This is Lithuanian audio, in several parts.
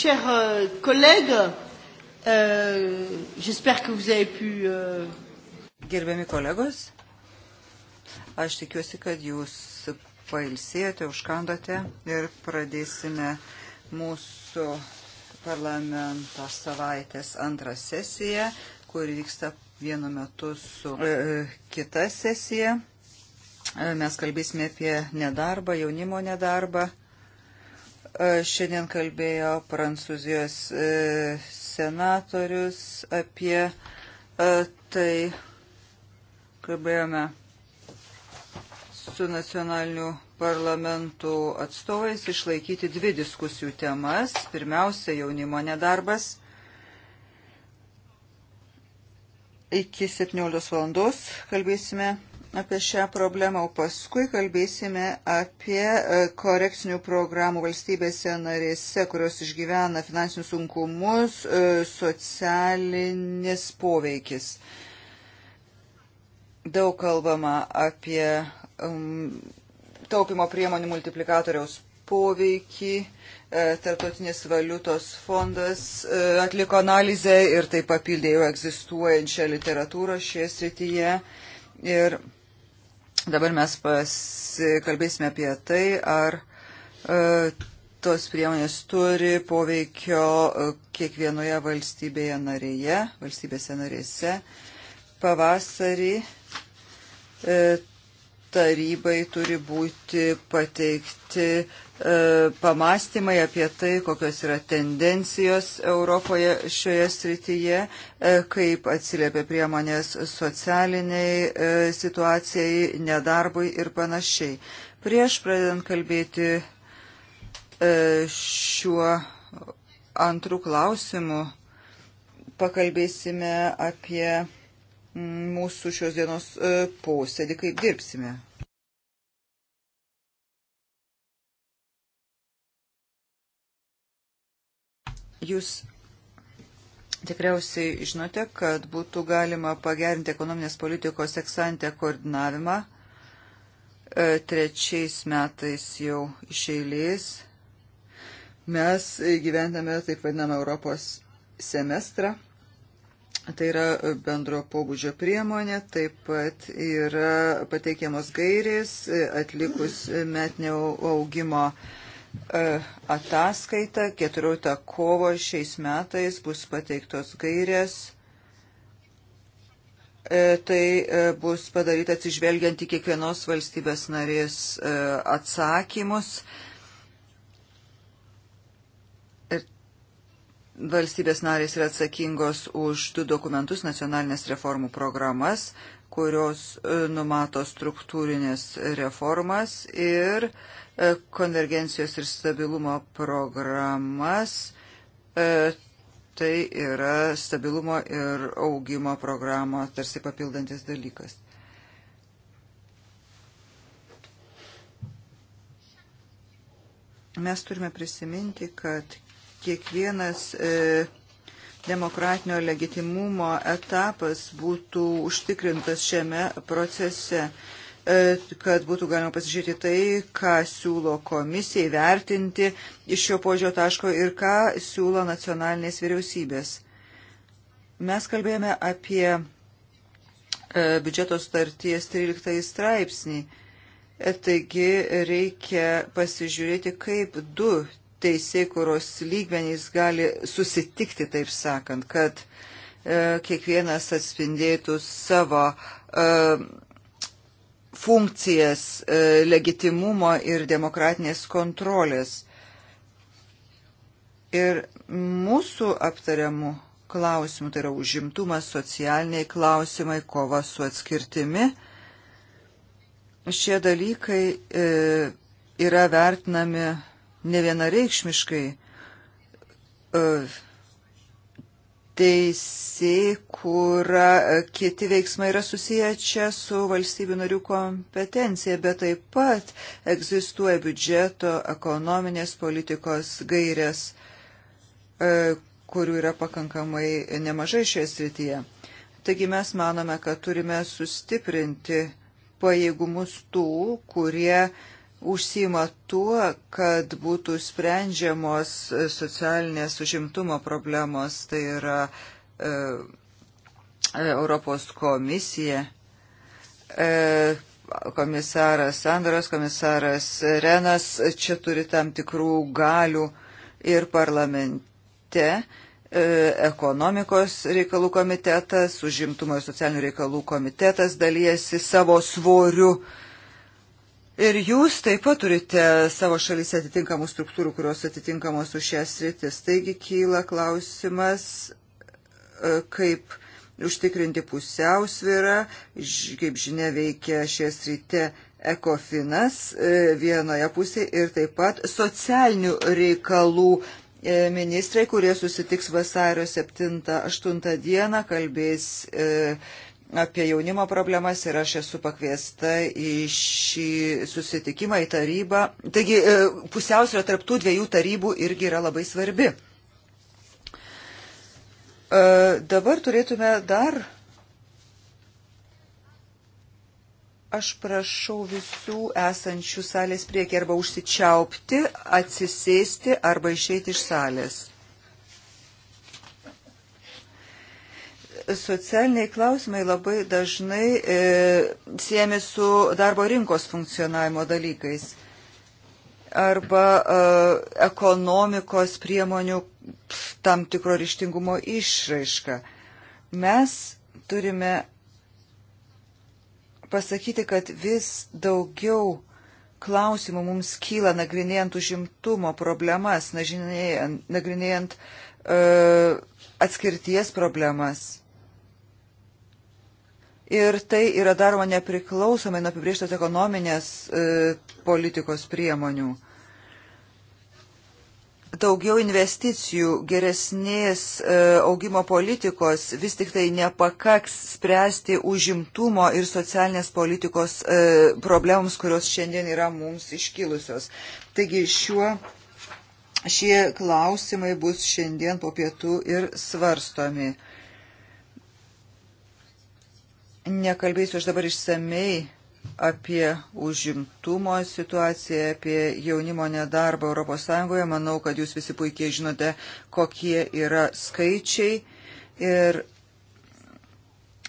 Chers euh, collègues, euh, j'espère que vous avez pu. Euh... Gerbiami kolegos, aš tikiuosi, kad jūs pailsėjote, užkandote ir pradėsime mūsų parlamento savaitės antrą sesiją, kuri vyksta vienu metu su e, e kita sesija. E, mes kalbėsime apie nedarbą, jaunimo nedarbą Šiandien kalbėjo Prancūzijos e, senatorius apie e, tai, kalbėjome su nacionaliniu parlamentų atstovais išlaikyti dvi diskusijų temas. Pirmiausia, jaunimo nedarbas iki 17 valandos kalbėsime apie šią problemą, o paskui kalbėsime apie e, korekcinių programų valstybėse narėse, kurios išgyvena finansinius sunkumus, e, socialinis poveikis. Daug kalbama apie um, taupimo priemonių multiplikatoriaus poveikį. E, Tartotinės valiutos fondas atliko analizę ir tai papildė jau egzistuojančią literatūrą šioje srityje. Ir Dabar mes pasikalbėsime apie tai, ar e, tos priemonės turi poveikio e, kiekvienoje valstybėje narėje, valstybėse narėse. Pavasarį e, tarybai turi būti pateikti E, pamastymai apie tai, kokios yra tendencijos Europoje šioje srityje, e, kaip atsiliepia priemonės socialiniai e, situacijai, nedarbui ir panašiai. Prieš pradedant kalbėti šiuo antrų klausimų, pakalbėsime apie mūsų šios dienos posėdį, kaip dirbsime. Jūs tikriausiai žinote, kad būtų galima pagerinti ekonominės politikos eksantę koordinavimą e, trečiais metais jau iš eilės. Mes gyventame taip vadinamą Europos semestrą. Tai yra bendro pobūdžio priemonė, taip pat yra pateikiamos gairės e, atlikus metinio augimo uh, E, ataskaitą. 14 kovo šiais metais bus pateiktos gairės. E, tai e, bus padaryta atsižvelgiant į kiekvienos valstybės narės atsakymus. valstybės narės yra atsakingos už du dokumentus - nacionalinės reformų programas kurios e, numato struktūrinės reformas ir e, konvergencijos ir stabilumo programas. E, tai yra stabilumo ir augimo programo tarsi papildantis dalykas. Mes turime prisiminti, kad kiekvienas e, demokratinio legitimumo etapas būtų užtikrintas šiame procese, e, kad būtų galima pasižiūrėti tai, ką siūlo komisija įvertinti iš šio požio taško ir ką siūlo nacionalinės vyriausybės. Mes kalbėjome apie e, biudžeto starties 13 straipsnį. E, taigi reikia pasižiūrėti, kaip du teisėkuros lygmenys gali susitikti, taip sakant, kad e, kiekvienas atspindėtų savo e, funkcijas e, legitimumo ir demokratinės kontrolės. Ir mūsų aptariamų klausimų, tai yra užimtumas, socialiniai klausimai, kova su atskirtimi, šie dalykai e, yra vertinami nevienareikšmiškai e, teisė, kur e, kiti veiksmai yra susiję čia su valstybių narių kompetencija, bet taip pat egzistuoja biudžeto ekonominės politikos gairės, e, kurių yra pakankamai nemažai šioje srityje. Taigi mes manome, kad turime sustiprinti pajėgumus tų, kurie uh, užsima tuo, kad būtų sprendžiamos socialinės užimtumo problemos, tai yra e, Europos komisija, e, komisaras Sandoras, komisaras Renas čia turi tam tikrų galių ir parlamente e, ekonomikos reikalų komitetas, užimtumo ir socialinių reikalų komitetas dalyjasi savo svoriu. E, Ir jūs taip pat turite savo šalyse atitinkamų struktūrų, kurios atitinkamos už šias rytis. Taigi kyla klausimas, e, kaip užtikrinti pusiausvyrą, kaip žinia veikia šias rytė ekofinas e, vienoje pusėje ir taip pat socialinių reikalų e, ministrai, kurie susitiks vasario 7-8 dieną, kalbės. E, apie jaunimo problemas ir aš esu pakviesta į šį susitikimą, į tarybą. Taigi e, pusiausvė tarptų dviejų tarybų irgi yra labai svarbi. E, dabar turėtume dar. Aš prašau visų esančių salės priekį arba užsičiaupti, atsisėsti arba išeiti iš salės. socialiniai klausimai labai dažnai e, siejami su darbo rinkos funkcionavimo dalykais arba e, ekonomikos priemonių tam tikro ryštingumo išraiška. Mes turime pasakyti, kad vis daugiau klausimų mums kyla nagrinėjant užimtumo problemas, nagrinėjant, nagrinėjant uh, atskirties problemas. Ir tai yra daroma nepriklausomai nuo apibrieštos ekonominės e, politikos priemonių. Daugiau investicijų, geresnės e, augimo politikos vis tik tai nepakaks spręsti užimtumo ir socialinės politikos e, problemams, kurios šiandien yra mums iškilusios. Taigi šiuo, šie klausimai bus šiandien po pietų ir svarstomi. Nekalbėsiu aš dabar išsamei apie užimtumo situaciją, apie jaunimo nedarbą ES. Manau, kad jūs visi puikiai žinote, kokie yra skaičiai. Ir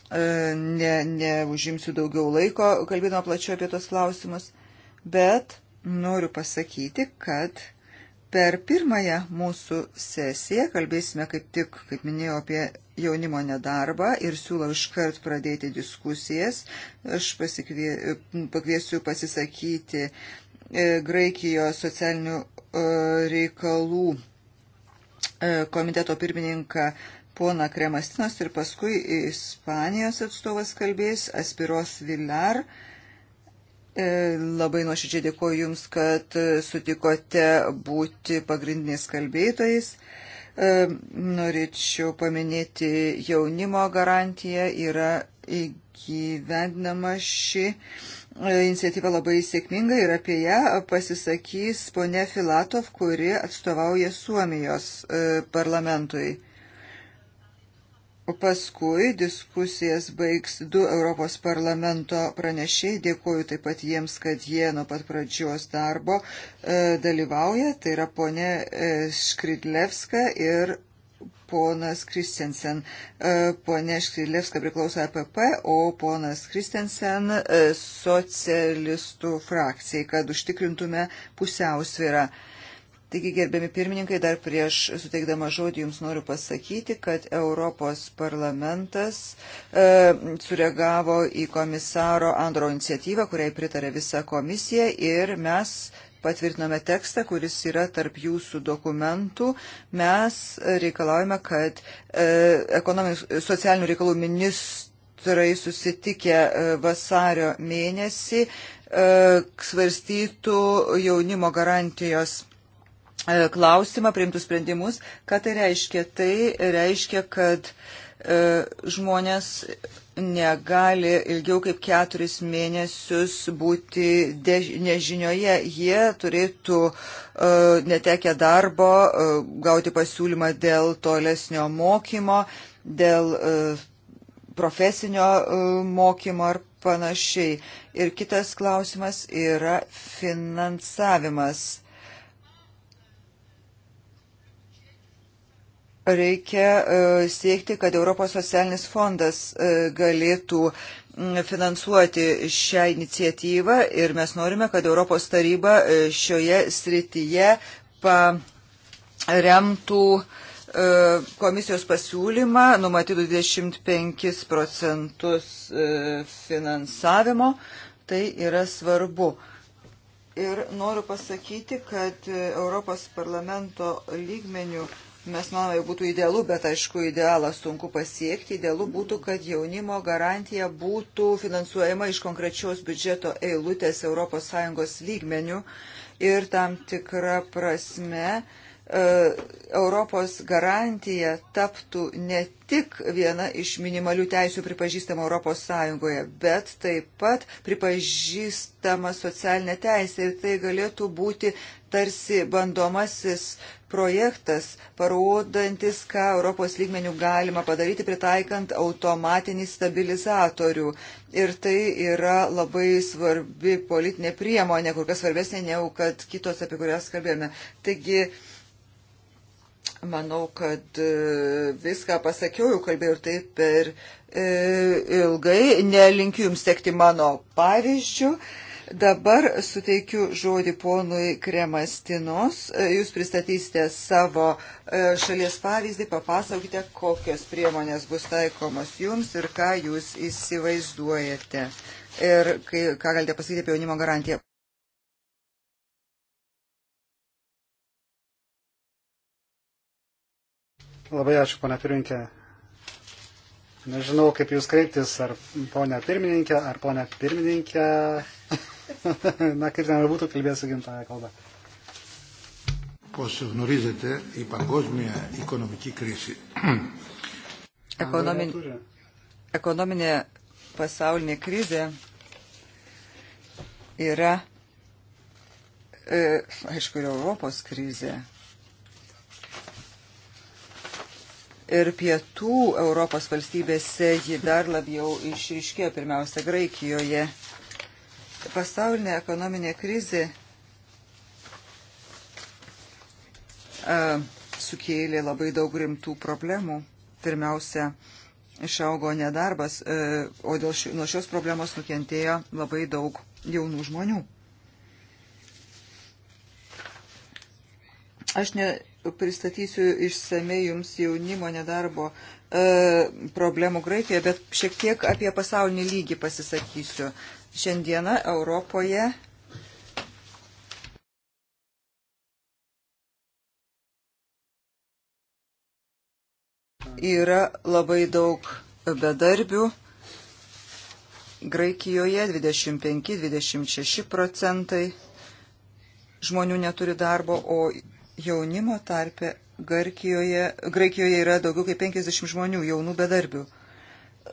e, ne, neužimsiu daugiau laiko, kalbėdama plačiau apie tos klausimus, bet noriu pasakyti, kad per pirmąją mūsų sesiją kalbėsime kaip tik, kaip minėjau, apie jaunimo nedarbą ir siūlau iškart pradėti diskusijas. Aš pasikvie, pakviesiu pasisakyti e, Graikijos socialinių e, reikalų e, komiteto pirmininką pona Kremastinos ir paskui Ispanijos atstovas kalbės Aspiros Villar. Labai nuoširdžiai dėkuoju Jums, kad sutikote būti pagrindiniais kalbėtojais. E, norėčiau paminėti jaunimo garantiją, yra įgyvendinama ši e, iniciatyva labai sėkminga ir apie ją pasisakys ponė Filatov, kuri atstovauja Suomijos e, parlamentui. Paskui diskusijas baigs du Europos parlamento pranešiai. Dėkuoju taip pat jiems, kad jie nuo pat pradžios darbo e, dalyvauja. Tai yra ponė e, Škridlevska ir ponas Kristensen. E, ponė Škridlevska priklauso APP, e o ponas Kristensen e, socialistų frakcijai, kad užtikrintume pusiausvyrą. E, Taigi, gerbiami pirmininkai, dar prieš suteikdama žodį Jums noriu pasakyti, kad Europos parlamentas e, sureagavo į komisaro Andro iniciatyvą, kuriai pritarė visa komisija ir mes patvirtinome tekstą, kuris yra tarp jūsų dokumentų. Mes reikalaujame, kad e, socialinių reikalų ministrai susitikę e, vasario mėnesį e, svarstytų jaunimo garantijos E, klausimą, priimtus sprendimus. Ką tai reiškia? Tai reiškia, kad e, žmonės negali ilgiau kaip keturis mėnesius būti nežinioje. Jie turėtų uh, netekę darbo uh, gauti pasiūlymą dėl tolesnio mokymo, dėl uh, profesinio mokymo ar panašiai. Ir kitas klausimas yra finansavimas reikia e, siekti, kad Europos socialinis fondas e, galėtų finansuoti šią iniciatyvą ir mes norime, kad Europos taryba e, šioje srityje paremtų komisijos pasiūlymą, numatytų 25 procentus finansavimo. Tai yra svarbu. Ir noriu pasakyti, kad Europos parlamento lygmenių Mes manome, jog būtų idealu, bet aišku, idealą sunku pasiekti. Idealu būtų, kad jaunimo garantija būtų finansuojama iš konkrečios biudžeto eilutės ES lygmenių ir tam tikra prasme e, Europos garantija taptų ne tik viena iš minimalių teisių pripažįstama Europos Sąjungoje, bet taip pat pripažįstama socialinė teisė ir tai galėtų būti tarsi bandomasis projektas, parodantis, ką Europos lygmenių galima padaryti pritaikant automatinį stabilizatorių. Ir tai yra labai svarbi politinė priemonė, kur kas svarbesnė negu kad kitos, apie kurias kalbėjome. Taigi, Manau, kad e, viską pasakiau, jau kalbėjau ir taip per e, ilgai. Nelinkiu jums sekti mano pavyzdžių. E, Dabar suteikiu žodį ponui Kremastinos. E, jūs pristatysite savo e, šalies pavyzdį, papasakokite, kokios priemonės bus taikomos jums ir ką jūs įsivaizduojate. Ir kai, ką galite pasakyti apie jaunimo garantiją. Labai ačiū, ponia pirmininkė. Nežinau, kaip jūs kreiptis, ar ponia pirmininkė, ar ponia pirmininkė. Να, kaip ten būtų, kalbėsiu gimtąją kalbą. Πώς γνωρίζετε, η παγκόσμια οικονομική κρίση. Ekonomin... Ekonominė pasaulinė krizė yra, e, aišku, ir Europos krizė. Ir pietų Europos valstybėse ji dar labiau išryškėjo, pirmiausia, Graikijoje pasaulinė ekonominė krizė sukėlė labai daug rimtų problemų. Pirmiausia, išaugo nedarbas, o dėl ši, nuo šios problemos nukentėjo labai daug jaunų žmonių. Aš ne, pristatysiu išsamei jums jaunimo nedarbo e, problemų Graikijoje, bet šiek tiek apie pasaulinį lygį pasisakysiu. Šiandieną Europoje yra labai daug bedarbių. Graikijoje 25-26 procentai žmonių neturi darbo, o jaunimo tarpe Garkijoje, Graikijoje yra daugiau kaip 50 žmonių jaunų bedarbių.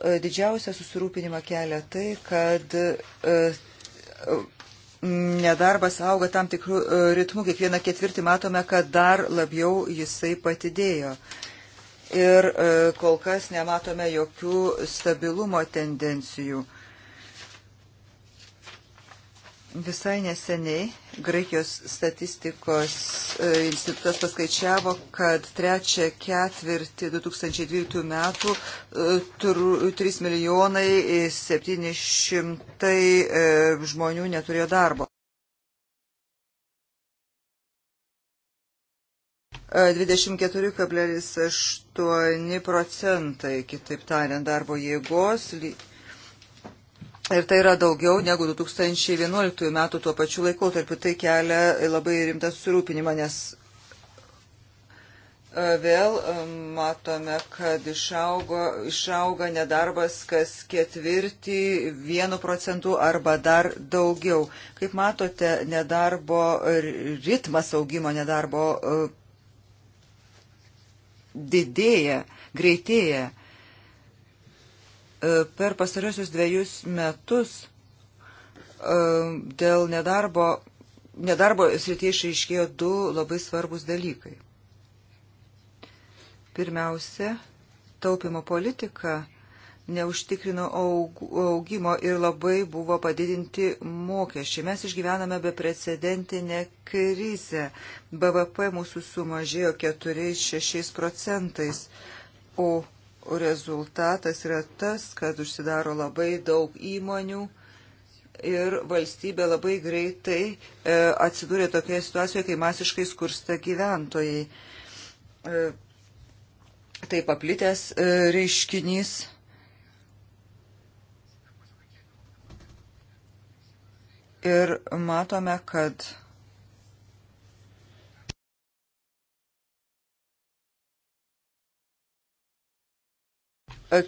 E, Didžiausia susirūpinima kelia tai, kad e, nedarbas auga tam tikrų e, ritmų. Kiekvieną ketvirtį matome, kad dar labiau jisai patidėjo. Ir kol kas nematome jokių stabilumo tendencijų. Visai neseniai Graikijos statistikos e, institutas paskaičiavo, kad trečią ketvirtį 2012 metų 3 e, milijonai 700 e, žmonių neturėjo darbo. 24,8 procentai, kitaip tariant, darbo jėgos Ir tai yra daugiau negu 2011 metų tuo pačiu laikotarpiu. Tai kelia labai rimtas surūpinimą, nes e, vėl e, matome, kad išaugo, išauga nedarbas kas ketvirtį vienu procentu arba dar daugiau. Kaip matote, nedarbo ritmas augimo nedarbo e, didėja, greitėja. E, per pastarosius dviejus metus e, dėl nedarbo, nedarbo srityje išaiškėjo du labai svarbus dalykai. Pirmiausia, taupimo politika neužtikrino augimo ir labai buvo padidinti mokesčiai. Mes išgyvename beprecedentinę krizę. BVP mūsų sumažėjo 4-6 procentais, o rezultatas yra tas, kad užsidaro labai daug įmonių ir valstybė labai greitai e, atsidūrė tokioje situacijoje, kai masiškai skursta gyventojai. E, tai paplitęs e, reiškinys. Ir matome, kad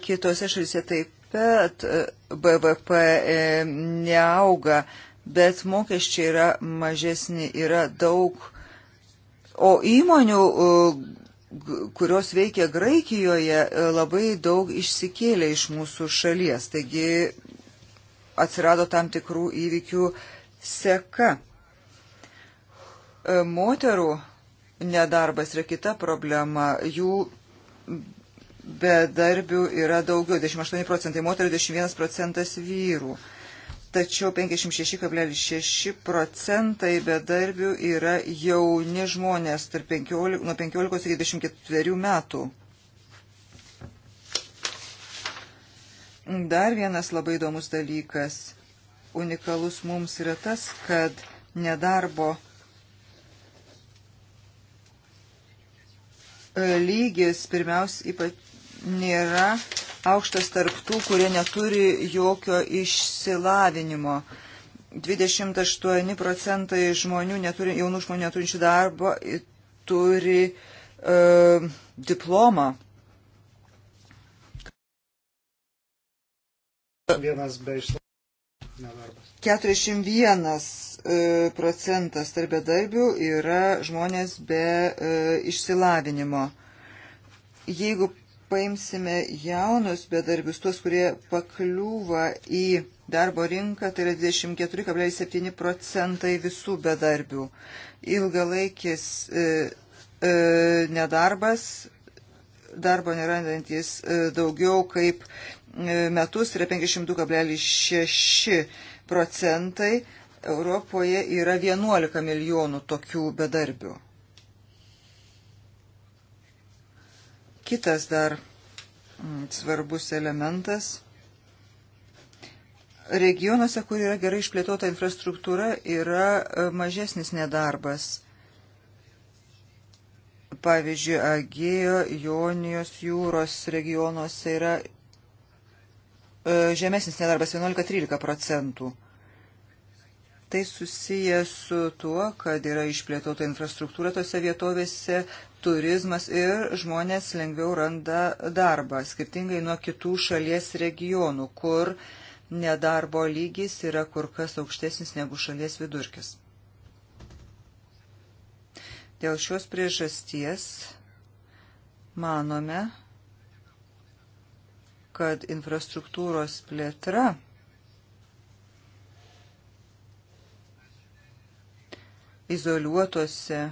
kitose šalyse taip pat e, BVP e, neauga, bet mokesčiai yra mažesni, yra daug. O įmonių, e, kurios veikia Graikijoje, labai daug išsikėlė iš mūsų šalies. Taigi atsirado tam tikrų įvykių seka. Moterų nedarbas yra kita problema. Jų bedarbių yra daugiau, 28 procentai moterų, 21 procentas vyrų. Tačiau 56,6 procentai bedarbių yra jauni žmonės 15, nuo 15 iki 24 metų. Dar vienas labai įdomus dalykas, unikalus mums yra tas, kad nedarbo lygis pirmiausia ypač nėra aukštas tarptų, kurie neturi jokio išsilavinimo. 28 procentai žmonių neturi, jaunų žmonių neturinčių darbo turi uh, diplomą. Vienas be nedarbas. 41 e, procentas tarp bedarbių yra žmonės be uh, išsilavinimo. Jeigu paimsime jaunus bedarbius, tuos, kurie pakliūva į darbo rinką, tai yra 24,7 procentai visų bedarbių. Ilgalaikis e, e, nedarbas, darbo nerandantis e, daugiau kaip e, metus, tai yra 52,6 procentai. Europoje yra 11 milijonų tokių bedarbių. Kitas dar mm, svarbus elementas. Regionuose, kur yra gerai išplėtota infrastruktūra, yra e, mažesnis nedarbas. Pavyzdžiui, Agėjo, Jonijos jūros regionuose yra e, žemesnis nedarbas 11-13 procentų. Tai susiję su tuo, kad yra išplėtota infrastruktūra tose vietovėse, turizmas ir žmonės lengviau randa darbą, skirtingai nuo kitų šalies regionų, kur nedarbo lygis yra kur kas aukštesnis negu šalies vidurkis. Dėl šios priežasties manome, kad infrastruktūros plėtra izoliuotose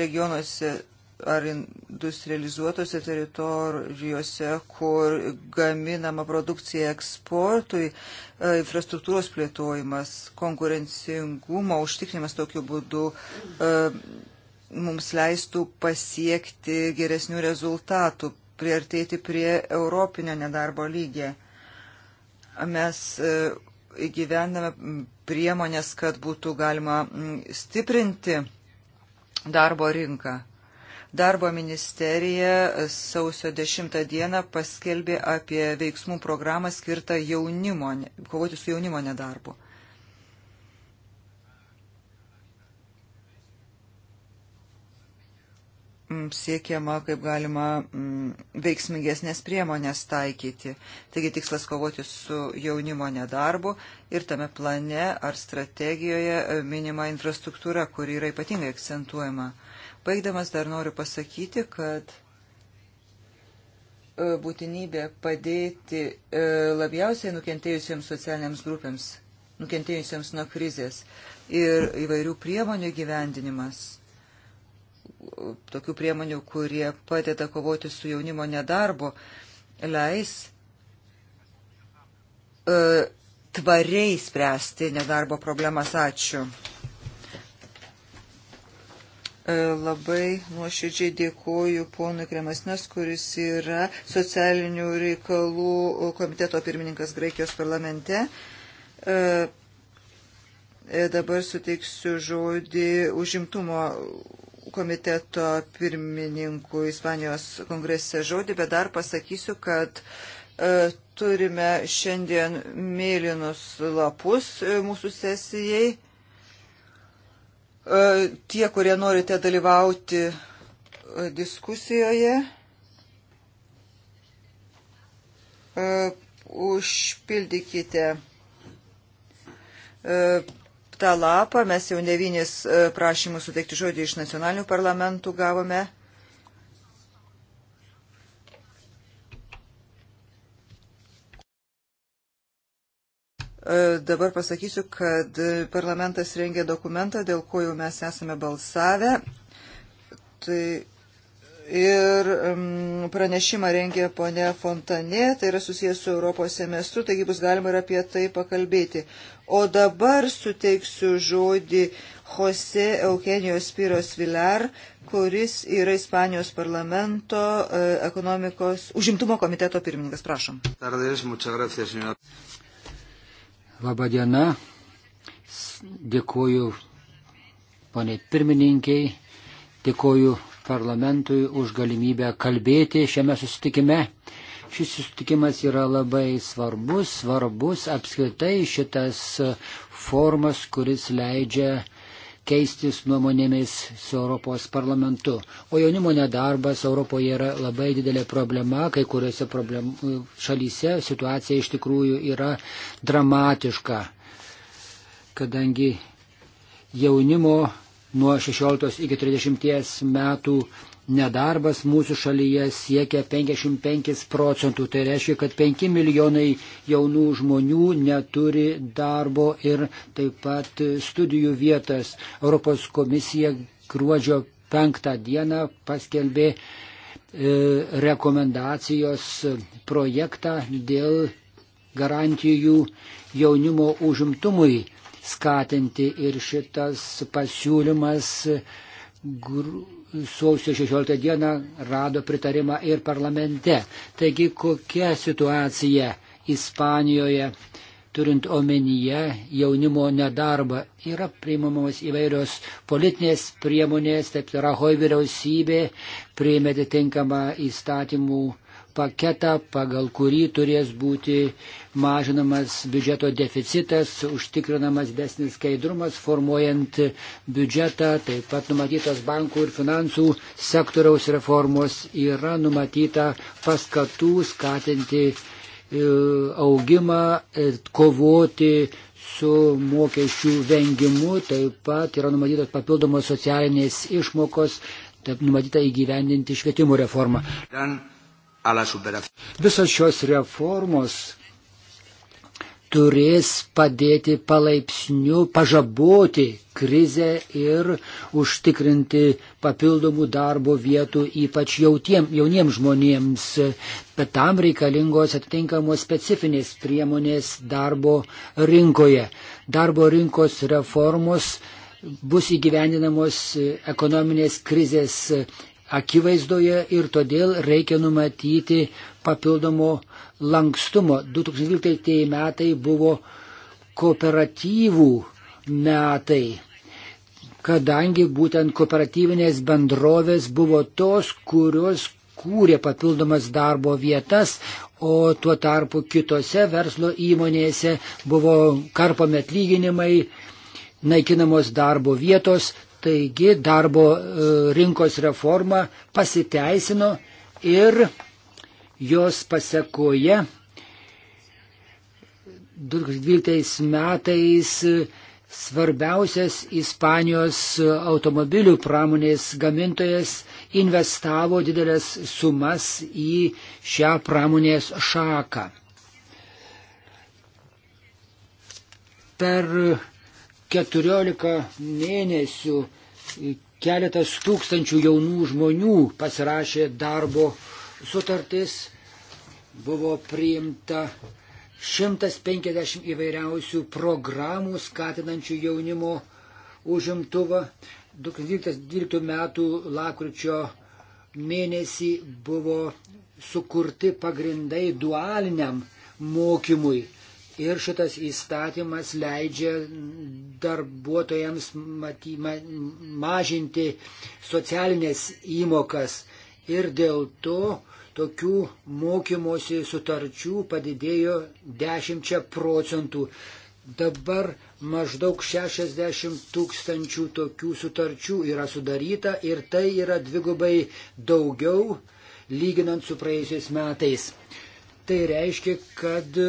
regionuose ar industrializuotose teritorijose, kur gaminama produkcija eksportui, e, infrastruktūros plėtojimas, konkurencingumo užtikrinimas tokiu būdu e, mums leistų pasiekti geresnių rezultatų, priartėti prie europinio nedarbo lygio. Mes e, įgyvendame priemonės, kad būtų galima stiprinti darbo rinką. Darbo ministerija sausio 10 dieną paskelbė apie veiksmų programą skirtą jaunimo, kovoti su jaunimo nedarbu. Mm, siekiama, kaip galima, mm, veiksmingesnės priemonės taikyti. Taigi tikslas kovoti su jaunimo nedarbu ir tame plane ar strategijoje minima infrastruktūra, kuri yra ypatingai akcentuojama. Baigdamas dar noriu pasakyti, kad e, būtinybė padėti e, labiausiai nukentėjusiems socialiniams grupėms, nukentėjusiems nuo krizės ir įvairių priemonių gyvendinimas, tokių priemonių, kurie padeda kovoti su jaunimo nedarbu, leis e, tvariai spręsti nedarbo problemas. Ačiū. E, labai nuoširdžiai dėkoju ponui Kremasnes, kuris yra socialinių reikalų komiteto pirmininkas Graikijos parlamente. E, e, dabar suteiksiu žodį užimtumo komiteto pirmininkų Ispanijos kongrese žodį, bet dar pasakysiu, kad turime šiandien mėlynus lapus mūsų sesijai E, tie, kurie norite dalyvauti e, diskusijoje, e, užpildykite tą lapą. Mes jau devynis prašymus suteikti žodį iš nacionalinių parlamentų gavome. E, dabar pasakysiu, kad parlamentas rengė dokumentą, dėl ko jau mes esame balsavę. Tai ir mm, pranešimą rengė ponė Fontanė, tai yra susijęs su Europos semestru, taigi bus galima ir apie tai pakalbėti. O dabar suteiksiu žodį Jose Eugenijos Piros Vilar, kuris yra Ispanijos parlamento e, ekonomikos užimtumo komiteto pirmininkas. Prašom. Tardes, gracias, Labadiena. Dėkuoju poniai pirmininkiai, dėkuoju parlamentui už galimybę kalbėti šiame susitikime. Šis susitikimas yra labai svarbus, svarbus apskritai šitas formas, kuris leidžia keistis nuomonėmis su Europos parlamentu. O jaunimo nedarbas Europoje yra labai didelė problema, kai kuriuose problem... šalyse situacija iš tikrųjų yra dramatiška, kadangi jaunimo nuo 16 iki 30 metų Nedarbas mūsų šalyje siekia 55 procentų, tai reiškia, kad 5 milijonai jaunų žmonių neturi darbo ir taip pat studijų vietas. Europos komisija gruodžio 5 dieną paskelbė e, rekomendacijos projektą dėl garantijų jaunimo užimtumui skatinti ir šitas pasiūlymas. Gru sausio 16 dieną rado pritarimą ir parlamente. Taigi kokia situacija Ispanijoje, turint omenyje jaunimo nedarbą, yra priimamos įvairios politinės priemonės, taip yra Hoj vyriausybė priėmė atitinkamą įstatymų paketą, pagal kurį turės būti mažinamas biudžeto deficitas, užtikrinamas desnis skaidrumas, formuojant biudžetą, taip pat numatytos bankų ir finansų sektoriaus reformos yra numatyta paskatų skatinti e, augimą, kovoti su mokesčių vengimu, taip pat yra numatytos papildomos socialinės išmokos, taip numatyta įgyvendinti švietimo reformą. Dan. Visos šios reformos turės padėti palaipsniu pažaboti krizę ir užtikrinti papildomų darbo vietų ypač jautiem, jauniems žmonėms. Bet tam reikalingos atitinkamos specifinės priemonės darbo rinkoje. Darbo rinkos reformos bus įgyvendinamos ekonominės krizės akivaizdoje ir todėl reikia numatyti papildomo lankstumo. 2012 metai buvo kooperatyvų metai, kadangi būtent kooperatyvinės bendrovės buvo tos, kurios kūrė papildomas darbo vietas, o tuo tarpu kitose verslo įmonėse buvo karpami atlyginimai, naikinamos darbo vietos, Taigi darbo e, rinkos reforma pasiteisino ir jos pasiekoje 2012 metais svarbiausias Ispanijos automobilių pramonės gamintojas investavo didelės sumas į šią pramonės šaką. Per 14 mėnesių keletas tūkstančių jaunų žmonių pasirašė darbo sutartis, buvo priimta 150 įvairiausių programų skatinančių jaunimo užimtuvą. 2012 metų lakryčio mėnesį buvo sukurti pagrindai dualiniam mokymui. Ir šitas įstatymas leidžia darbuotojams maty, ma, mažinti socialinės įmokas. Ir dėl to tokių mokymosi sutarčių padidėjo 10 procentų. Dabar maždaug 60 tūkstančių tokių sutarčių yra sudaryta ir tai yra dvigubai daugiau lyginant su praėjusiais metais. Tai reiškia, kad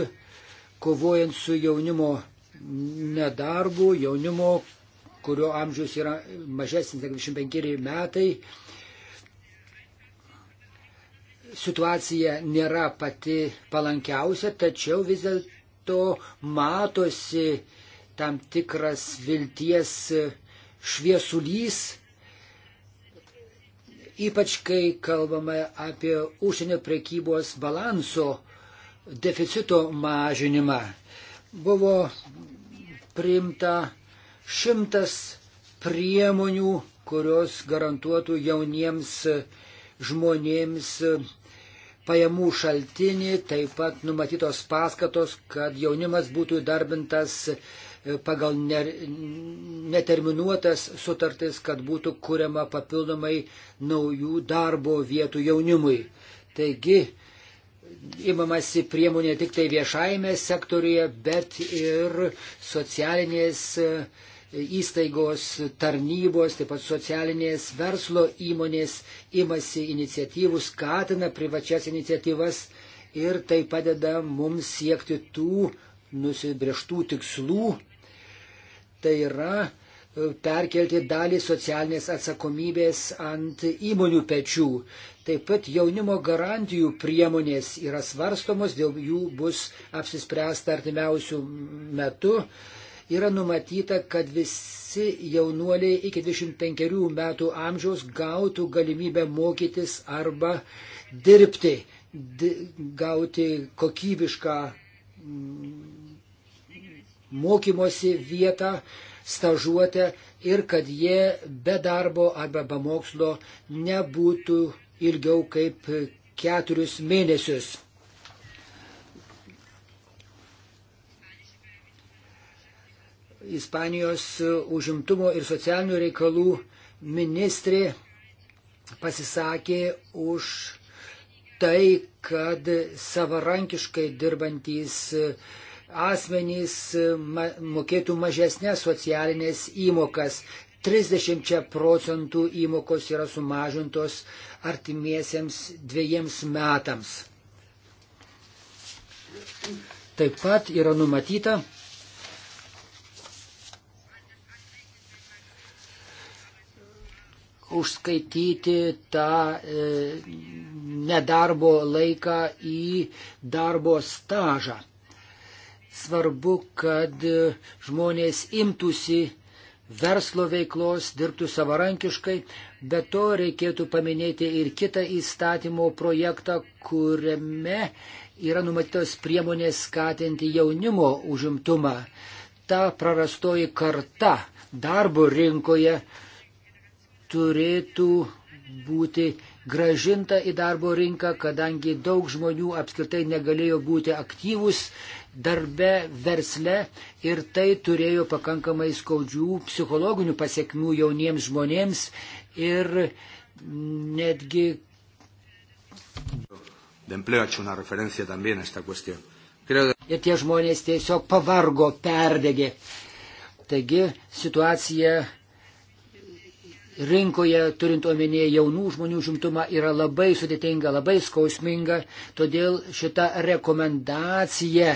kovojant su jaunimo nedarbu, jaunimo, kurio amžius yra mažesnis negu 25 metai. Situacija nėra pati palankiausia, tačiau vis dėlto matosi tam tikras vilties šviesulys, ypač kai kalbame apie užsienio prekybos balanso deficito mažinimą. Buvo priimta šimtas priemonių, kurios garantuotų jauniems žmonėms pajamų šaltinį, taip pat numatytos paskatos, kad jaunimas būtų įdarbintas pagal neterminuotas sutartis, kad būtų kuriama papildomai naujų darbo vietų jaunimui. Taigi imamasi priemonė tik tai viešajame sektoriuje, bet ir socialinės e, įstaigos, tarnybos, taip pat socialinės verslo įmonės imasi iniciatyvų, skatina privačias iniciatyvas ir tai padeda mums siekti tų nusibrieštų tikslų. Tai yra e, perkelti dalį socialinės atsakomybės ant įmonių pečių. Taip pat jaunimo garantijų priemonės yra svarstomos, dėl jų bus apsispręsta artimiausių metų. Yra numatyta, kad visi jaunuoliai iki 25 metų amžiaus gautų galimybę mokytis arba dirbti, gauti kokybišką mm, mokymosi vietą, stažuotę ir kad jie be darbo arba be mokslo nebūtų ilgiau kaip keturius mėnesius. Ispanijos užimtumo ir socialinių reikalų ministrė pasisakė už tai, kad savarankiškai dirbantys asmenys mokėtų mažesnės socialinės įmokas. 30 procentų įmokos yra sumažintos artimiesiems dviejiems metams. Taip pat yra numatyta, užskaityti tą e, nedarbo laiką į darbo stažą. Svarbu, kad žmonės imtųsi verslo veiklos, dirbtų savarankiškai, bet to reikėtų paminėti ir kitą įstatymo projektą, kuriame yra numatytos priemonės skatinti jaunimo užimtumą. Ta prarastoji karta darbo rinkoje turėtų būti gražinta į darbo rinką, kadangi daug žmonių apskritai negalėjo būti aktyvus, darbe, versle ir tai turėjo pakankamai skaudžių psichologinių pasiekmių jauniems žmonėms ir netgi. Ir tie žmonės tiesiog pavargo, perdegė. Taigi situacija rinkoje, turint omenyje jaunų žmonių žimtumą, yra labai sudėtinga, labai skausminga, todėl šita rekomendacija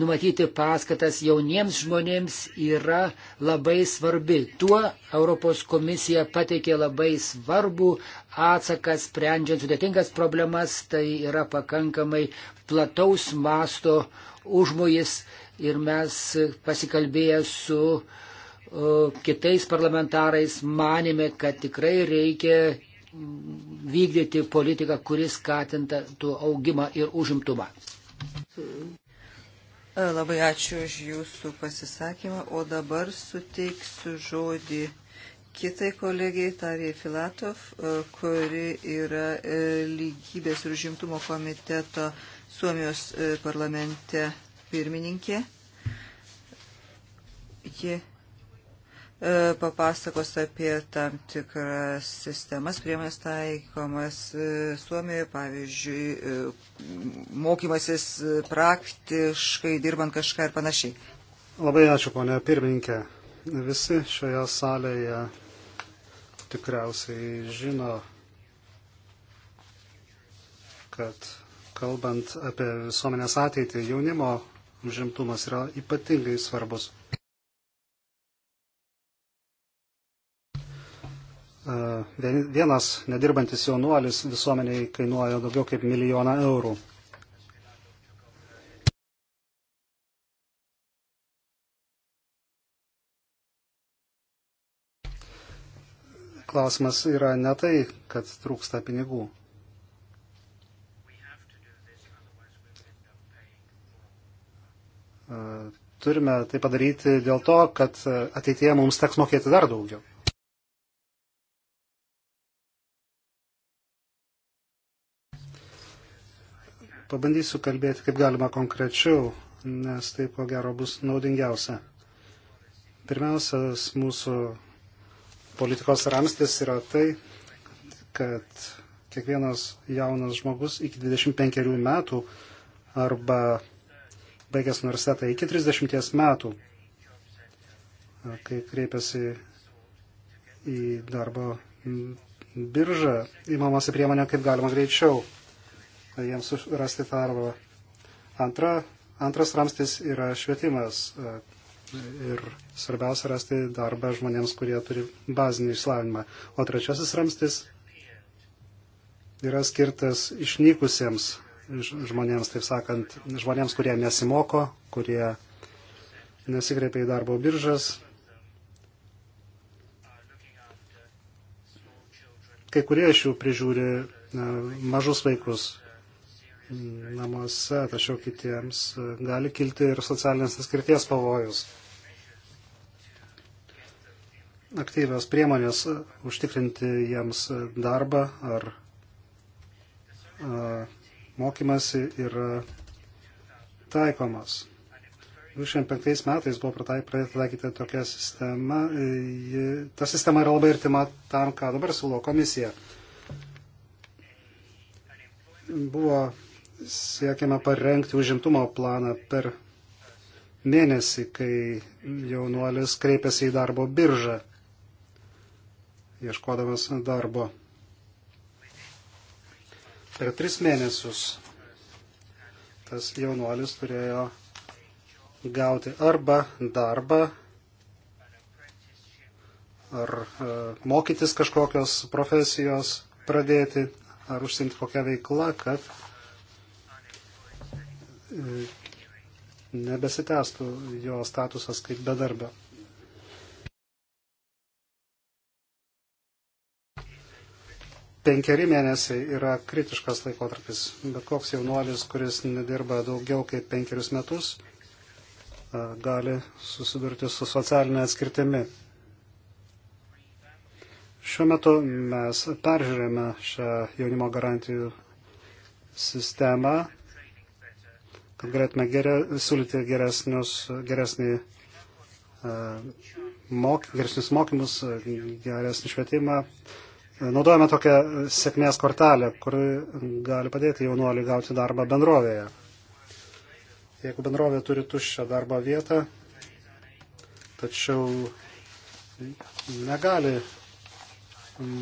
numatyti paskatas jauniems žmonėms yra labai svarbi. Tuo Europos komisija pateikė labai svarbų atsaką sprendžiant sudėtingas problemas, tai yra pakankamai plataus masto užmojis ir mes pasikalbėję su o, kitais parlamentarais manėme, kad tikrai reikia vykdyti politiką, kuris skatintų augimą ir užimtumą. E, labai ačiū už jūsų pasisakymą, o dabar suteiksiu žodį kitai kolegijai, Tavijai Filatov, e, kuri yra e, lygybės ir užimtumo komiteto Suomijos parlamente pirmininkė. Ji E, papasakos apie tam tikras sistemas, priemonės taikomas e, Suomijoje, pavyzdžiui, e, mokymasis praktiškai dirbant kažką ir panašiai. Labai ačiū, ponė pirmininkė. Visi šioje salėje tikriausiai žino, kad kalbant apie visuomenės ateitį, jaunimo užimtumas yra ypatingai svarbus. vienas nedirbantis jaunuolis visuomeniai kainuoja daugiau kaip milijoną eurų. Klausimas yra ne tai, kad trūksta pinigų. Turime tai padaryti dėl to, kad ateityje mums teks mokėti dar daugiau. Pabandysiu kalbėti kaip galima konkrečiau, nes taip ko gero bus naudingiausia. Pirmiausias mūsų politikos ramstis yra tai, kad kiekvienas jaunas žmogus iki 25 metų arba baigęs universitetą iki 30 metų, kai kreipiasi į darbo biržą, įmamasi priemonę kaip galima greičiau jiems rasti darbą. Antra, antras ramstis yra švietimas e, ir svarbiausia rasti darbą žmonėms, kurie turi bazinį išslavinimą. O trečiasis ramstis yra skirtas išnykusiems žmonėms, taip sakant, žmonėms, kurie nesimoko, kurie nesikreipia į darbo biržas. Kai kurie iš jų prižiūri mažus vaikus, namuose, tačiau kitiems e, gali kilti ir socialinės atskirties pavojus. Aktyvios priemonės e, užtikrinti jiems e, darbą ar mokymasi yra taikomas. 2005 metais buvo pritaikyta tokia sistema. Ta sistema yra labai artima tam, ką dabar siūlo komisija. Buvo siekiame parengti užimtumo planą per mėnesį, kai jaunuolis kreipiasi į darbo biržą, ieškodamas darbo. Per tris mėnesius tas jaunuolis turėjo gauti arba darbą, ar e, mokytis kažkokios profesijos pradėti, ar užsimti kokią veiklą, kad nebesitęstų jo statusas kaip bedarbio. Penkeri mėnesiai yra kritiškas laikotarpis. Bet koks jaunuolis, kuris nedirba daugiau kaip penkerius metus, gali susidurti su socialinė atskirtimi. Šiuo metu mes peržiūrėjome šią jaunimo garantijų sistemą kad galėtume gerė, siūlyti geresnius, geresnį, e, mok, geresnius mokymus, e, geresnį švietimą. E, naudojame tokią sėkmės kortelę, kuri gali padėti jaunuoliui gauti darbą bendrovėje. Jeigu bendrovė turi tuščią darbo vietą, tačiau negali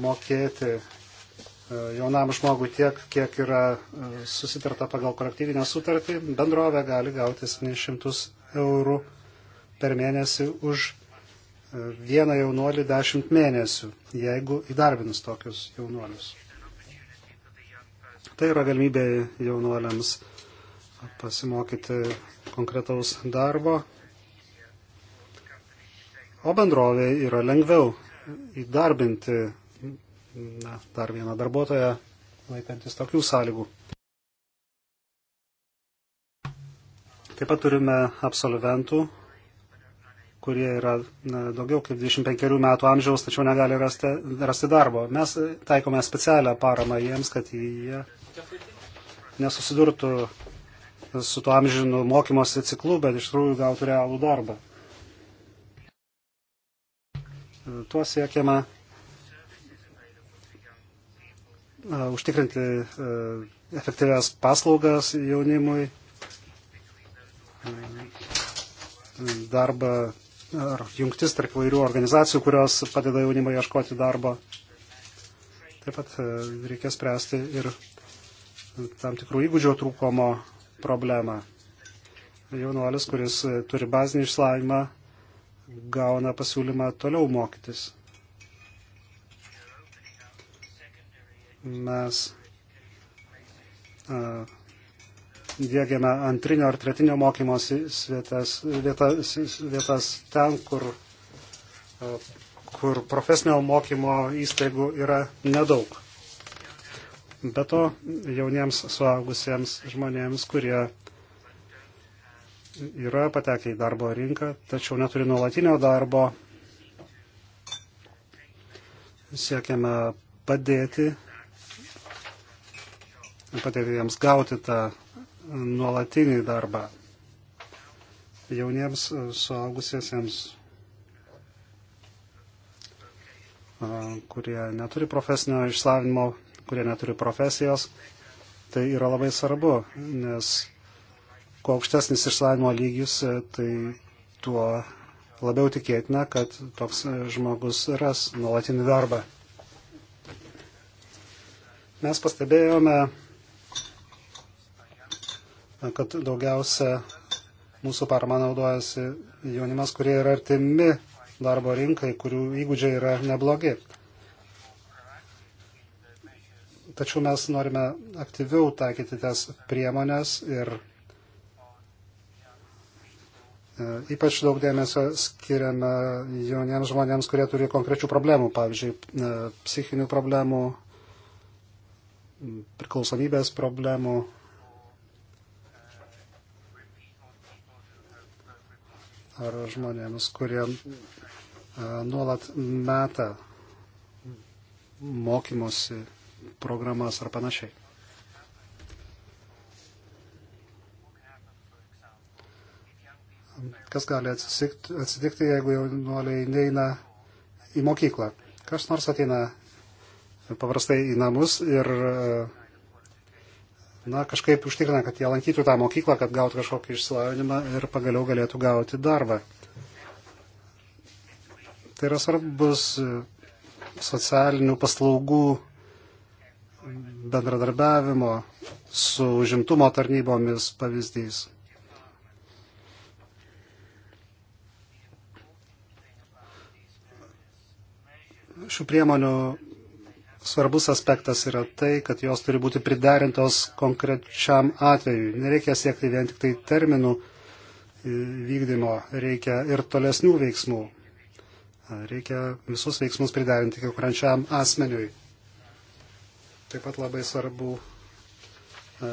mokėti E, jaunam žmogui tiek, kiek yra e, susitarta pagal kolektyvinę sutartį, bendrovė gali gauti 700 eurų per mėnesį už e, vieną jaunuolį 10 mėnesių, jeigu įdarbins tokius jaunuolius. Tai yra galimybė jaunuoliams pasimokyti konkretaus darbo, o bendrovė yra lengviau įdarbinti na, dar vieną darbuotoją laikantis tokių sąlygų. Taip pat turime absolventų, kurie yra na, daugiau kaip 25 metų amžiaus, tačiau negali rasti, rasti darbo. Mes taikome specialią paramą jiems, kad jie nesusidurtų su tuo amžinu mokymosi ciklu, bet iš tikrųjų gautų realų darbą. Tuo siekiama užtikrinti efektyvias paslaugas jaunimui, darbą ar jungtis tarp vairių organizacijų, kurios padeda jaunimui ieškoti darbo. Taip pat reikia spręsti ir tam tikrų įgūdžio trūkumo problemą. Jaunuolis, kuris turi bazinį išslaimą, gauna pasiūlymą toliau mokytis. mes dėgiame antrinio ar tretinio mokymosi vietas, vietas, vietas ten, kur, kur profesinio mokymo įstaigų yra nedaug. Be to, jauniems suaugusiems žmonėms, kurie yra patekę į darbo rinką, tačiau neturi nuolatinio darbo, siekiame padėti padėti jiems gauti tą nuolatinį darbą jauniems e, suaugusiesiems, e, kurie neturi profesinio išslavinimo, kurie neturi profesijos. Tai yra labai svarbu, nes kuo aukštesnis išslavinimo lygis, e, tai tuo labiau tikėtina, kad toks žmogus ras nuolatinį darbą. Mes pastebėjome kad daugiausia mūsų parama naudojasi jaunimas, kurie yra artimi darbo rinkai, kurių įgūdžiai yra neblogi. Tačiau mes norime aktyviau taikyti tas priemonės ir e, ypač daug dėmesio skiriame jauniems žmonėms, kurie turi konkrečių problemų, pavyzdžiui, e, psichinių problemų, priklausomybės problemų ar žmonėms, kurie nuolat meta mokymosi programas ar panašiai. Kas gali atsitikti, jeigu jaunuoliai neina į mokyklą? Kas nors ateina paprastai į namus ir uh, na, kažkaip užtikrina, kad jie lankytų tą mokyklą, kad gautų kažkokį išsilavinimą ir pagaliau galėtų gauti darbą. Tai yra svarbus e, socialinių paslaugų bendradarbiavimo su žimtumo tarnybomis pavyzdys. Šių priemonių svarbus aspektas yra tai, kad jos turi būti priderintos konkrečiam atveju. Nereikia siekti vien tik tai terminų e, vykdymo, reikia ir tolesnių veiksmų. Reikia visus veiksmus priderinti konkrečiam asmeniui. Taip pat labai svarbu e,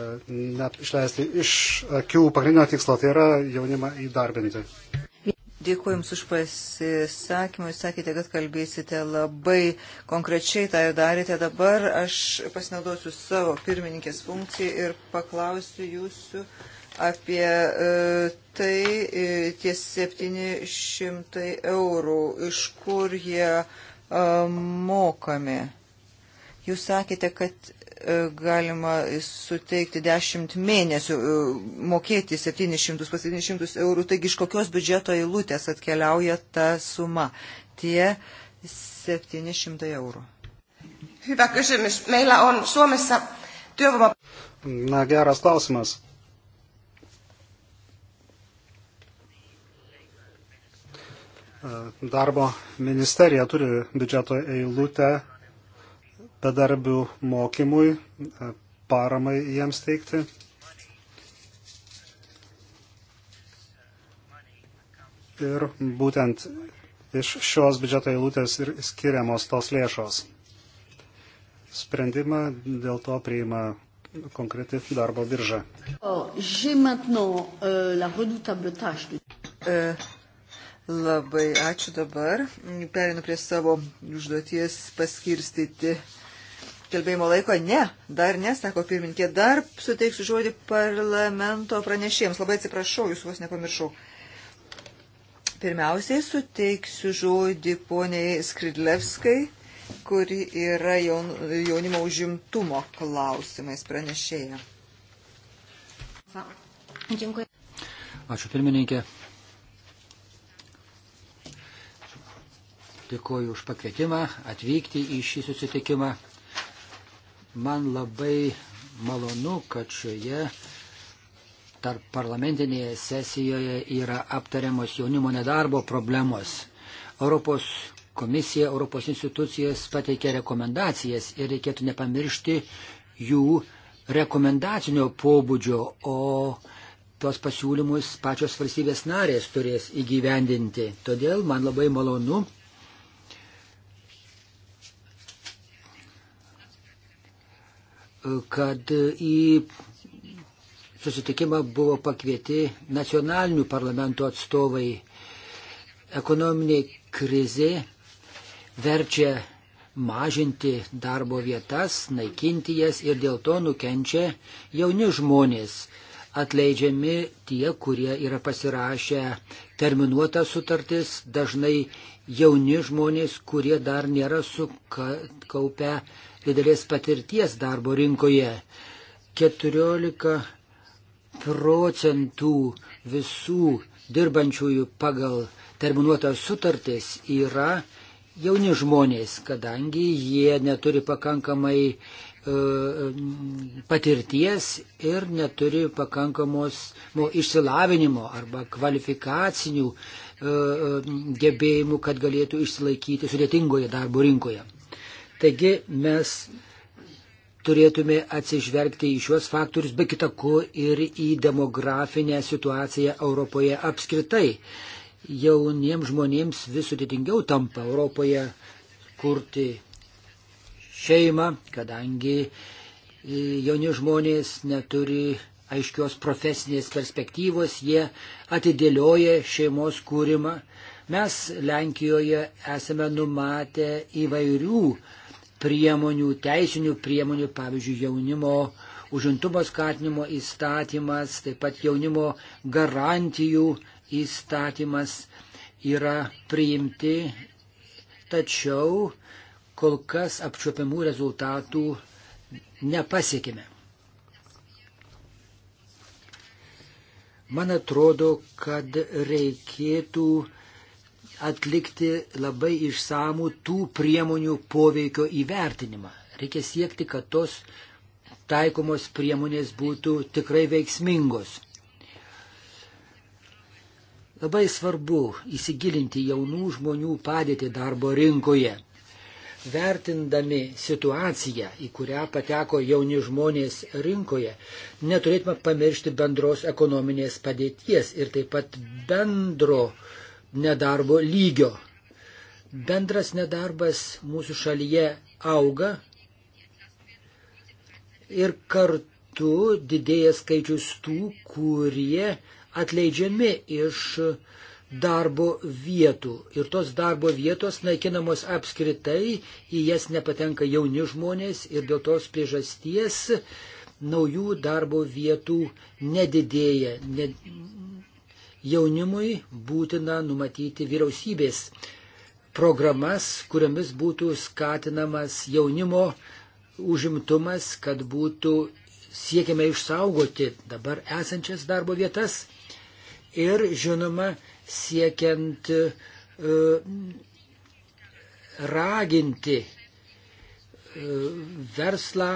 net išleisti iš akių pagrindinio tikslo, tai yra jaunimą įdarbinti. Dėkuoju Jums už pasisakymą. Jūs sakėte, kad kalbėsite labai konkrečiai, tą ir darėte. Dabar aš pasinaudosiu savo pirmininkės funkciją ir paklausiu Jūsų apie e, tai e, ties 700 eurų, iš kur jie e, mokami. Jūs sakėte, kad E, galima suteikti 10 mėnesių, e, mokėti 700 pas 700 eurų, taigi iš kokios biudžeto eilutės atkeliauja ta suma, tie 700 eurų. Hyvä kysymys. Meillä on Suomessa työvoima... Na, geras klausimas. E, darbo ministerija turi biudžeto eilutę bedarbių mokymui, e, paramai jiems teikti. Ir būtent iš šios biudžeto eilutės ir skiriamos tos lėšos. Sprendimą dėl to priima konkreti darbo birža. E, labai ačiū dabar. Perinu prie savo užduoties paskirstyti kalbėjimo laiko? Ne, dar ne, sako pirmininkė, dar suteiksiu žodį parlamento pranešėjams. Labai atsiprašau, jūs vos nepamiršau. Pirmiausiai suteiksiu žodį poniai Skridlevskai, kuri yra jaun, jaunimo užimtumo klausimais pranešėja. Ačiū pirmininkė. Dėkuoju už pakvietimą atvykti į šį susitikimą. Man labai malonu, kad šioje tarp parlamentinėje sesijoje yra aptariamos jaunimo nedarbo problemos. Europos komisija, Europos institucijas pateikė rekomendacijas ir reikėtų nepamiršti jų rekomendacinio pobūdžio, o tuos pasiūlymus pačios valstybės narės turės įgyvendinti. Todėl man labai malonu, kad į susitikimą buvo pakvieti nacionalinių parlamentų atstovai. Ekonominė krizė verčia mažinti darbo vietas, naikinti jas ir dėl to nukenčia jauni žmonės atleidžiami tie, kurie yra pasirašę terminuotas sutartis, dažnai jauni žmonės, kurie dar nėra sukaupę didelės patirties darbo rinkoje. 14 procentų visų dirbančiųjų pagal terminuotas sutartis yra jauni žmonės, kadangi jie neturi pakankamai e, patirties ir neturi pakankamos mo, išsilavinimo arba kvalifikacinių e, e gebėjimų, kad galėtų išsilaikyti sudėtingoje darbo rinkoje. Taigi mes turėtume atsižvelgti į šiuos faktorius, be kita ko ir į demografinę situaciją Europoje apskritai. Jauniems žmonėms vis sudėtingiau tampa Europoje kurti šeimą, kadangi e, jauni žmonės neturi aiškios profesinės perspektyvos, jie atidėlioja šeimos kūrimą. Mes Lenkijoje esame numatę įvairių uh, priemonių, teisinių priemonių, pavyzdžiui, jaunimo užimtumo skatinimo įstatymas, taip pat jaunimo garantijų įstatymas yra priimti, tačiau kol kas apčiopiamų rezultatų nepasiekime. Man atrodo, kad reikėtų atlikti labai išsamų tų priemonių poveikio įvertinimą. Reikia siekti, kad tos taikomos priemonės būtų tikrai veiksmingos. Labai svarbu įsigilinti jaunų žmonių padėtį darbo rinkoje. Vertindami situaciją, į kurią pateko jauni žmonės rinkoje, neturėtume pamiršti bendros ekonominės padėties ir taip pat bendro uh, nedarbo lygio. Bendras nedarbas mūsų šalyje auga ir kartu didėja skaičius tų, kurie atleidžiami iš darbo vietų. Ir tos darbo vietos naikinamos apskritai, į jas nepatenka jauni žmonės ir dėl tos priežasties naujų darbo vietų nedidėja, ne, jaunimui būtina numatyti vyriausybės programas, kuriamis būtų skatinamas jaunimo užimtumas, kad būtų siekiame išsaugoti dabar esančias darbo vietas ir, žinoma, siekiant uh, raginti uh, verslą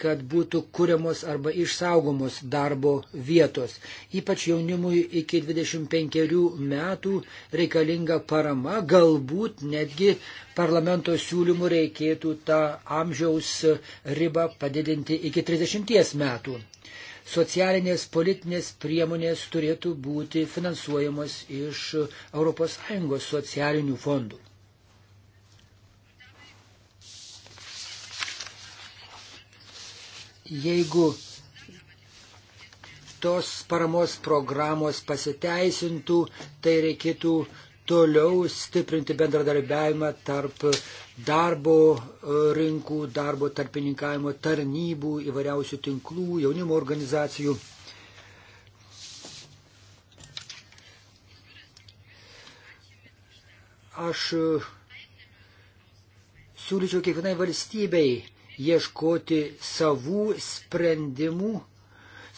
kad būtų kuriamos arba išsaugomos darbo vietos. Ypač jaunimui iki 25 metų reikalinga parama, galbūt netgi parlamento siūlymų reikėtų tą amžiaus ribą padidinti iki 30 metų. Socialinės politinės priemonės turėtų būti finansuojamos iš ES socialinių fondų. jeigu tos paramos programos pasiteisintų, tai reikėtų toliau stiprinti bendradarbiavimą tarp darbo e, rinkų, darbo tarpininkavimo tarnybų, įvairiausių tinklų, jaunimo organizacijų. Aš e, siūlyčiau kiekvienai valstybei ieškoti savų sprendimų,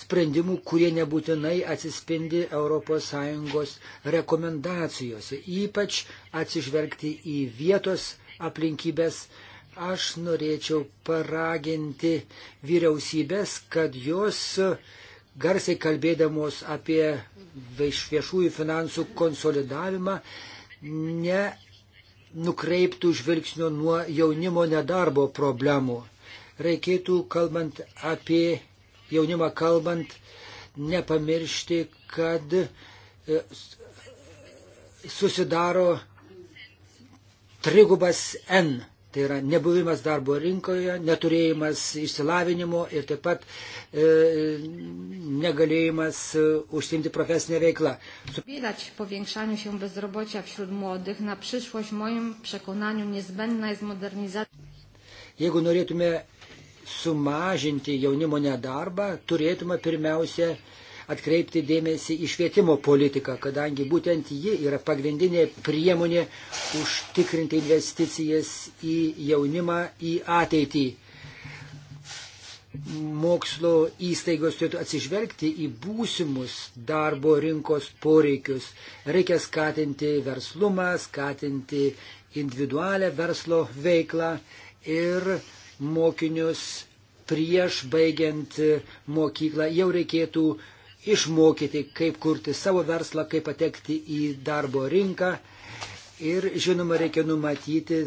sprendimų, kurie nebūtinai atsispindi ES rekomendacijose, ypač atsižvelgti į vietos aplinkybės. Aš norėčiau paraginti vyriausybės, kad jos garsiai kalbėdamos apie viešųjų finansų konsolidavimą, ne nukreiptų žvilgsnio nuo jaunimo nedarbo problemų. Reikėtų, kalbant apie jaunimą, kalbant, nepamiršti, kad e, susidaro trigubas N Tai yra nebuvimas darbo rinkoje, neturėjimas išsilavinimo ir taip pat e, negalėjimas e, užsimti profesinę veiklą. Wspierać powiększaniu się bezrobocia wśród młodych na przyszłość moim przekonaniu niezbędna jest modernizacja. Jeigu norėtume sumažinti jaunimo nedarbą, turėtume pirmiausia e, atkreipti dėmesį į švietimo politiką, kadangi būtent ji yra pagrindinė priemonė užtikrinti investicijas į jaunimą, į ateitį. Mokslo įstaigos turėtų atsižvelgti į būsimus darbo rinkos poreikius. Reikia skatinti verslumą, skatinti individualią verslo veiklą ir mokinius prieš baigiant mokyklą jau reikėtų išmokyti, kaip kurti savo verslą, kaip patekti į darbo rinką. Ir žinoma, reikia numatyti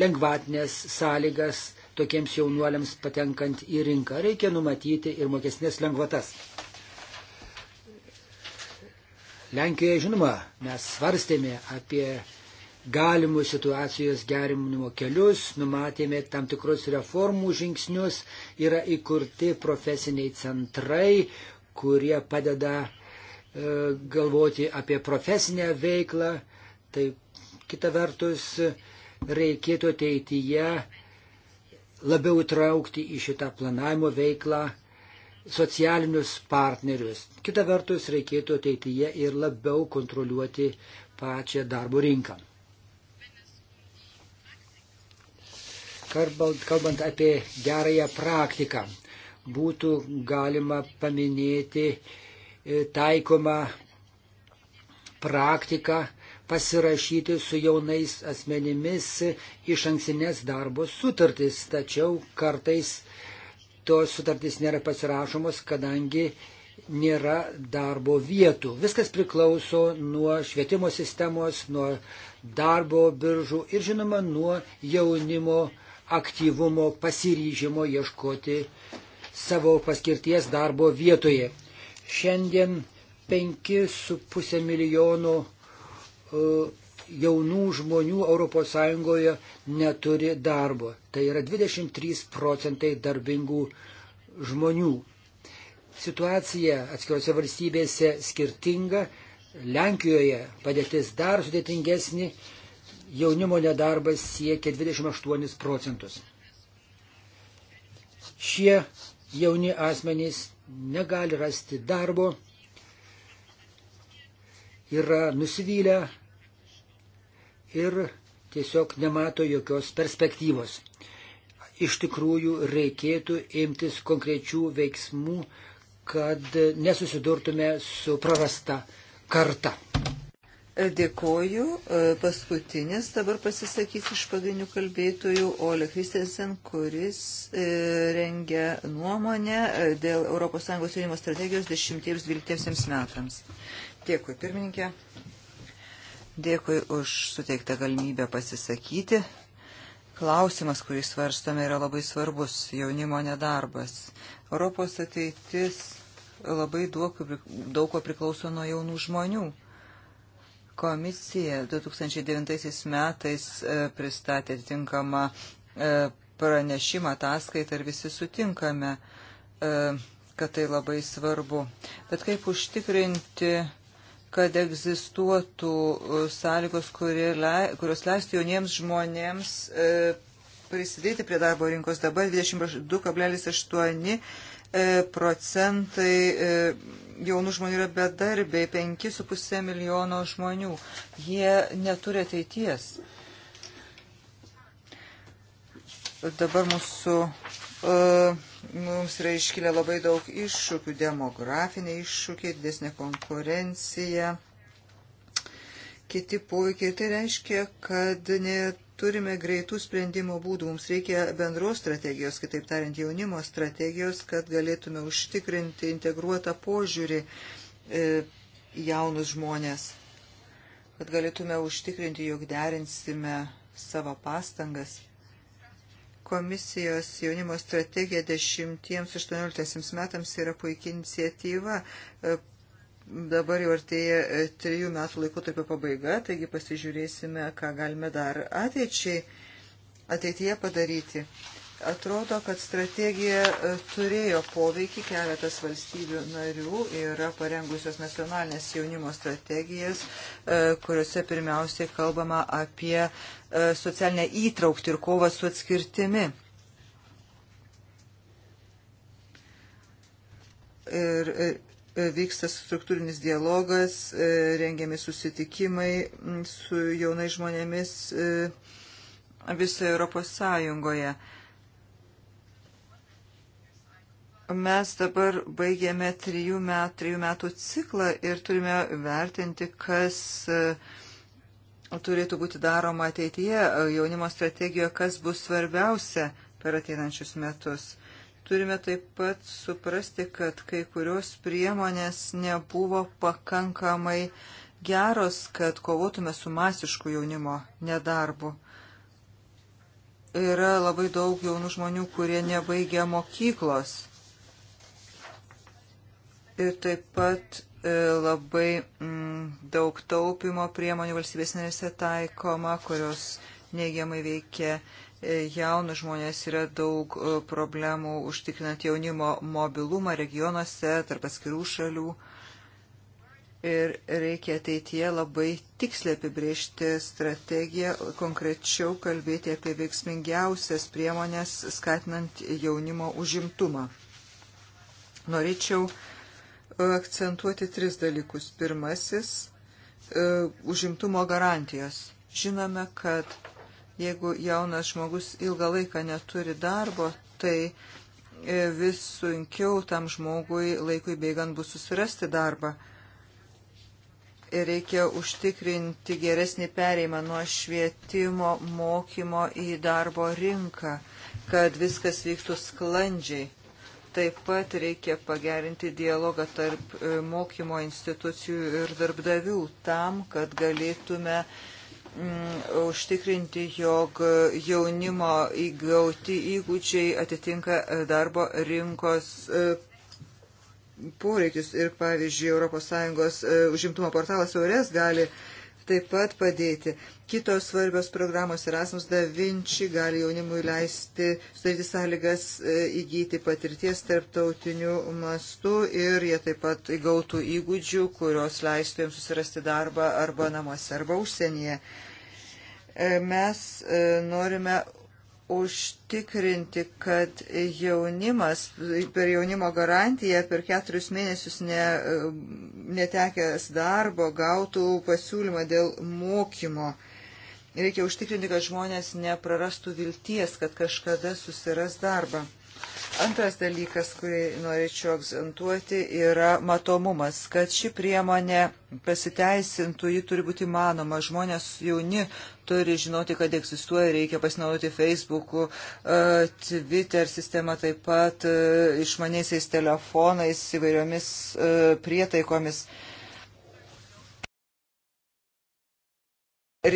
lengvatinės sąlygas tokiems jaunuoliams patenkant į rinką. Reikia numatyti ir mokesnės lengvatas. Lenkijoje, žinoma, mes svarstėme apie galimus situacijos gerinimo kelius, numatėme tam tikrus reformų žingsnius, yra įkurti profesiniai centrai, kurie padeda e, galvoti apie profesinę veiklą. Tai kita vertus reikėtų ateityje labiau įtraukti į šitą planavimo veiklą socialinius partnerius. Kita vertus reikėtų ateityje ir labiau kontroliuoti pačią darbo rinką. Kalbant apie gerąją praktiką, būtų galima paminėti e, taikomą praktiką pasirašyti su jaunais asmenimis iš anksinės darbo sutartys, tačiau kartais tos sutartys nėra pasirašomos, kadangi nėra darbo vietų. Viskas priklauso nuo švietimo sistemos, nuo darbo biržų ir žinoma nuo jaunimo aktyvumo, pasiryžimo ieškoti savo paskirties darbo vietoje. Šiandien 5,5 milijono e, jaunų žmonių ES neturi darbo. Tai yra 23 procentai darbingų žmonių. Situacija atskirose valstybėse skirtinga. Lenkijoje padėtis dar sudėtingesnė, jaunimo nedarbas siekia 28 procentus. Šie jauni asmenys negali rasti darbo, yra nusivylę ir tiesiog nemato jokios perspektyvos. Iš tikrųjų reikėtų imtis konkrečių veiksmų, kad nesusidurtume su prarasta karta. Dėkoju. E, paskutinis dabar pasisakys iš pagrindinių kalbėtojų Ole Kristensen, kuris e, rengia nuomonę e, dėl ES jaunimo strategijos 10-12 metams. Dėkui, pirmininkė. Dėkui už suteiktą galimybę pasisakyti. Klausimas, kurį svarstame, yra labai svarbus - jaunimo nedarbas. Europos ateitis labai daug, daug ko priklauso nuo jaunų žmonių Komisija 2009 metais e, pristatė atitinkamą e, pranešimą ataskaitą ir visi sutinkame, e, kad tai labai svarbu. Bet kaip užtikrinti kad egzistuotų sąlygos, kurios leistų jauniems žmonėms prisidėti prie darbo rinkos. Dabar 22,8 procentai jaunų žmonių yra bedarbiai, 5,5 milijono žmonių. Jie neturi ateities. Dabar mūsų, uh, mums yra iškilę labai daug iššūkių, demografiniai iššūkiai, didesnė konkurencija, kiti poveikiai. Tai reiškia, kad net turime greitų sprendimo būdų. Mums reikia bendros strategijos, kitaip tariant, jaunimo strategijos, kad galėtume užtikrinti integruotą požiūrį e, jaunus žmonės, kad galėtume užtikrinti, jog derinsime savo pastangas. Komisijos jaunimo strategija 10-18 metams yra puikia iniciatyva e, dabar jau artėja e, trijų metų laikotarpio pabaiga, taigi pasižiūrėsime, ką galime dar ateičiai, ateityje padaryti. Atrodo, kad strategija e, turėjo poveikį, keletas valstybių narių yra parengusios nacionalinės jaunimo strategijas, e, kuriuose pirmiausiai kalbama apie socialinę įtraukti ir kovą su atskirtimi. Ir E, vyksta struktūrinis dialogas, e, rengiami susitikimai su jaunai žmonėmis e, visoje Europos Sąjungoje. Mes dabar baigėme trijų, met, trijų metų ciklą ir turime vertinti, kas turėtų būti daroma ateityje jaunimo strategijoje, kas bus svarbiausia per ateinančius metus. Turime taip pat suprasti, kad kai kurios priemonės nebuvo pakankamai geros, kad kovotume su masišku jaunimo nedarbu. Yra labai daug jaunų žmonių, kurie nebaigia mokyklos. Ir taip pat e, labai mm, daug taupimo priemonių valstybės narėse taikoma, kurios neigiamai veikia jaunų žmonės yra daug e, problemų užtikrinant jaunimo mobilumą regionuose, tarp atskirų šalių. Ir reikia ateityje labai tiksliai apibriežti strategiją, konkrečiau kalbėti apie veiksmingiausias priemonės skatinant jaunimo užimtumą. Norėčiau e, akcentuoti tris dalykus. Pirmasis e, - užimtumo garantijos. Žinome, kad Jeigu jaunas žmogus ilgą laiką neturi darbo, tai e, vis sunkiau tam žmogui laikui bėgant bus susirasti darbą. Ir reikia užtikrinti geresnį pereimą nuo švietimo, mokymo į darbo rinką, kad viskas vyktų sklandžiai. Taip pat reikia pagerinti dialogą tarp e, mokymo institucijų ir darbdavių tam, kad galėtume uh, Mm, užtikrinti, jog jaunimo įgauti įgūdžiai atitinka darbo rinkos e, poreikius. Ir pavyzdžiui, ES e, užimtumo portalas Eures gali uh, taip pat padėti. Kitos svarbios programos Erasmus Da Vinci gali jaunimui leisti sudaryti sąlygas e, įgyti patirties tarptautiniu mastu ir jie taip pat įgautų įgūdžių, kurios leistų jiems susirasti darbą arba namuose, arba užsienyje. E, mes e, norime užtikrinti, kad jaunimas per jaunimo garantiją per keturis mėnesius ne, netekęs darbo gautų pasiūlymą dėl mokymo. Reikia užtikrinti, kad žmonės neprarastų vilties, kad kažkada susiras darbą. Antras dalykas, kurį norėčiau akcentuoti, yra matomumas, kad ši priemonė pasiteisintų, ji turi būti manoma. Žmonės jauni turi žinoti, kad egzistuoja, reikia pasinaudoti Facebook'u, e, Twitter sistema taip pat, e, išmaniaisiais telefonais, įvairiomis e, prietaikomis.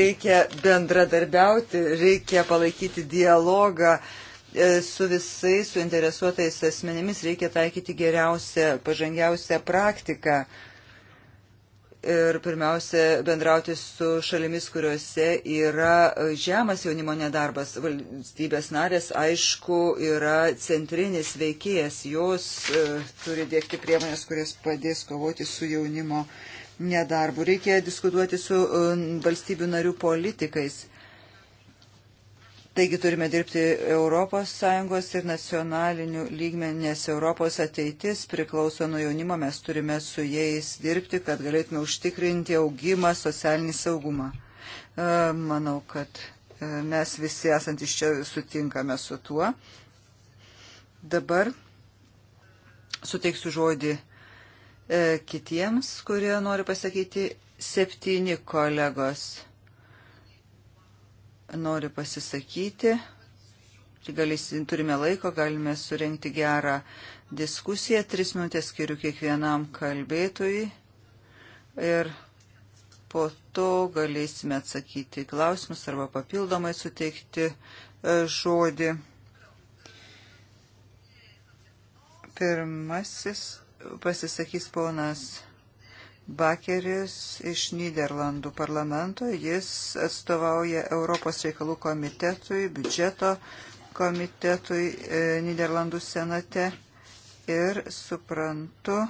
Reikia bendradarbiauti, reikia palaikyti dialogą. Uh, E, su visais suinteresuotais asmenėmis reikia taikyti geriausią, pažangiausią praktiką ir pirmiausia bendrauti su šalimis, kuriuose yra žemas jaunimo nedarbas. Valstybės narės, aišku, yra centrinis veikėjas, jos e, turi dėkti priemonės, kurias padės kovoti su jaunimo nedarbu. Reikia diskutuoti su e, valstybių narių politikais. Taigi turime dirbti ES ir nacionalinių lygmenį, nes Europos ateitis priklauso nuo jaunimo, mes turime su jais dirbti, kad galėtume užtikrinti augimą, socialinį saugumą. E, manau, kad e, mes visi esantys čia sutinkame su tuo. Dabar suteiksiu žodį e, kitiems, kurie nori pasakyti septyni kolegos nori pasisakyti. Galėsim, turime laiko, galime surenkti gerą diskusiją. Tris minutės skiriu kiekvienam kalbėtojui. Ir po to galėsime atsakyti klausimus arba papildomai suteikti e, žodį. Pirmasis pasisakys ponas Bakeris iš Niderlandų parlamento. Jis atstovauja Europos reikalų komitetui, biudžeto komitetui e, Niderlandų senate. Ir suprantu,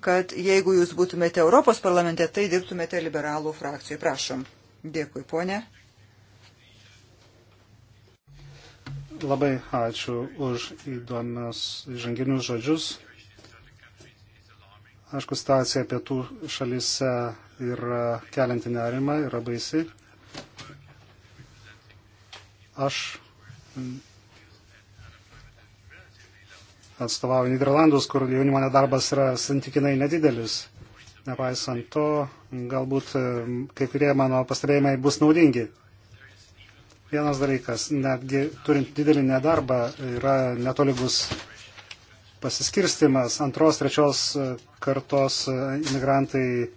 kad jeigu jūs būtumėte Europos parlamente, tai dirbtumėte liberalų frakcijai. Prašom. Dėkui, ponė. Labai ačiū už įdomius įžanginius žodžius. Aišku, situacija pietų šalyse yra kelinti nerima, yra baisi. Aš atstovauju Niderlandus, kur jaunimo nedarbas yra santykinai nedidelis. Nepaisant to, galbūt e, kai kurie mano pastebėjimai bus naudingi. Vienas dalykas, netgi turint didelį nedarbą, yra netoligus pasiskirstimas, antros, trečios e, kartos e, imigrantai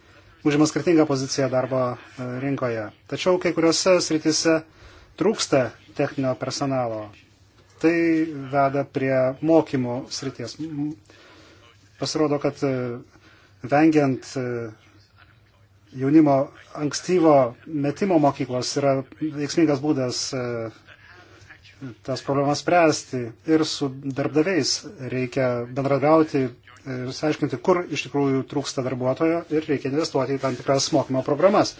užima skirtingą poziciją darbo e, rinkoje. Tačiau kai kuriuose srityse trūksta techninio personalo. Tai veda prie mokymų srities. Pasirodo, kad vengiant jaunimo ankstyvo metimo mokyklos yra veiksmingas būdas tas problemas spręsti ir su darbdaviais reikia bendradarbiauti ir saiškinti, kur iš tikrųjų trūksta darbuotojo ir reikia investuoti į tam tikras mokymo programas.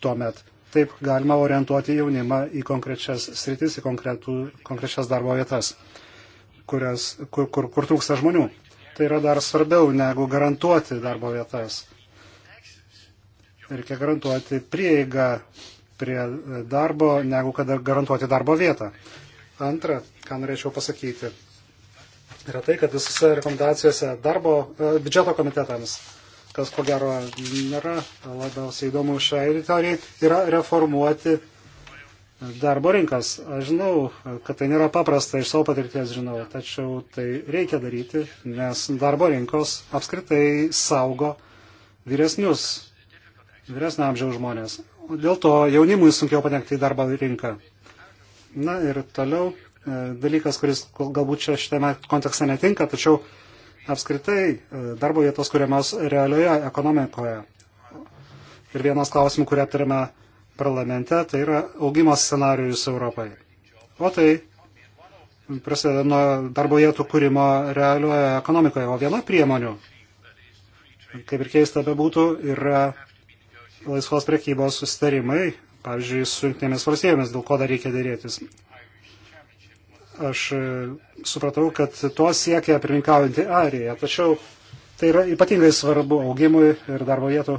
Tuomet taip galima orientuoti jaunimą į konkrečias sritis, į konkretų, konkrečias darbo vietas, kurias, kur, kur, kur trūksta žmonių. Tai yra dar svarbiau negu garantuoti darbo vietas. Reikia garantuoti prieigą prie darbo, negu kad garantuoti darbo vietą. Antra, ką norėčiau pasakyti, yra tai, kad visose rekomendacijose darbo e, biudžeto komitetams, kas ko gero nėra labiausiai įdomu šiai auditorijai, yra reformuoti darbo rinkas. Aš žinau, kad tai nėra paprasta, iš savo patirties žinau, tačiau tai reikia daryti, nes darbo rinkos apskritai saugo vyresnius, vyresnio amžiaus žmonės. Dėl to jaunimui sunkiau patekti į darbo rinką. Na ir toliau e, dalykas, kuris galbūt čia šitame kontekste netinka, tačiau apskritai e, darbo vietos kuriamos realioje ekonomikoje. Ir vienas klausimų, kurį aptarėme parlamente, tai yra augimo scenarijus Europai. O tai prasideda nuo darbo vietų kūrimo realioje ekonomikoje, o viena priemonių, kaip ir keista bebūtų, yra laisvos prekybos sustarimai pavyzdžiui, su jungtinėmis valstybėmis, dėl ko dar reikia dėrėtis. Aš e, supratau, kad to siekia pirminkaujantį Airiją, tačiau tai yra ypatingai svarbu augimui ir darbo vietų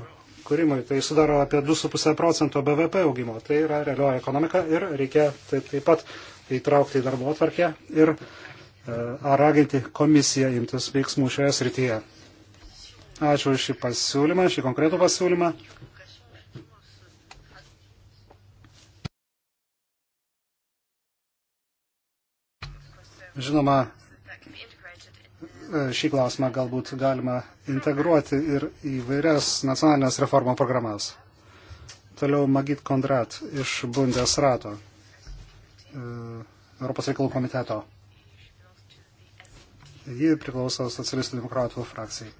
kūrimui. Tai sudaro apie 2,5 procento BVP augimo. Tai yra realioja ekonomika ir reikia taip, taip pat įtraukti į darbo atvarkę ir e, raginti komisiją imtis veiksmų šioje srityje. Ačiū už šį pasiūlymą, šį konkretų pasiūlymą. Žinoma, šį klausimą galbūt galima integruoti ir į vairias nacionalinės reformų programas. Toliau Magit Kondrat iš Bundesrato, e, Europos reikalų komiteto. Ji priklauso socialistų demokratų frakcijai.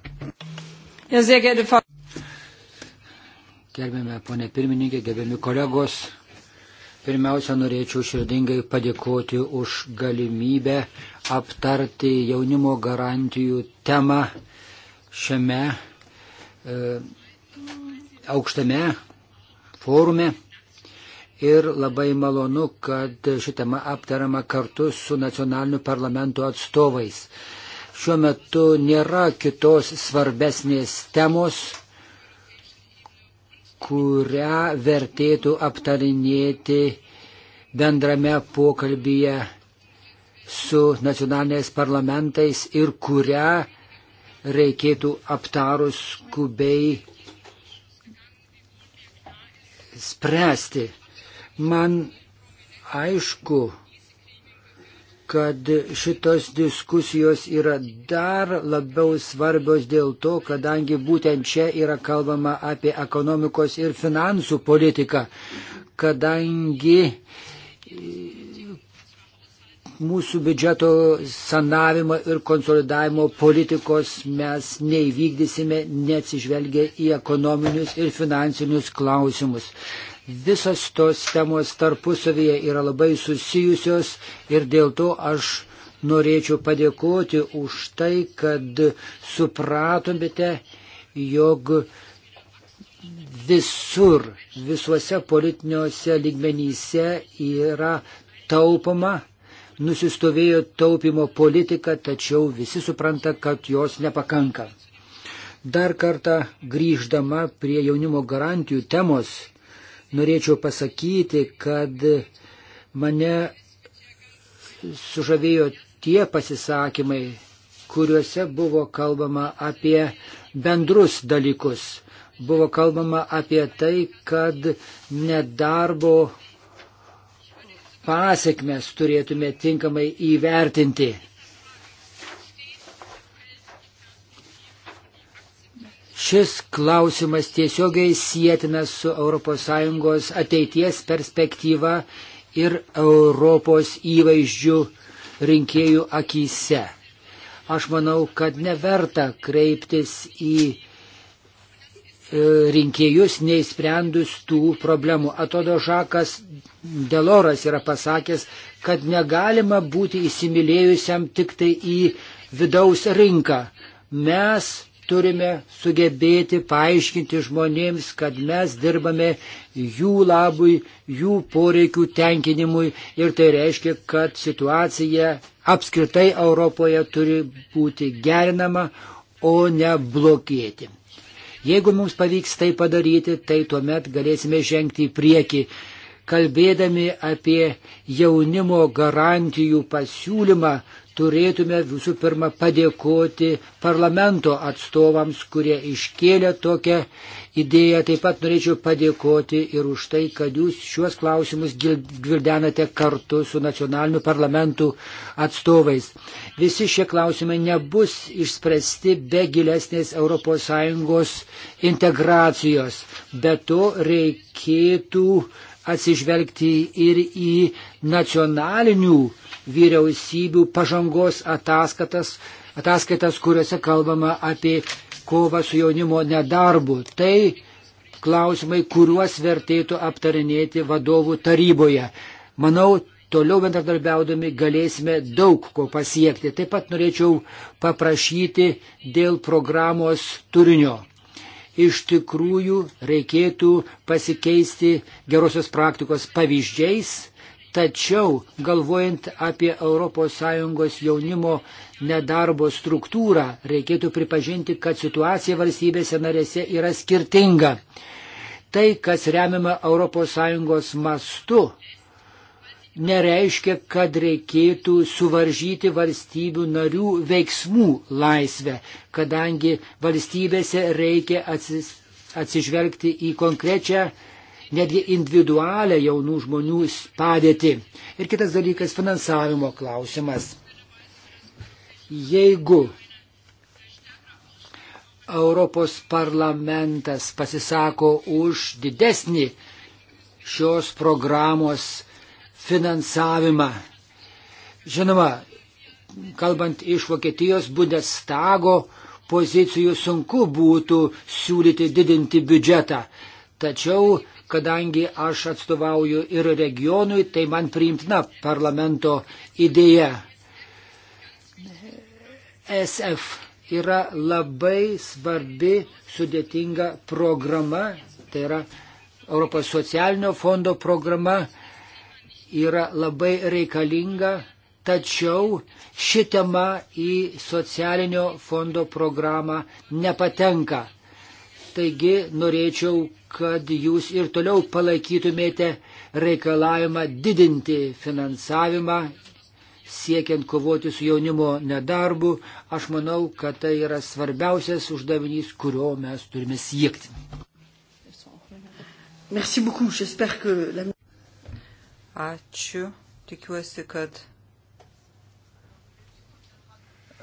Gerbėme ponė pirmininkė, gerbėmi kolegos, Pirmiausia, norėčiau širdingai padėkoti už galimybę aptarti jaunimo garantijų temą šiame e, aukštame forume. Ir labai malonu, kad ši tema aptarama kartu su nacionaliniu parlamento atstovais. Šiuo metu nėra kitos svarbesnės temos kurią vertėtų aptarinėti bendrame pokalbėje su nacionaliniais parlamentais ir kurią reikėtų aptarus skubiai spręsti. Man aišku, kad šitos diskusijos yra dar labiau svarbios dėl to, kadangi būtent čia yra kalbama apie ekonomikos ir finansų politiką, kadangi e, mūsų biudžeto sanavimo ir konsolidavimo politikos mes neįvykdysime neatsižvelgę į ekonominius ir finansinius klausimus. Visos tos temos tarpusavyje yra labai susijusios ir dėl to aš norėčiau padėkoti už tai, kad supratumėte, jog visur, visuose politiniuose lygmenyse yra taupoma, nusistovėjo taupimo politika, tačiau visi supranta, kad jos nepakanka. Dar kartą grįždama prie jaunimo garantijų temos, norėčiau pasakyti, kad mane sužavėjo tie pasisakymai, kuriuose buvo kalbama apie bendrus dalykus. Buvo kalbama apie tai, kad nedarbo pasiekmes turėtume tinkamai įvertinti. Šis klausimas tiesiogiai sėtinas su ES ateities perspektyva ir Europos įvaizdžių rinkėjų akise. Aš manau, kad neverta kreiptis į e, rinkėjus neįsprendus tų problemų. Atrodo, Žakas Deloras yra pasakęs, kad negalima būti įsimylėjusiam tik tai į vidaus rinką. Mes turime sugebėti paaiškinti žmonėms, kad mes dirbame jų labui, jų poreikių tenkinimui ir tai reiškia, kad situacija apskritai Europoje turi būti gerinama, o ne blokėti. Jeigu mums pavyks tai padaryti, tai tuomet galėsime žengti į priekį. Kalbėdami apie jaunimo garantijų pasiūlymą, turėtume visų pirma padėkoti parlamento atstovams, kurie iškėlė tokią idėją. Taip pat norėčiau padėkoti ir už tai, kad jūs šiuos klausimus gvildenate kartu su nacionaliniu parlamentu atstovais. Visi šie klausimai nebus išspręsti be gilesnės ES integracijos. Be to reikėtų atsižvelgti ir į nacionalinių vyriausybių pažangos ataskaitas, ataskaitas kuriuose kalbama apie kovą su jaunimo nedarbu. Tai klausimai, kuriuos vertėtų aptarinėti vadovų taryboje. Manau, toliau bendradarbiaudami galėsime daug ko pasiekti. Taip pat norėčiau paprašyti dėl programos turinio. Iš tikrųjų reikėtų pasikeisti gerosios praktikos pavyzdžiais Tačiau, galvojant apie ES jaunimo nedarbo struktūrą, reikėtų pripažinti, kad situacija valstybėse narėse yra skirtinga. Tai, kas remiama ES mastu, nereiškia, kad reikėtų suvaržyti valstybių narių veiksmų laisvę, kadangi valstybėse reikia atsis, atsižvelgti į konkrečią netgi individualią jaunų žmonių padėtį. Ir kitas dalykas - finansavimo klausimas. Jeigu Europos parlamentas pasisako už didesnį šios programos finansavimą, žinoma, kalbant iš Vokietijos Bundestago pozicijų sunku būtų siūlyti didinti biudžetą. Tačiau kadangi aš atstovauju ir regionui, tai man priimtina parlamento idėja. SF yra labai svarbi, sudėtinga programa, tai yra Europos socialinio fondo programa, yra labai reikalinga, tačiau ši tema į socialinio fondo programą nepatenka. Taigi norėčiau, kad jūs ir toliau palaikytumėte reikalavimą didinti finansavimą, siekiant kovoti su jaunimo nedarbu. Aš manau, kad tai yra svarbiausias uždavinys, kurio mes turime siekti. Ačiū. Tikiuosi, kad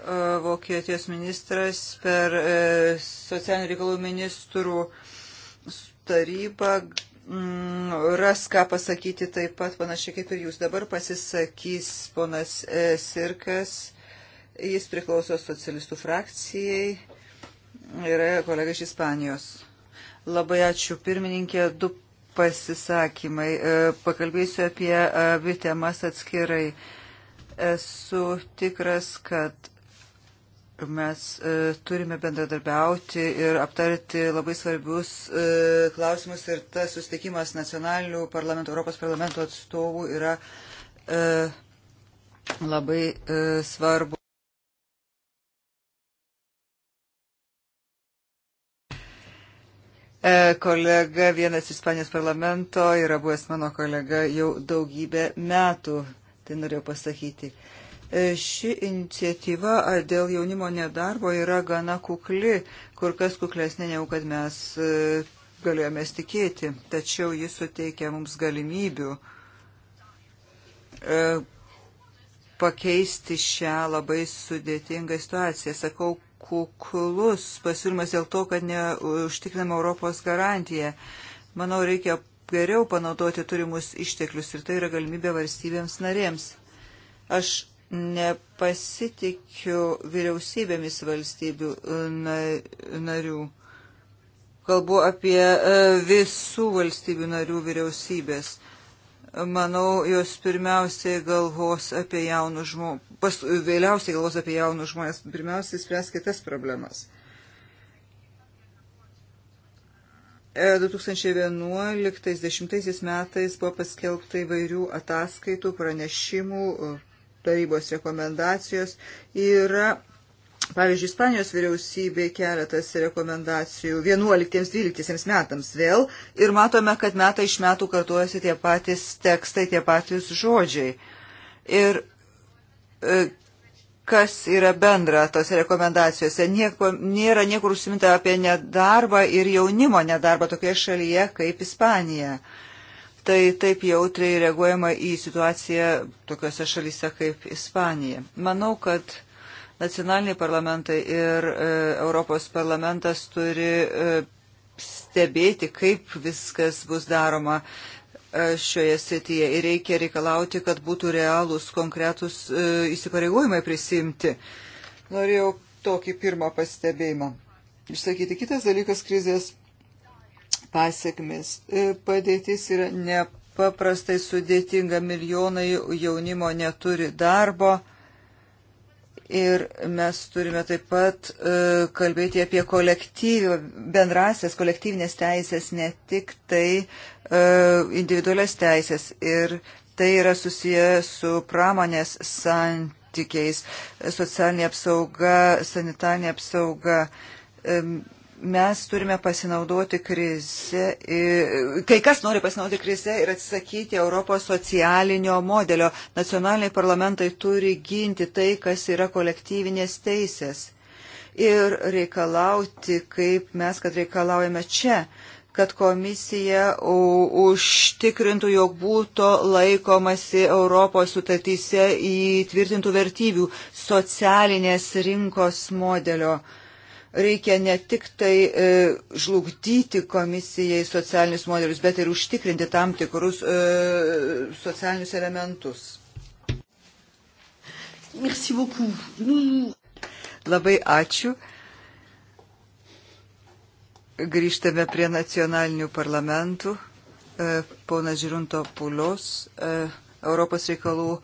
E, Vokietijos ministras per e, socialinių reikalų ministrų tarybą mm, ras ką pasakyti taip pat panašiai kaip ir jūs. Dabar pasisakys ponas e, Sirkas, jis priklauso socialistų frakcijai, yra kolega iš Ispanijos. Labai ačiū pirmininkė, du pasisakymai. Pakalbėsiu apie abi temas atskirai. Esu tikras, kad Mes e, turime bendradarbiauti ir aptarti labai svarbius e, klausimus ir tas susitikimas nacionalinių parlamentų, Europos parlamento atstovų yra e, labai e, svarbu. E, kolega, vienas Ispanijos parlamento, yra buvęs mano kolega jau daugybę metų, tai norėjau pasakyti. E, E, ši iniciatyva dėl jaunimo nedarbo yra gana kukli, kur kas kuklesnė negu kad mes e, galėjome tikėti, tačiau jis suteikia mums galimybių e, pakeisti šią labai sudėtingą situaciją. Sakau, kuklus pasiūlymas dėl to, kad neužtikrinama Europos garantija. Manau, reikia geriau panaudoti turimus išteklius ir tai yra galimybė valstybėms narėms. Aš nepasitikiu vyriausybėmis valstybių e, narių. Kalbu apie e, visų valstybių narių vyriausybės. Manau, jos pirmiausiai galvos apie jaunus žmonės, vėliausiai galvos apie jaunus žmonės, pirmiausiai spręs kitas problemas. 2011-2010 e, metais buvo paskelbta įvairių ataskaitų, pranešimų, tarybos rekomendacijos. Yra, pavyzdžiui, Ispanijos vyriausybė keletas rekomendacijų 11-12 metams vėl ir matome, kad metai iš metų kartuojasi tie patys tekstai, tie patys žodžiai. Ir e, kas yra bendra tose rekomendacijose. Nieko, nėra niekur užsiminta apie nedarbą ir jaunimo nedarbą tokioje šalyje kaip Ispanija. Uh, tai taip jautriai reaguojama į situaciją tokiuose šalyse kaip Ispanija. Manau, kad nacionaliniai parlamentai ir e, Europos parlamentas turi e, stebėti, kaip viskas bus daroma e, šioje srityje ir reikia reikalauti, kad būtų realūs konkretus e, įsipareigojimai prisimti. Norėjau tokį pirmą pastebėjimą. Išsakyti kitas dalykas krizės pasiekmes. E, padėtis yra nepaprastai sudėtinga, milijonai jaunimo neturi darbo. Ir mes turime taip pat e, kalbėti apie kolektyvio, bendrasias kolektyvinės teisės, ne tik tai e, individualias teisės. Ir tai yra susiję su pramonės santykiais, socialinė apsauga, sanitarinė apsauga. E, mes turime pasinaudoti krizę, kai kas nori pasinaudoti krizę ir atsisakyti Europos socialinio modelio. Nacionaliniai parlamentai turi ginti tai, kas yra kolektyvinės teisės. Ir reikalauti, kaip mes, kad reikalaujame čia, kad komisija užtikrintų, jog būtų laikomasi Europos sutartyse įtvirtintų vertybių socialinės rinkos modelio. Uh, reikia ne tik tai e, žlugdyti komisijai socialinius modelius, bet ir užtikrinti tam tikrus e, socialinius elementus. Merci beaucoup. Labai ačiū. Grįžtame prie nacionalinių parlamentų. E, Ponas Žirunto Pulios, e, Europos reikalų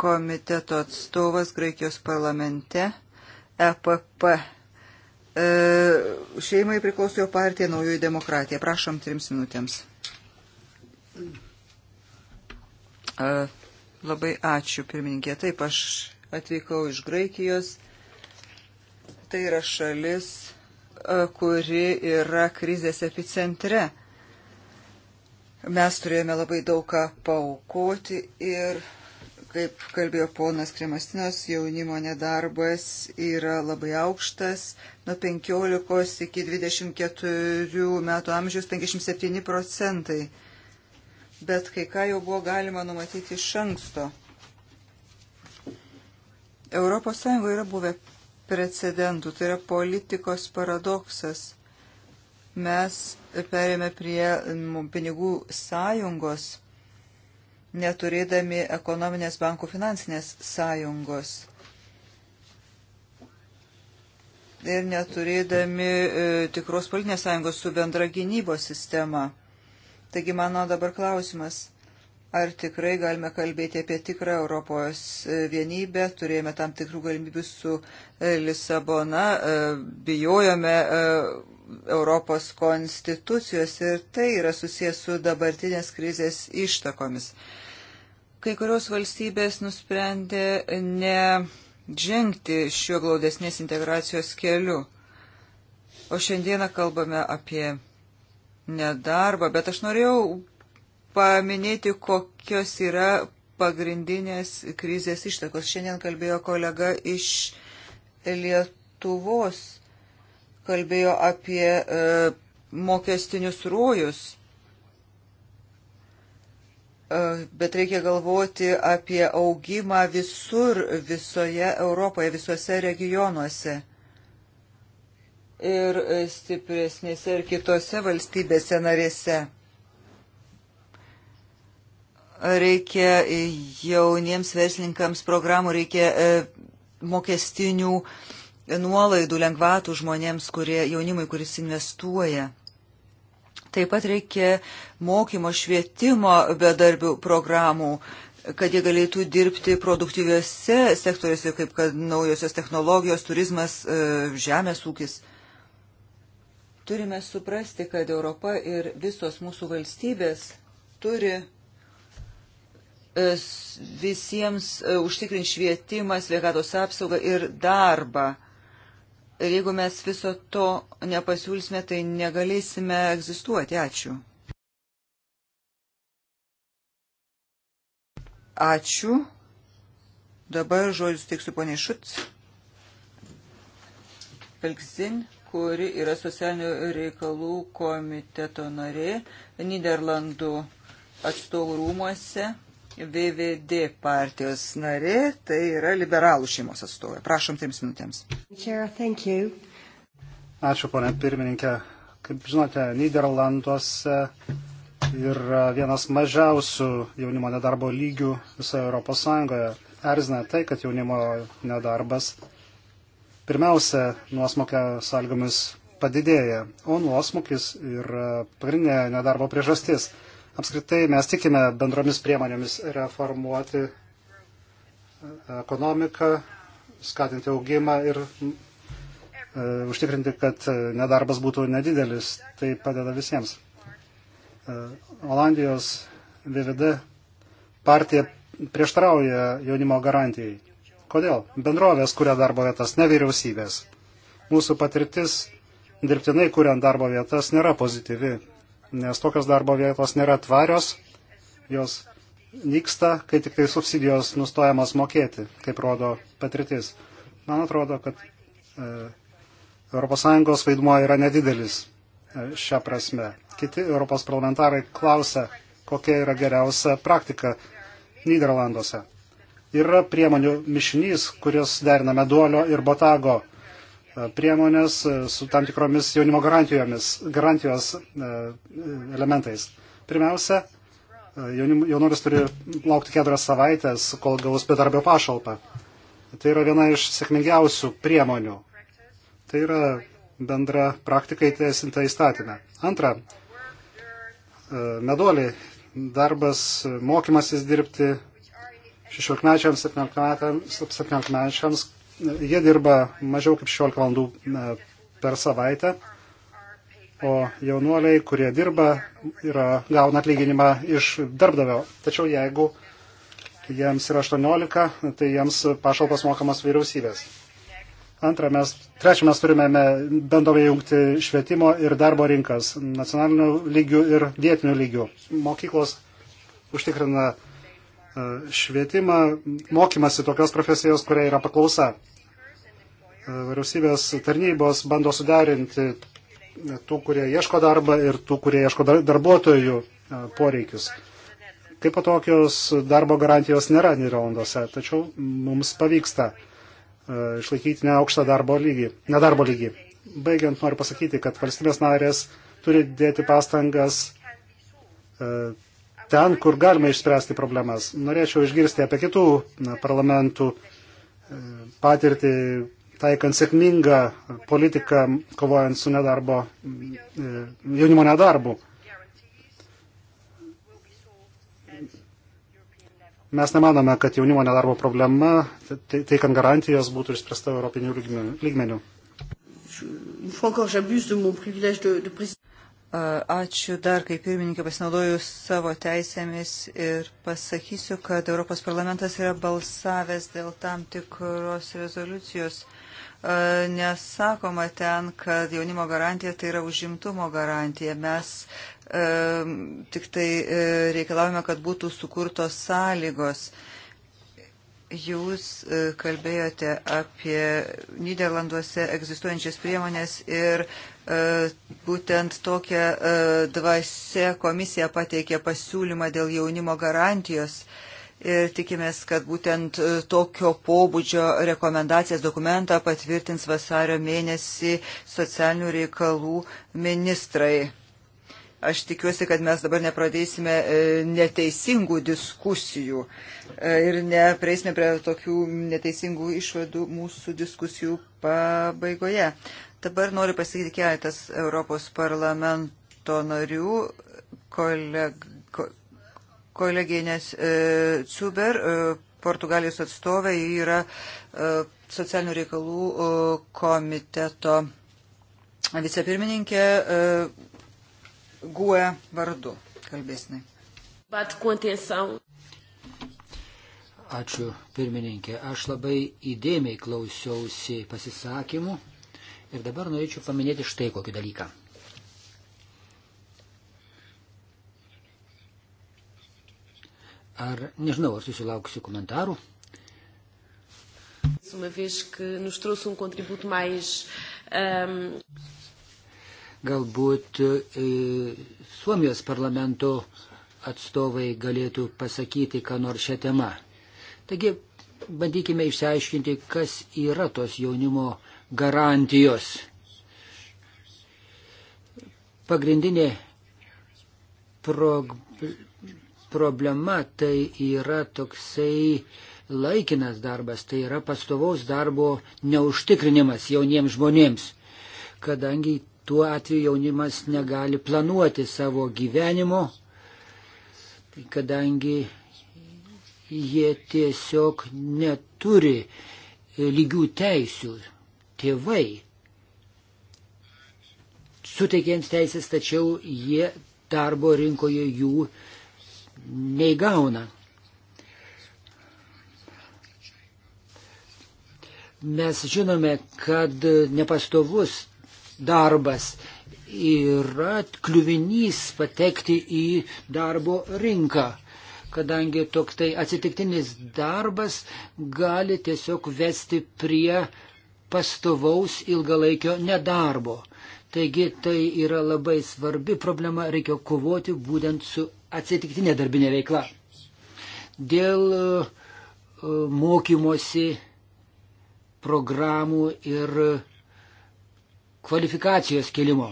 komiteto atstovas Graikijos parlamente, EPP E, šeimai priklauso jo partija Naujoji demokratija. Prašom trims minutėms. E, labai ačiū, pirmininkė. Taip, aš atvykau iš Graikijos. Tai yra šalis, e, kuri yra krizės epicentre. Mes turėjome labai daug ką paukoti ir kaip kalbėjo ponas Kremastinas, jaunimo nedarbas yra labai aukštas. Nuo 15 iki 24 metų amžiaus 57 procentai. Bet kai ką jau buvo galima numatyti iš anksto. Europos Sąjungoje yra buvę precedentų, tai yra politikos paradoksas. Mes perėmė prie pinigų sąjungos neturėdami ekonominės bankų finansinės sąjungos ir neturėdami e, tikros politinės sąjungos su bendra gynybos sistema. Taigi mano dabar klausimas, ar tikrai galime kalbėti apie tikrą Europos e, vienybę, turėjome tam tikrų galimybių su e, Lisabona, e, bijojome. E, Europos konstitucijos ir tai yra susijęs su dabartinės krizės ištakomis. Kai kurios valstybės nusprendė ne žengti šiuo glaudesnės integracijos keliu. O šiandieną kalbame apie nedarbą, bet aš norėjau paminėti, kokios yra pagrindinės krizės ištakos. Šiandien kalbėjo kolega iš Lietuvos kalbėjo apie e, mokestinius rojus. E, bet reikia galvoti apie augimą visur, visoje Europoje, visuose regionuose ir stipresnėse ir kitose valstybėse narėse. Reikia jauniems verslininkams programų, reikia e, mokestinių uh, nuolaidų lengvatų žmonėms, kurie, jaunimui, kuris investuoja. Taip pat reikia mokymo švietimo bedarbių programų, kad jie galėtų dirbti produktyviuose sektoriuose, kaip kad naujosios technologijos, turizmas, e, žemės ūkis. Turime suprasti, kad Europa ir visos mūsų valstybės turi e, visiems e, užtikrinti švietimą, sveikatos apsaugą ir darbą. Ir jeigu mes viso to nepasiūlysime, tai negalėsime egzistuoti. Ačiū. Ačiū. Dabar žodžius teiksiu poniai Šuts. Pelksin, kuri yra socialinių reikalų komiteto narė Niderlandų atstovų rūmuose. VVD partijos narė, tai yra liberalų šeimos atstovė. Prašom trims minutėms. Ačiū, ponė pirmininkė. Kaip žinote, Niderlanduose yra vienas mažiausių jaunimo nedarbo lygių visoje Europos Sąjungoje. Erzina tai, kad jaunimo nedarbas pirmiausia nuosmokio sąlygomis padidėja, o nuosmokis yra pagrindinė nedarbo priežastis. Apskritai mes tikime bendromis priemonėmis reformuoti e, ekonomiką, skatinti augimą ir e, užtikrinti, kad e, nedarbas būtų nedidelis. Tai padeda visiems. Olandijos VVD partija prieštrauja jaunimo garantijai. Kodėl? Bendrovės kuria darbo vietas, ne vyriausybės. Mūsų patirtis dirbtinai kuriant darbo vietas nėra pozityvi nes tokios darbo vietos nėra tvarios, jos nyksta, kai tik tai subsidijos nustojamos mokėti, kaip rodo patirtis. Man atrodo, kad ES vaidmuo yra nedidelis e, šią prasme. Kiti Europos parlamentarai klausia, kokia yra geriausia praktika Niderlanduose. Yra priemonių mišinys, kuris deriname duolio ir botago priemonės e, su tam tikromis jaunimo garantijomis, garantijos e, elementais. Pirmiausia, e, jaunuolis turi laukti keturias savaitės, kol gaus bedarbio pašalpą. Tai yra viena iš sėkmingiausių priemonių. Tai yra bendra praktika įteisinta įstatymę. Antra, meduolį darbas, mokymasis dirbti 16-mečiams, 17-mečiams, jie dirba mažiau kaip 16 valandų e, per savaitę, o jaunuoliai, kurie dirba, yra, gauna atlyginimą iš darbdavio. Tačiau jeigu jiems yra 18, tai jiems pašalpas mokamas vyriausybės. Antra, mes, trečia, mes turime bendrovai jungti švietimo ir darbo rinkas nacionalinių lygių ir vietinių lygių. Mokyklos užtikrina uh, E, švietimą, mokymasi tokios profesijos, kuria yra paklausa. E, vyriausybės tarnybos bando suderinti tų, kurie ieško darbą ir tų, kurie ieško darbuotojų e, poreikius. Kaip patokios darbo garantijos nėra Niderlanduose, tačiau mums pavyksta išlaikyti neaukštą darbo lygį, nedarbo lygį. Baigiant, noriu pasakyti, kad valstybės narės turi dėti pastangas ten, kur galima išspręsti problemas. Norėčiau išgirsti apie kitų parlamentų e, patirtį, taikant sėkmingą politiką, kovojant su nedarbo, e, jaunimo nedarbu. Mes nemanome, kad jaunimo nedarbo problema, teikiant garantijos, būtų išspręsta europinių lygmenių. Ačiū dar, kaip pirmininkė, pasinaudoju savo teisėmis ir pasakysiu, kad Europos parlamentas yra balsavęs dėl tam tikros rezoliucijos. E, nesakoma ten, kad jaunimo garantija tai yra užimtumo garantija. Mes e, tik tai e, reikalavome, kad būtų sukurtos sąlygos. Jūs e, kalbėjote apie Niderlanduose egzistuojančias priemonės ir E, būtent tokia e, dvasia komisija pateikė pasiūlymą dėl jaunimo garantijos ir tikimės, kad būtent e, tokio pobūdžio rekomendacijas dokumentą patvirtins vasario mėnesį socialinių reikalų ministrai. Aš tikiuosi, kad mes dabar nepradėsime neteisingų diskusijų ir neprieisime prie tokių neteisingų išvadų mūsų diskusijų pabaigoje. Dabar noriu pasakyti keletas Europos parlamento narių, koleg, ko, koleginės e, Cuber, e, Portugalijos atstovė, ji yra e, socialinių reikalų e, komiteto vicepirmininkė e, GUE vardu kalbėsnai. Bet kuo tiesiau. Ačiū, pirmininkė. Aš labai įdėmiai klausiausi pasisakymų Ir dabar norėčiau paminėti štai kokį dalyką. Ar nežinau, ar susilauksiu komentarų. Um ehm, Galbūt e, Suomijos parlamento atstovai galėtų pasakyti, ką nors šią temą. Taigi, bandykime išsiaiškinti, kas yra tos jaunimo garantijos. Pagrindinė prog problema tai yra toksai laikinas darbas, tai yra pastovaus darbo neužtikrinimas jauniems žmonėms, kadangi tuo atveju jaunimas negali planuoti savo gyvenimo, kadangi jie tiesiog neturi lygių teisių tėvai suteikiant teisės, tačiau jie darbo rinkoje jų neįgauna. Mes žinome, kad nepastovus darbas yra kliuvinys patekti į darbo rinką, kadangi toks tai atsitiktinis darbas gali tiesiog vesti prie pastovaus ilgalaikio nedarbo. Taigi tai yra labai svarbi problema, reikia kovoti būtent su atsitiktinė darbinė veikla. Dėl e, mokymosi programų ir kvalifikacijos kelimo.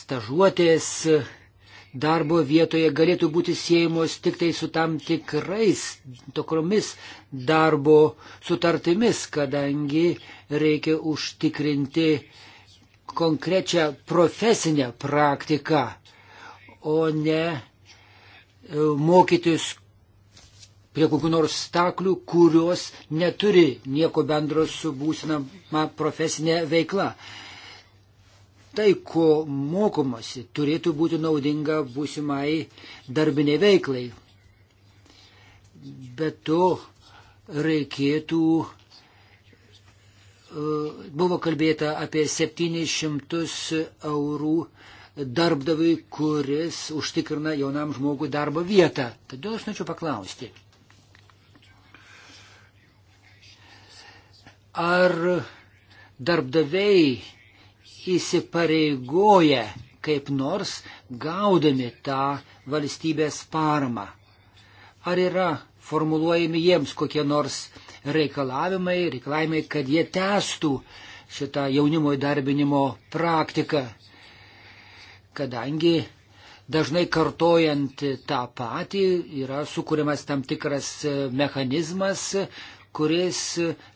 Stažuotės darbo vietoje galėtų būti siejamos tik tai su tam tikrais, tokromis darbo sutartimis, kadangi reikia užtikrinti konkrečią profesinę praktiką, o ne e, mokytis prie kokių nors staklių, kurios neturi nieko bendro su būsina profesinė veikla tai, ko mokomasi, turėtų būti naudinga būsimai darbiniai veiklai. Bet to reikėtų, e, buvo kalbėta apie 700 eurų darbdaviui, kuris užtikrina jaunam žmogui darbo vietą. Todėl aš norėčiau paklausti. Ar darbdaviai įsipareigoja kaip nors gaudami tą valstybės paramą. Ar yra formuluojami jiems kokie nors reikalavimai, reikalavimai, kad jie tęstų šitą jaunimo įdarbinimo praktiką, kadangi dažnai kartojant tą patį yra sukūrimas tam tikras mechanizmas, kuris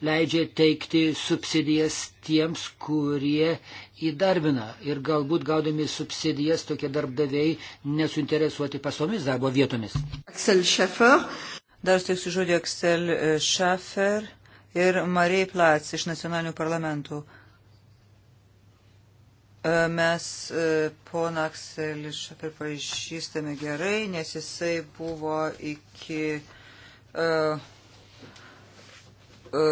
leidžia teikti subsidijas tiems, kurie įdarbina. Ir galbūt gaudami subsidijas tokie darbdaviai nesuinteresuoti pasomis darbo vietomis. Aksel Šefer. Dar teiksiu žodį Aksel Šefer ir Marijai Plats iš nacionalinių parlamentų. E, mes e, poną Akselį Šefer pažįstame gerai, nes jisai buvo iki uh, E,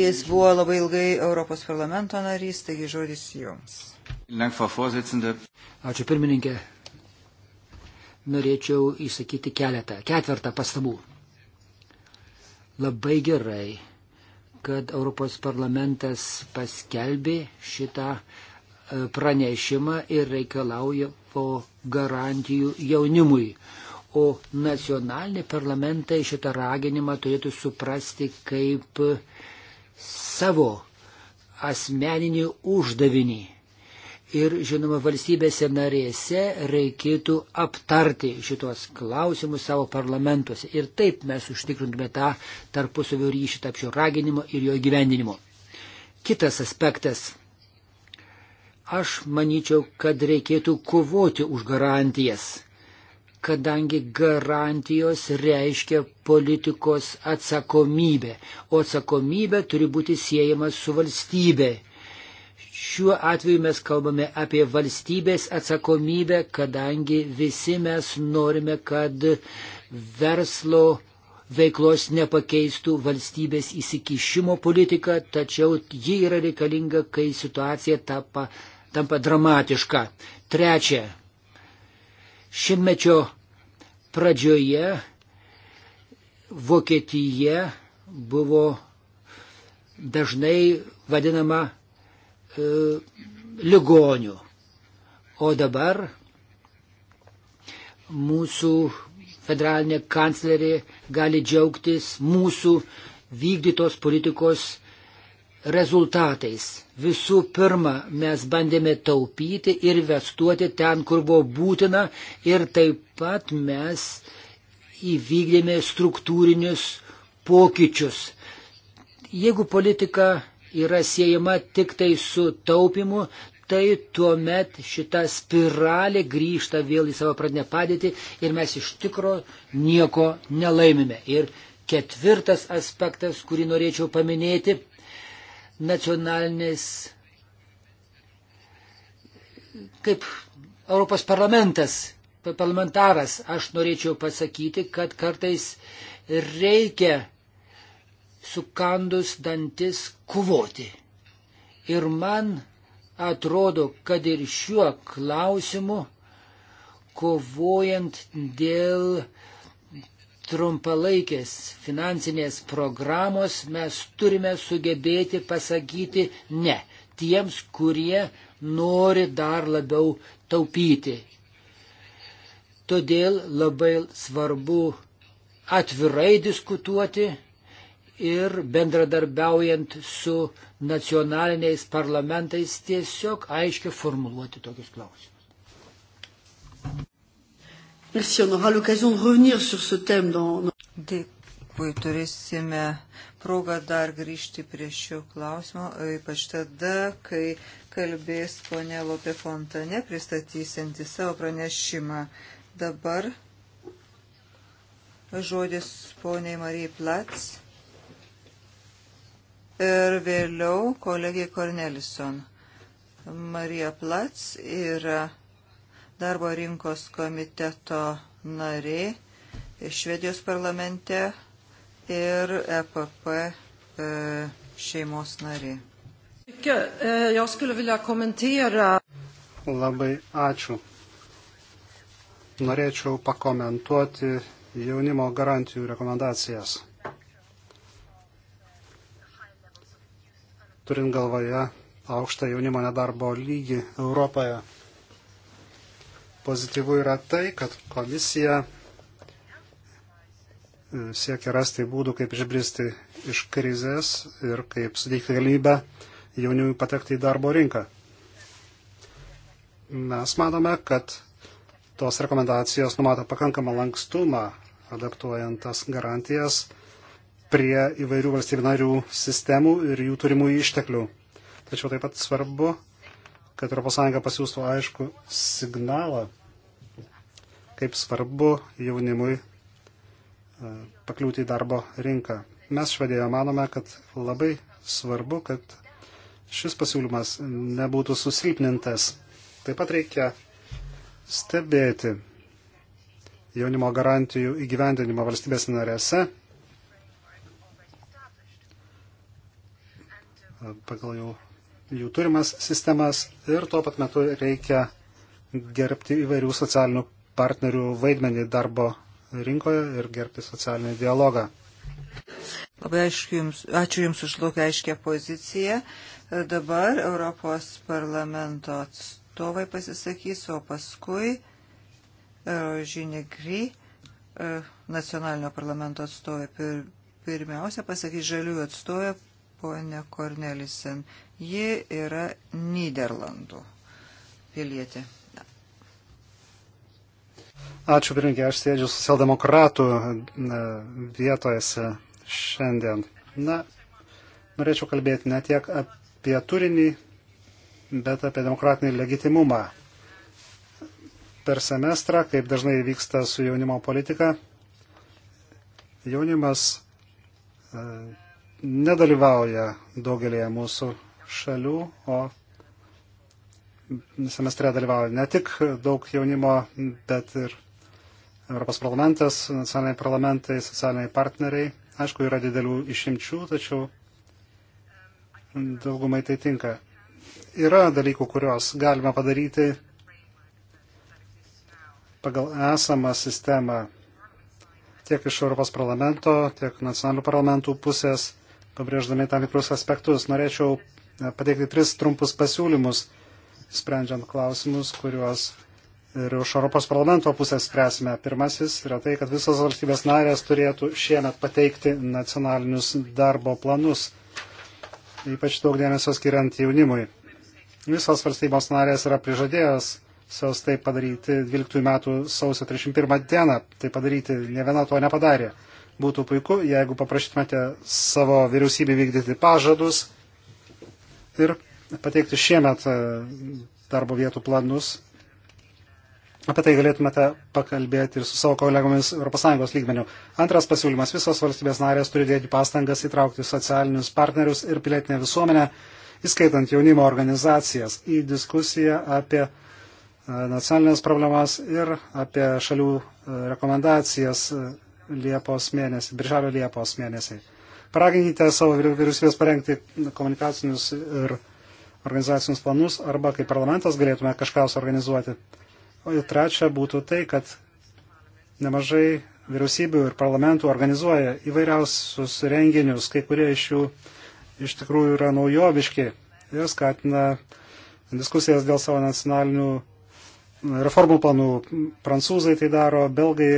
jis buvo labai ilgai Europos parlamento narys, taigi žodis jums. Ačiū pirmininkė. Norėčiau įsakyti keletą, ketvirtą pastabų. Labai gerai, kad Europos parlamentas paskelbė šitą e, pranešimą ir reikalauja po garantijų jaunimui o nacionaliniai parlamentai šitą raginimą turėtų suprasti kaip savo asmeninį uždavinį. Ir žinoma, valstybėse narėse reikėtų aptarti šitos klausimus savo parlamentuose. Ir taip mes užtikrintume tą tarpusavio ryšį tarp šio raginimo ir jo gyvendinimo. Kitas aspektas. Aš manyčiau, kad reikėtų kovoti už garantijas kadangi garantijos reiškia politikos atsakomybę, o atsakomybė turi būti siejama su valstybė. Šiuo atveju mes kalbame apie valstybės atsakomybę, kadangi visi mes norime, kad verslo veiklos nepakeistų valstybės įsikišimo politika, tačiau ji yra reikalinga, kai situacija tapa, tampa dramatiška. Trečia, šimtmečio pradžioje Vokietija buvo dažnai vadinama e, ligoniu. O dabar mūsų federalinė kanclerė gali džiaugtis mūsų vykdytos politikos rezultatais. Visų pirma, mes bandėme taupyti ir investuoti ten, kur buvo būtina ir taip pat mes įvykdėme struktūrinius pokyčius. Jeigu politika yra siejama tik tai su taupimu, tai tuomet šita spiralė grįžta vėl į savo pradinę padėtį ir mes iš tikro nieko nelaimime. Ir ketvirtas aspektas, kurį norėčiau paminėti, nacionalinės, kaip Europos parlamentas, parlamentaras, aš norėčiau pasakyti, kad kartais reikia sukandus dantis kovoti. Ir man atrodo, kad ir šiuo klausimu, kovojant dėl trumpalaikės finansinės programos mes turime sugebėti pasakyti ne tiems, kurie nori dar labiau taupyti. Todėl labai svarbu atvirai diskutuoti ir bendradarbiaujant su nacionaliniais parlamentais tiesiog aiškiai formuluoti tokius klausimus. Merci, on aura l'occasion de revenir sur ce thème dans... Dėkui, turėsime progą dar grįžti prie šio klausimo, ypač tada, kai kalbės ponė Lopė Fontane, pristatysianti savo pranešimą. Dabar žodis poniai Marijai Plats ir vėliau kolegiai Kornelison. Marija Plats yra darbo rinkos komiteto narė Švedijos parlamente ir EPP e, šeimos narė. E, Labai ačiū. Norėčiau pakomentuoti jaunimo garantijų rekomendacijas. Turint galvoje aukštą jaunimo nedarbo lygį Europoje. Pozityvu yra tai, kad komisija e, siekia rasti būdų, kaip išbristi iš krizės ir kaip suteikti galimybę jaunimui patekti į darbo rinką. Mes manome, kad tos rekomendacijos numato pakankamą lankstumą, adaptuojant tas garantijas prie įvairių valstybių narių sistemų ir jų turimų išteklių. Tačiau taip pat svarbu kad ES pasiūstų aišku signalą, kaip svarbu jaunimui e, pakliūti į darbo rinką. Mes švedėje manome, kad labai svarbu, kad šis pasiūlymas nebūtų susilpnintas. Taip pat reikia stebėti jaunimo garantijų įgyvendinimą valstybės narėse e, pagal jau jų turimas sistemas ir tuo pat metu reikia gerbti įvairių socialinių partnerių vaidmenį darbo rinkoje ir gerbti socialinį dialogą. Labai aišku jums, ačiū Jums už tokią aiškę poziciją. Dabar Europos parlamento atstovai pasisakys, o paskui e, Žinė Gry, e, nacionalinio parlamento atstovai, pir, pirmiausia pasakys žaliųjų atstovai ponė Kornelisen. Ji yra Niderlandų pilietė. Ačiū, pirmininkė, aš sėdžiu socialdemokratų vietojose šiandien. Na, norėčiau kalbėti ne tiek apie turinį, bet apie demokratinį legitimumą. Per semestrą, kaip dažnai vyksta su jaunimo politika, jaunimas e, nedalyvauja daugelėje mūsų šalių, o semestre dalyvauja ne tik daug jaunimo, bet ir Europos parlamentas, nacionaliniai parlamentai, socialiniai partneriai. Aišku, yra didelių išimčių, tačiau daugumai tai tinka. Yra dalykų, kuriuos galima padaryti pagal esamą sistemą tiek iš Europos parlamento, tiek nacionalinių parlamentų pusės pabrėždami tam tikrus aspektus. Norėčiau e, pateikti tris trumpus pasiūlymus, sprendžiant klausimus, kuriuos ir iš Europos parlamento pusės spręsime. Pirmasis yra tai, kad visas valstybės narės turėtų šiemet pateikti nacionalinius darbo planus, ypač daug dėmesio skiriant jaunimui. Visos valstybės narės yra prižadėjęs jos tai padaryti 12 metų sausio 31 dieną. Tai padaryti ne viena to nepadarė. Būtų puiku, jeigu paprašytumėte savo vyriausybį vykdyti pažadus ir pateikti šiemet e, darbo vietų planus. Apie tai galėtumėte pakalbėti ir su savo kolegomis ES lygmeniu. Antras pasiūlymas. Visos valstybės narės turi dėti pastangas įtraukti socialinius partnerius ir pilietinę visuomenę, įskaitant jaunimo organizacijas, į diskusiją apie e, nacionalinės problemas ir apie šalių e, rekomendacijas Liepos mėnesį, birželio Liepos mėnesį. Paraginkite savo vyriausybės parengti komunikacinius ir organizacinius planus arba kaip parlamentas galėtume kažką suorganizuoti. O trečia būtų tai, kad nemažai vyriausybių ir parlamentų organizuoja įvairiausius renginius, kai kurie iš jų iš tikrųjų yra naujoviški ir skatina diskusijas dėl savo nacionalinių reformų planų. Prancūzai tai daro, belgai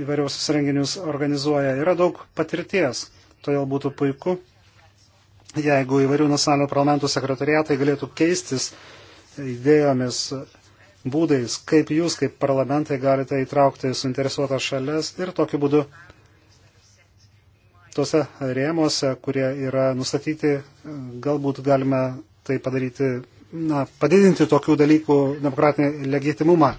įvairiausius renginius organizuoja. Yra daug patirties, todėl būtų puiku, jeigu įvairių nacionalinių parlamentų sekretariatai galėtų keistis idėjomis, būdais, kaip jūs, kaip parlamentai, galite įtraukti suinteresuotas šalias ir tokiu būdu tuose rėmuose, kurie yra nustatyti, galbūt galime tai padaryti na, padidinti tokių dalykų demokratinį legitimumą.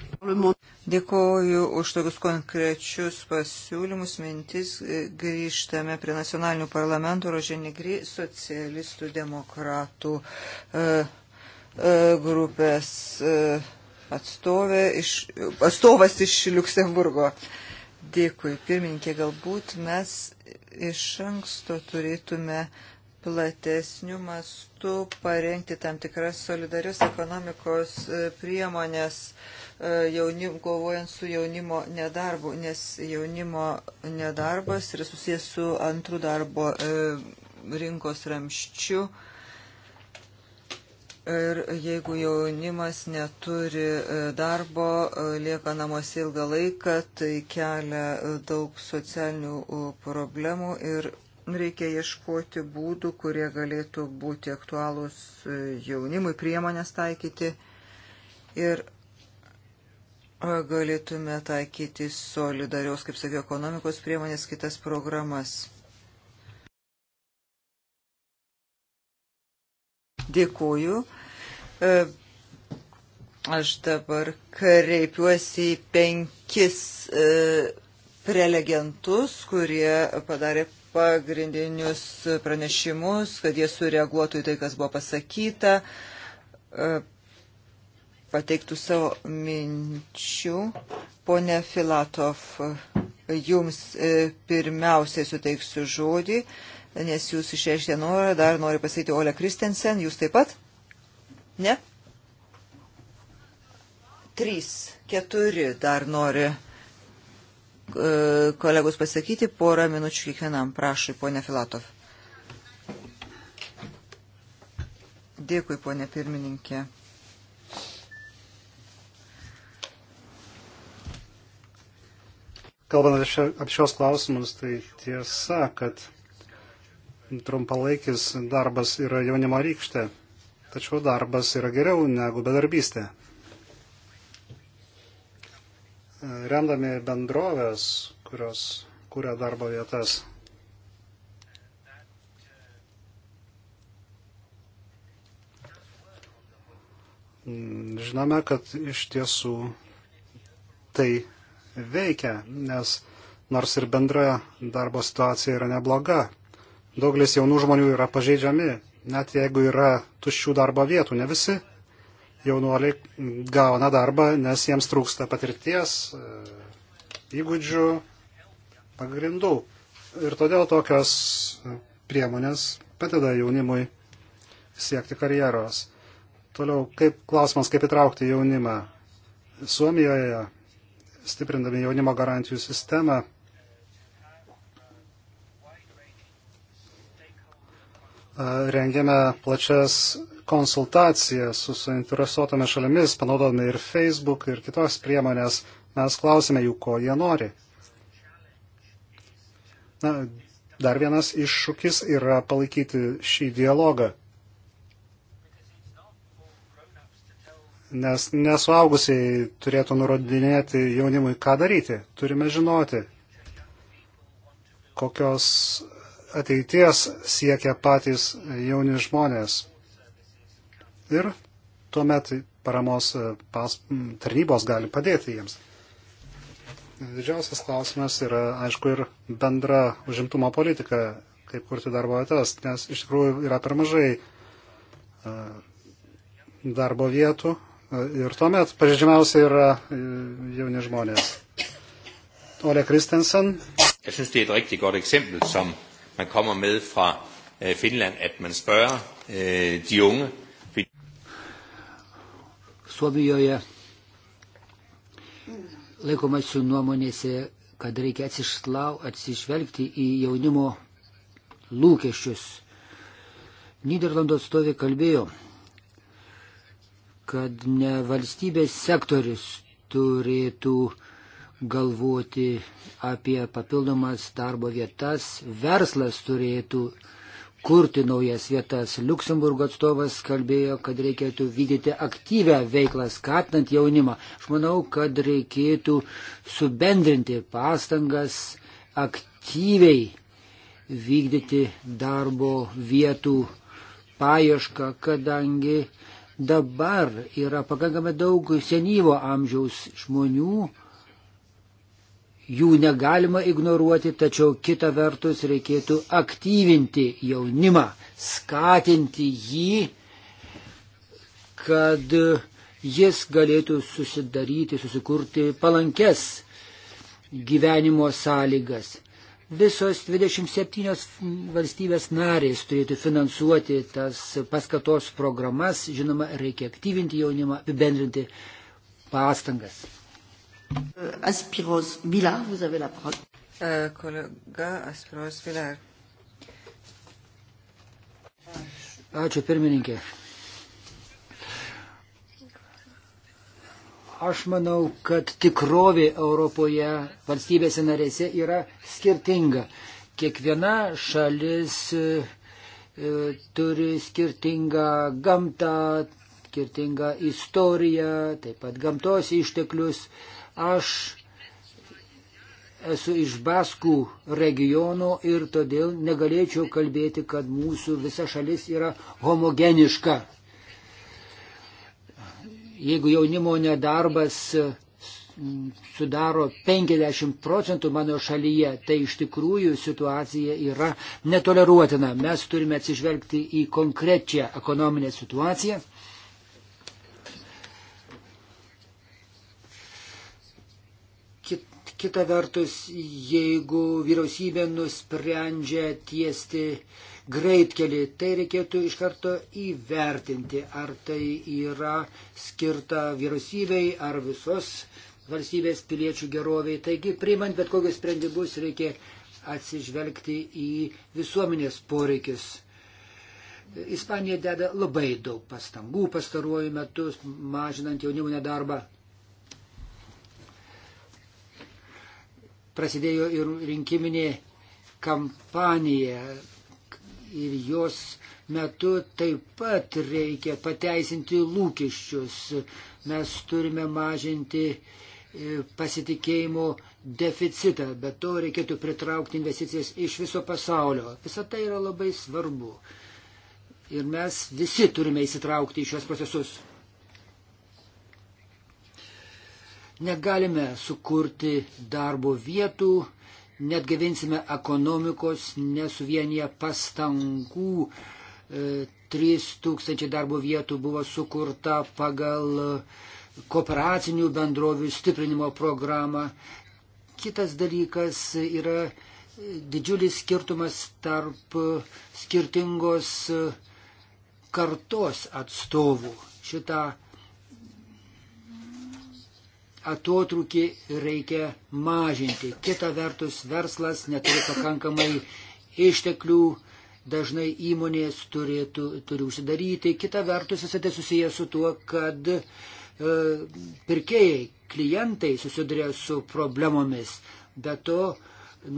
Dėkoju už tokius konkrečius pasiūlymus, mintis. Grįžtame prie nacionalinių parlamentų Roženigri socialistų demokratų e, e, grupės e, atstovė iš, atstovas iš Luksemburgo. Dėkui, pirmininkė, galbūt mes iš anksto turėtume uh, platesnių mastų parengti tam tikras solidarius ekonomikos e, priemonės e, jaunim, kovojant su jaunimo nedarbu, nes jaunimo nedarbas yra susijęs su antrų darbo e, rinkos ramščiu. Ir jeigu jaunimas neturi darbo, lieka namuose ilgą laiką, tai kelia daug socialinių problemų ir Reikia ieškoti būdų, kurie galėtų būti aktualūs e, jaunimui, priemonės taikyti ir e, galėtume taikyti solidarios, kaip sakiau, ekonomikos priemonės kitas programas. Dėkuoju. E, aš dabar kreipiuosi į penkis prelegentus, kurie padarė pagrindinius pranešimus, kad jie sureaguotų į tai, kas buvo pasakyta, e, pateiktų savo minčių. Pone Filatov, jums e, pirmiausiai suteiksiu žodį, nes jūs išreiškė norą, dar noriu pasakyti Ole Kristensen, jūs taip pat? Ne? Trys, keturi dar nori E, kolegos pasakyti porą minučių kiekvienam. Prašau, ponė Filatov. Dėkui, ponė pirmininkė. Kalbant apie šios klausimus, tai tiesa, kad trumpalaikis darbas yra jaunimo rykštė, tačiau darbas yra geriau negu bedarbystė remdami bendrovės, kurios kūrė darbo vietas. Žinome, kad iš tiesų tai veikia, nes nors ir bendra darbo situacija yra nebloga, daugelis jaunų žmonių yra pažeidžiami, net jeigu yra tuščių darbo vietų, ne visi jaunuoliai gauna darbą, nes jiems trūksta patirties, e, įgūdžių, pagrindų. Ir todėl tokios e, priemonės padeda jaunimui siekti karjeros. Toliau, kaip klausimas, kaip įtraukti jaunimą. Suomijoje, stiprindami jaunimo garantijų sistemą, e, rengiame plačias konsultaciją su suinteresuotomis šalimis, panaudodami ir Facebook, ir kitos priemonės. Mes klausime jų, ko jie nori. Na, dar vienas iššūkis yra palaikyti šį dialogą. Nes nesuaugusiai turėtų nurodinėti jaunimui, ką daryti. Turime žinoti, kokios ateities siekia patys jauni žmonės ir tuomet paramos e, pas, tarnybos gali padėti jiems. Didžiausias klausimas yra, aišku, ir bendra užimtumo politika, kaip kurti darbo vietas, nes iš tikrųjų yra per mažai e, darbo vietų e, ir tuomet pažydžiamiausia yra jauni žmonės. Ole Kristensen. Jeg synes, det er et rigtig godt eksempel, som man kommer med fra øh, Finland, at man spørger øh, de unge, Suomijoje laikomasi nuomonėse, kad reikia atsišlau, atsižvelgti į jaunimo lūkesčius. Niderlandų atstovė kalbėjo, kad ne valstybės sektorius turėtų galvoti apie papildomas darbo vietas, verslas turėtų uh, kurti naujas vietas. Luksemburgo atstovas kalbėjo, kad reikėtų vykdyti aktyvę veiklą, skatinant jaunimą. Aš manau, kad reikėtų subendrinti pastangas aktyviai vykdyti darbo vietų paiešką, kadangi dabar yra pakankamai daug senyvo amžiaus žmonių, jų negalima ignoruoti, tačiau kita vertus reikėtų aktyvinti jaunimą, skatinti jį, kad jis galėtų susidaryti, susikurti palankes gyvenimo sąlygas. Visos 27 valstybės narės turėtų finansuoti tas paskatos programas, žinoma, reikia aktyvinti jaunimą, apibendrinti pastangas. Euh, Aspiros Vila, vous avez la parole. Uh, kolega Aspiros Vila. Ačiū pirmininkė. Aš manau, kad tikrovė Europoje valstybėse narėse yra skirtinga. Kiekviena šalis e, e turi skirtingą gamtą, skirtingą istoriją, taip pat gamtos išteklius. Aš esu iš Baskų regiono ir todėl negalėčiau kalbėti, kad mūsų visa šalis yra homogeniška. Jeigu jaunimo nedarbas e, sudaro 50 procentų mano šalyje, tai iš tikrųjų situacija yra netoleruotina. Mes turime atsižvelgti į konkrečią ekonominę situaciją. Kita vertus, jeigu vyriausybė nusprendžia tiesti greitkelį, tai reikėtų iš karto įvertinti, ar tai yra skirta vyriausybei ar visos valstybės piliečių geroviai. Taigi, priimant bet kokius sprendimus, reikia atsižvelgti į visuomenės poreikius. Ispanija deda labai daug pastangų pastaruoju metu, mažinant jaunimo nedarbą. prasidėjo ir rinkiminė kampanija. Ir jos metu taip pat reikia pateisinti lūkesčius. Mes turime mažinti e, pasitikėjimo deficitą, bet to reikėtų pritraukti investicijas iš viso pasaulio. Visą tai yra labai svarbu. Ir mes visi turime įsitraukti į šios procesus. Negalime sukurti darbo vietų, net gavinsime ekonomikos, nesuvienyje pastangų. 3000 e, darbo vietų buvo sukurta pagal kooperacinių bendrovių stiprinimo programą. Kitas dalykas yra didžiulis skirtumas tarp skirtingos kartos atstovų. Šitą atotrukį reikia mažinti. Kita vertus, verslas neturi pakankamai išteklių, dažnai įmonės turėtų, turi užsidaryti. Kita vertus, visada tai susijęs su tuo, kad e, pirkėjai, klientai susiduria su problemomis. Be to,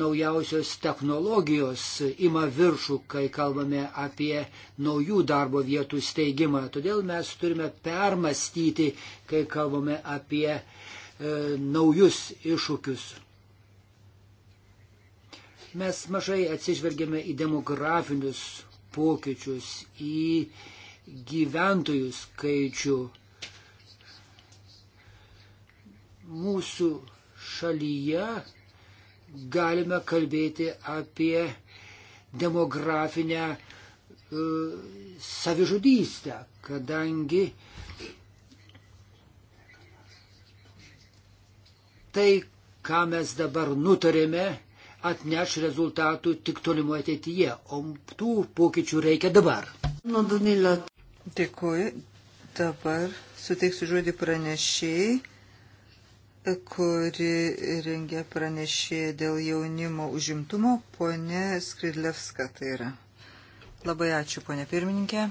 naujausios technologijos ima viršų, kai kalbame apie naujų darbo vietų steigimą. Todėl mes turime permastyti, kai kalbame apie E, naujus iššūkius. Mes mažai atsižvelgėme į demografinius pokyčius, į gyventojų skaičių. Mūsų šalyje galime kalbėti apie demografinę e, savižudystę, kadangi tai, ką mes dabar nutarėme, atneš rezultatų tik tolimo ateityje, o tų pokyčių reikia dabar. Nu, Danilė. Dėkui. Dabar suteiksiu žodį pranešėjai, kuri rengia pranešėją dėl jaunimo užimtumo, ponė Skridlevska tai yra. Labai ačiū, ponė pirmininkė.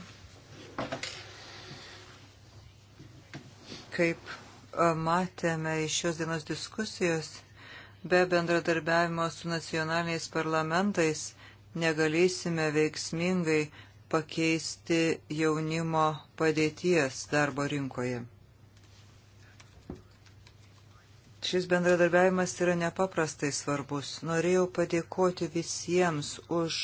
Kaip matėme iš šios dienos diskusijos, be bendradarbiavimo su nacionaliniais parlamentais negalėsime veiksmingai pakeisti jaunimo padėties darbo rinkoje. Šis bendradarbiavimas yra nepaprastai svarbus. Norėjau padėkoti visiems už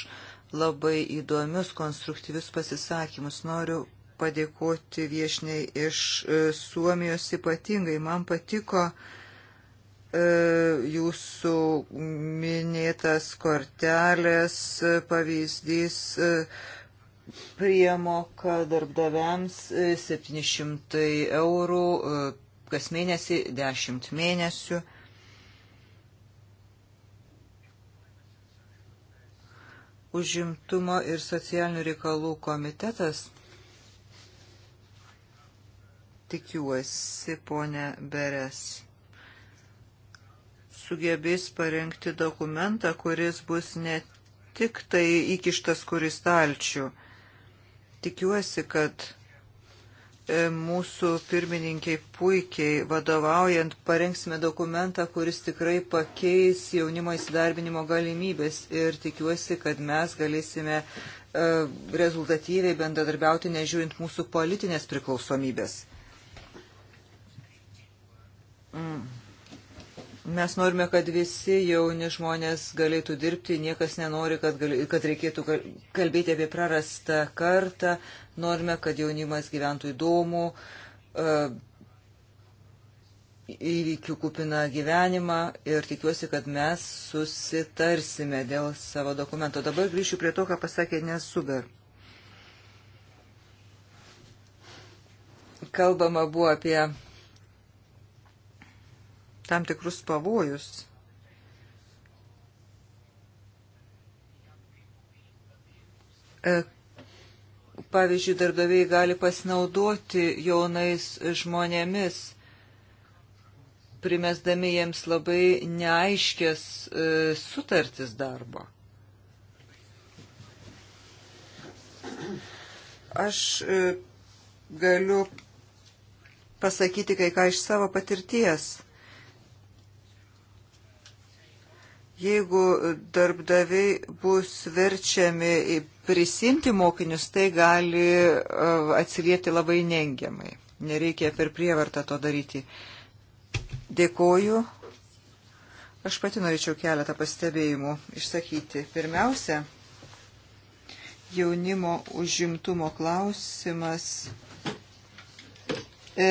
labai įdomius konstruktyvius pasisakymus. Noriu padėkoti viešniai iš e, Suomijos ypatingai. Man patiko e, jūsų minėtas kortelės e, pavyzdys priemoka darbdaviams 700 eurų kas mėnesį 10 mėnesių. Užimtumo ir socialinių reikalų komitetas tikiuosi, ponė Beres, sugebės parengti dokumentą, kuris bus ne tik tai įkištas kuris talčių. Tikiuosi, kad e, mūsų pirmininkiai puikiai vadovaujant parengsime dokumentą, kuris tikrai pakeis jaunimo įsidarbinimo galimybės ir tikiuosi, kad mes galėsime e, rezultatyviai bendradarbiauti, nežiūrint mūsų politinės priklausomybės. Mm. Mes norime, kad visi jauni žmonės galėtų dirbti, niekas nenori, kad, gal, kad reikėtų kalbėti apie prarastą kartą, norime, kad jaunimas gyventų įdomų, e, įvykių kupiną gyvenimą ir tikiuosi, kad mes susitarsime dėl savo dokumento. Dabar grįšiu prie to, ką pasakė Nesuber. Kalbama buvo apie tam tikrus pavojus. E, pavyzdžiui, darbdaviai gali pasinaudoti jaunais žmonėmis, primesdami jiems labai neaiškės e, sutartis darbo. Aš e, galiu pasakyti kai ką iš savo patirties. Jeigu darbdaviai bus verčiami prisimti mokinius, tai gali e, atsilieti labai nengiamai. Nereikia per prievartą to daryti. Dėkoju. Aš pati norėčiau keletą pastebėjimų išsakyti. Pirmiausia, jaunimo užimtumo klausimas. E,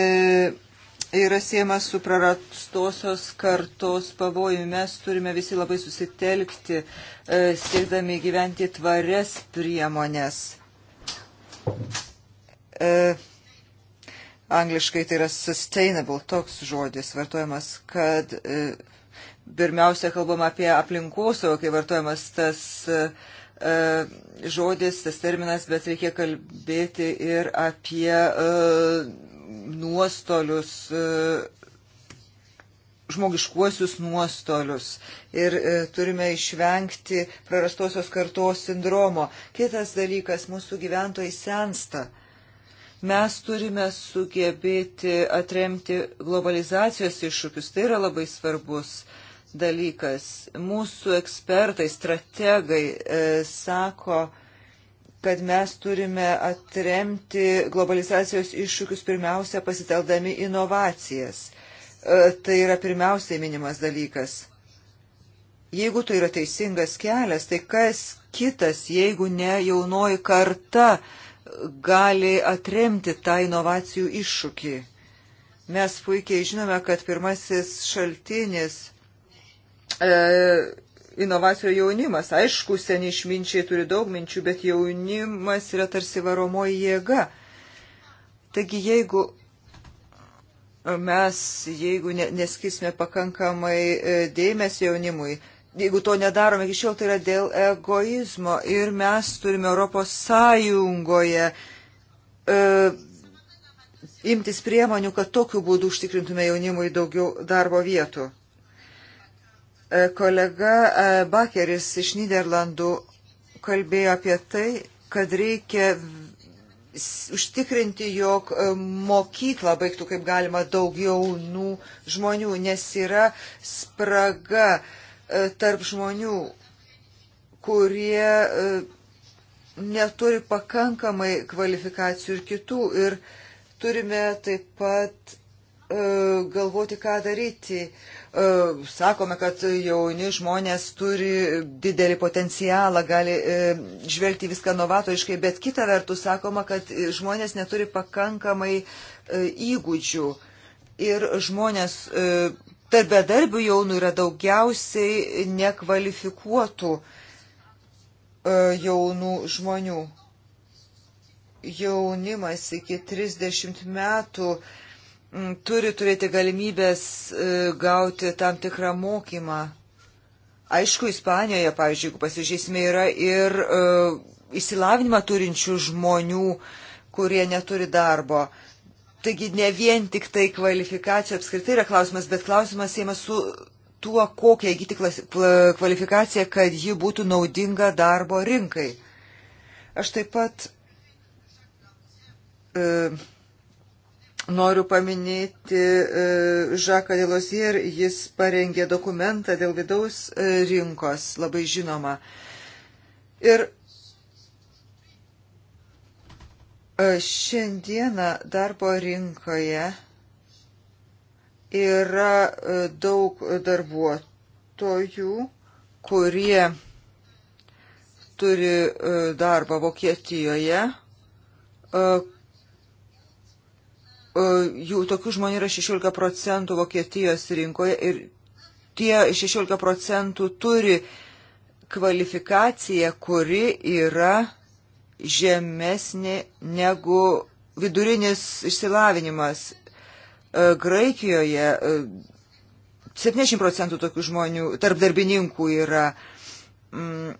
yra siemas su prarastosios kartos pavojumi. Mes turime visi labai susitelkti, e, siekdami gyventi tvarias priemonės. E, angliškai tai yra sustainable, toks žodis vartojamas, kad e, pirmiausia kalbam apie aplinkosaugą, kai vartojamas tas žodis, tas terminas, bet reikia kalbėti ir apie nuostolius, e, žmogiškuosius nuostolius ir e, turime išvengti prarastosios kartos sindromo. Kitas dalykas, mūsų gyventojai sensta mes turime sugebėti atremti globalizacijos iššūkius. Tai yra labai svarbus dalykas. Mūsų ekspertai, strategai e, sako, kad mes turime atremti globalizacijos iššūkius pirmiausia pasiteldami inovacijas. E, tai yra pirmiausiai minimas dalykas. Jeigu tai yra teisingas kelias, tai kas kitas, jeigu ne jaunoji karta, gali atremti tą inovacijų iššūkį? Mes puikiai žinome, kad pirmasis šaltinis e, inovacijų jaunimas. Aišku, seniai išminčiai turi daug minčių, bet jaunimas yra tarsi varomoji jėga. Taigi, jeigu mes, jeigu neskisime pakankamai e, dėmesio jaunimui, jeigu to nedarome iki šiol, tai yra dėl egoizmo ir mes turime Europos Sąjungoje e, imtis priemonių, kad tokiu būdu užtikrintume jaunimui daugiau darbo vietų. E, kolega e, Bakeris iš Niderlandų kalbėjo apie tai, kad reikia užtikrinti, jog e, mokyklą baigtų kaip galima daug jaunų žmonių, nes yra spraga tarp žmonių, kurie neturi pakankamai kvalifikacijų ir kitų. Ir turime taip pat galvoti, ką daryti. Uh, E, sakome, kad jauni žmonės turi didelį potencialą, gali e, žvelgti viską novatoriškai, bet kita vertus sakoma, kad žmonės neturi pakankamai e, įgūdžių ir žmonės tarp bedarbių jaunų yra daugiausiai nekvalifikuotų jaunų žmonių. Jaunimas iki 30 metų Mm, turi turėti galimybės e, gauti tam tikrą mokymą. Aišku, Ispanijoje, pavyzdžiui, jeigu pasižiūrėsime, yra ir uh, e, įsilavinimą turinčių žmonių, kurie neturi darbo. Taigi ne vien tik tai kvalifikacija apskritai yra klausimas, bet klausimas siemas su tuo, kokią įgyti kvalifikaciją, kad ji būtų naudinga darbo rinkai. Aš taip pat. Uh, Noriu paminėti e, Žaką Delozier, jis parengė dokumentą dėl vidaus e, rinkos, labai žinoma. Ir e, šiandieną darbo rinkoje yra daug darbuotojų, kurie turi darbą Vokietijoje, E, jų tokių žmonių yra 16 procentų Vokietijos rinkoje ir tie 16 procentų turi kvalifikaciją, kuri yra žemesnė negu vidurinis išsilavinimas. E, Graikijoje 70 e, procentų tokių žmonių, tarp darbininkų yra, mm,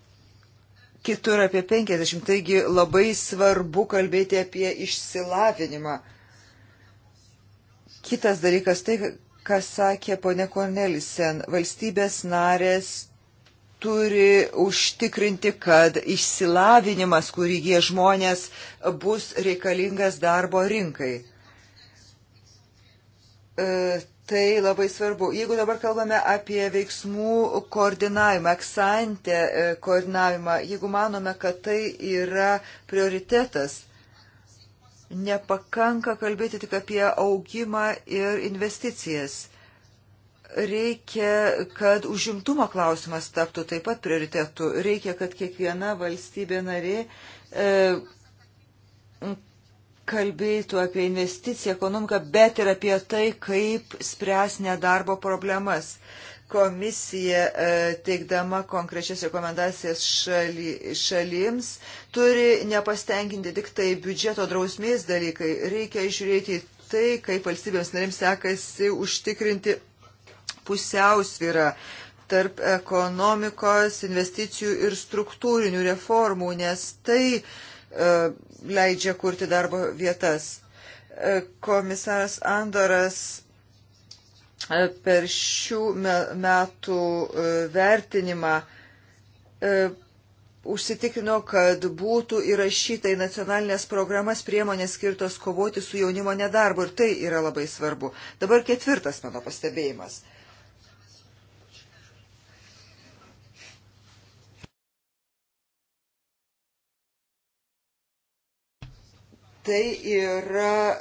kitur apie 50, taigi labai svarbu kalbėti apie išsilavinimą. Uh, Kitas dalykas, tai, kas sakė ponė Kornelisen, valstybės narės turi užtikrinti, kad išsilavinimas, kurį jie žmonės, bus reikalingas darbo rinkai. E, tai labai svarbu. Jeigu dabar kalbame apie veiksmų koordinavimą, eksantę e, koordinavimą, jeigu manome, kad tai yra prioritetas, Nepakanka kalbėti tik apie augimą ir investicijas. Reikia, kad užimtumo klausimas taptų taip pat prioritetu. Reikia, kad kiekviena valstybė narė e, kalbėtų apie investiciją, ekonomiką, bet ir apie tai, kaip spręs nedarbo problemas. E, komisija e, teikdama konkrečias rekomendacijas šali, šalims turi nepastenkinti tik tai biudžeto drausmės dalykai. Reikia žiūrėti tai, kaip valstybėms narėms sekasi užtikrinti pusiausvyrą tarp ekonomikos, investicijų ir struktūrinių reformų, nes tai e, leidžia kurti darbo vietas. E, komisaras Andoras E, per šių metų e, vertinimą e, užsitikrino, kad būtų įrašyta į nacionalinės programas priemonės skirtos kovoti su jaunimo nedarbu ir tai yra labai svarbu. Dabar ketvirtas mano pastebėjimas. Tai yra e,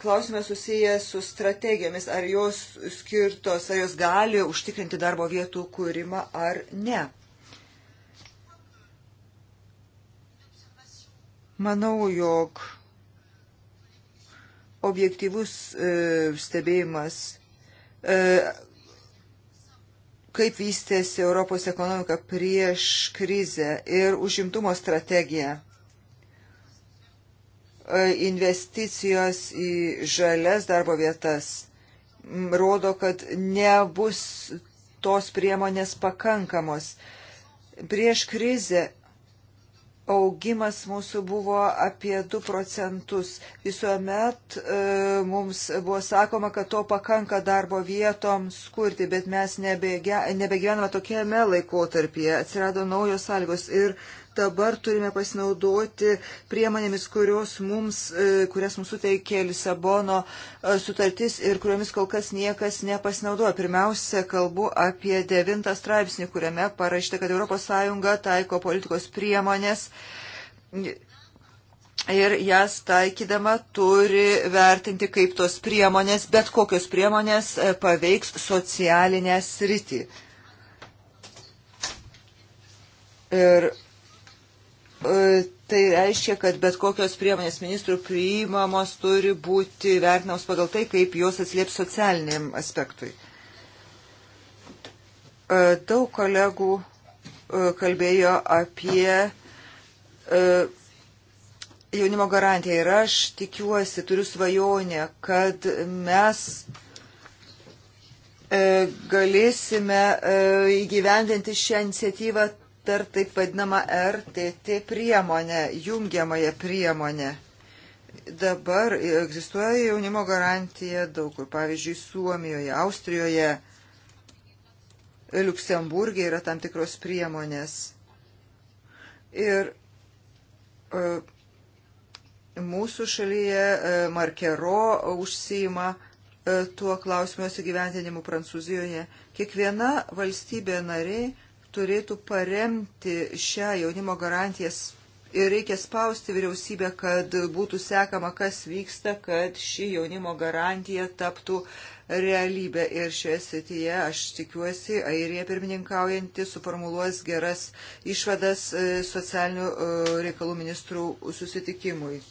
klausimas susijęs su strategijomis, ar jos skirtos, ar jos gali užtikrinti darbo vietų kūrimą ar ne. Manau, jog objektyvus e, stebėjimas, e, kaip vystėsi Europos ekonomika prieš krizę ir užimtumo strategija E, investicijos į žalias darbo vietas rodo, kad nebus tos priemonės pakankamos. Prieš krizę augimas mūsų buvo apie 2 procentus. Visuomet e, mums buvo sakoma, kad to pakanka darbo vietoms kurti, bet mes nebegyvename tokiame laikotarpyje. Atsirado naujos sąlygos ir dabar turime pasinaudoti priemonėmis, kurios mums, e, kurias mums suteikė Lisabono e, sutartis ir kuriomis kol kas niekas nepasinaudoja. Pirmiausia, kalbu apie devintą straipsnį, kuriame parašyta, kad ES taiko politikos priemonės ir jas taikydama turi vertinti, kaip tos priemonės, bet kokios priemonės e, paveiks socialinę sritį. Ir E, tai reiškia, kad bet kokios priemonės ministrų priimamos turi būti vertinamos pagal tai, kaip jos atsilieps socialiniam aspektui. E, daug kolegų e, kalbėjo apie jaunimo garantiją ir aš tikiuosi, turiu svajonę, kad mes galėsime įgyvendinti šią iniciatyvą per taip vadinamą RTT priemonę, jungiamąją priemonę. Dabar egzistuoja jaunimo garantija daug kur, pavyzdžiui, Suomijoje, Austrijoje, Luksemburgė yra tam tikros priemonės. Ir e, mūsų šalyje e, Markero užsijima e, tuo klausimu įgyvendinimu Prancūzijoje. Kiekviena valstybė nariai turėtų paremti šią jaunimo garantijas ir reikia spausti vyriausybę, kad būtų sekama, kas vyksta, kad ši jaunimo garantija taptų realybę. Ir šioje srityje, aš tikiuosi, Airija pirmininkaujanti suformuluos geras išvadas e, socialinių e, reikalų ministrų susitikimui.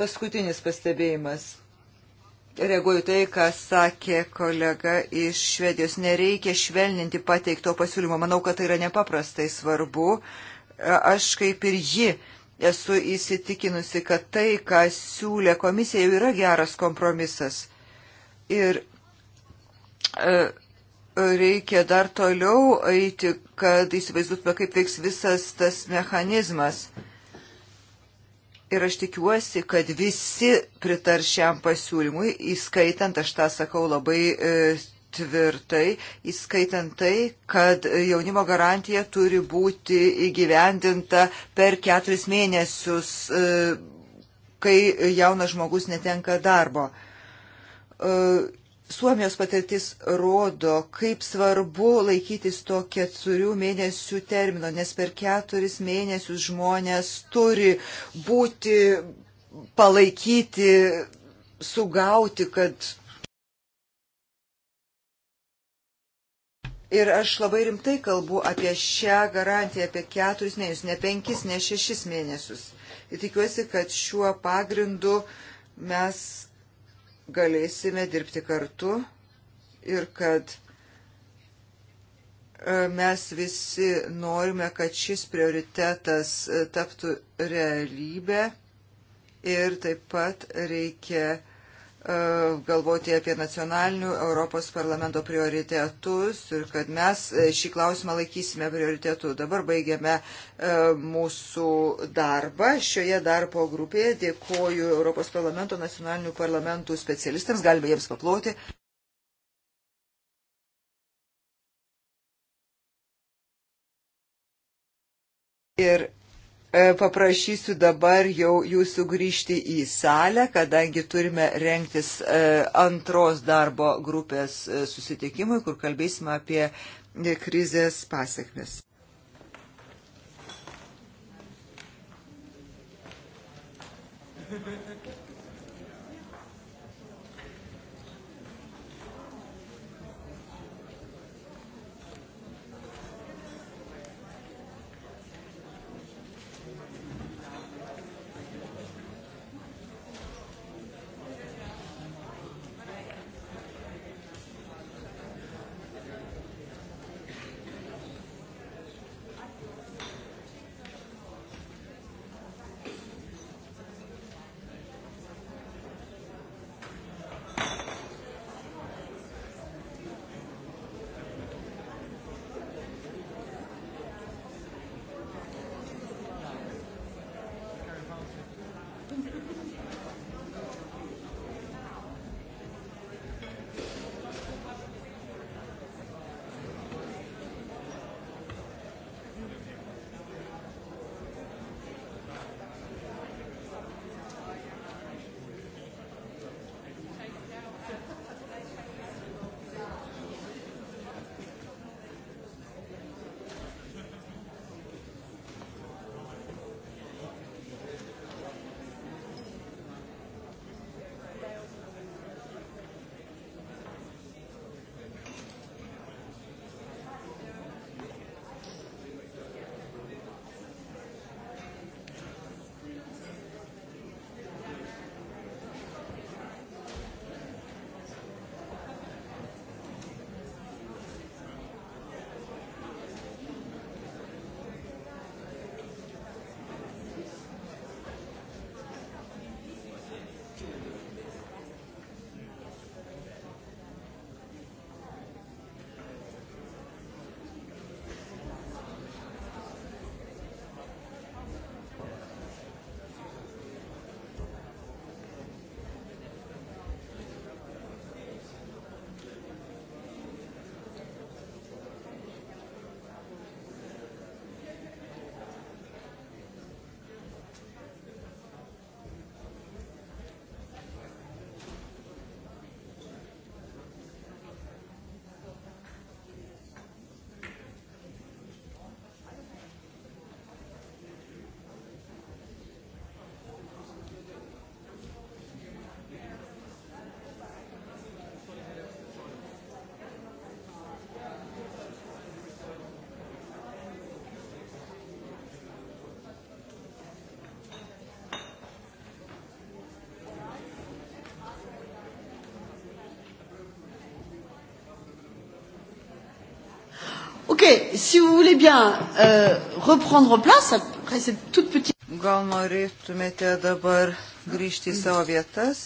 Paskutinis pastebėjimas reaguoju tai, ką sakė kolega iš Švedijos. Nereikia švelninti pateikto pasiūlymo. Manau, kad tai yra nepaprastai svarbu. Aš kaip ir ji esu įsitikinusi, kad tai, ką siūlė komisija, jau yra geras kompromisas. Ir reikia dar toliau eiti, kad įsivaizduotume, kaip veiks visas tas mechanizmas. Ir aš tikiuosi, kad visi pritar šiam pasiūlymui, įskaitant, aš tą sakau labai e, tvirtai, įskaitant tai, kad jaunimo garantija turi būti įgyvendinta per keturis mėnesius, e, kai jaunas žmogus netenka darbo. E, Suomijos patirtis rodo, kaip svarbu laikytis to keturių mėnesių termino, nes per keturis mėnesius žmonės turi būti palaikyti, sugauti, kad. Ir aš labai rimtai kalbu apie šią garantiją, apie keturis mėnesius, ne penkis, ne šešis mėnesius. Ir tikiuosi, kad šiuo pagrindu mes galėsime dirbti kartu ir kad e, mes visi norime, kad šis prioritetas e, taptų realybę ir taip pat reikia galvoti apie nacionalinių Europos parlamento prioritetus ir kad mes e, šį klausimą laikysime prioritetu. Dabar baigiame e, mūsų darbą. Šioje darbo grupėje dėkoju Europos parlamento nacionalinių parlamentų specialistams. Galime jiems paploti. Ir E, paprašysiu dabar jau jūsų grįžti į salę, kadangi turime renktis e, antros darbo grupės e, susitikimui, kur kalbėsime apie krizės pasiekmes. Thank you. Ok, si vous voulez bien euh, reprendre place après cette toute petite. Gal norėtumėte dabar grįžti į savo vietas,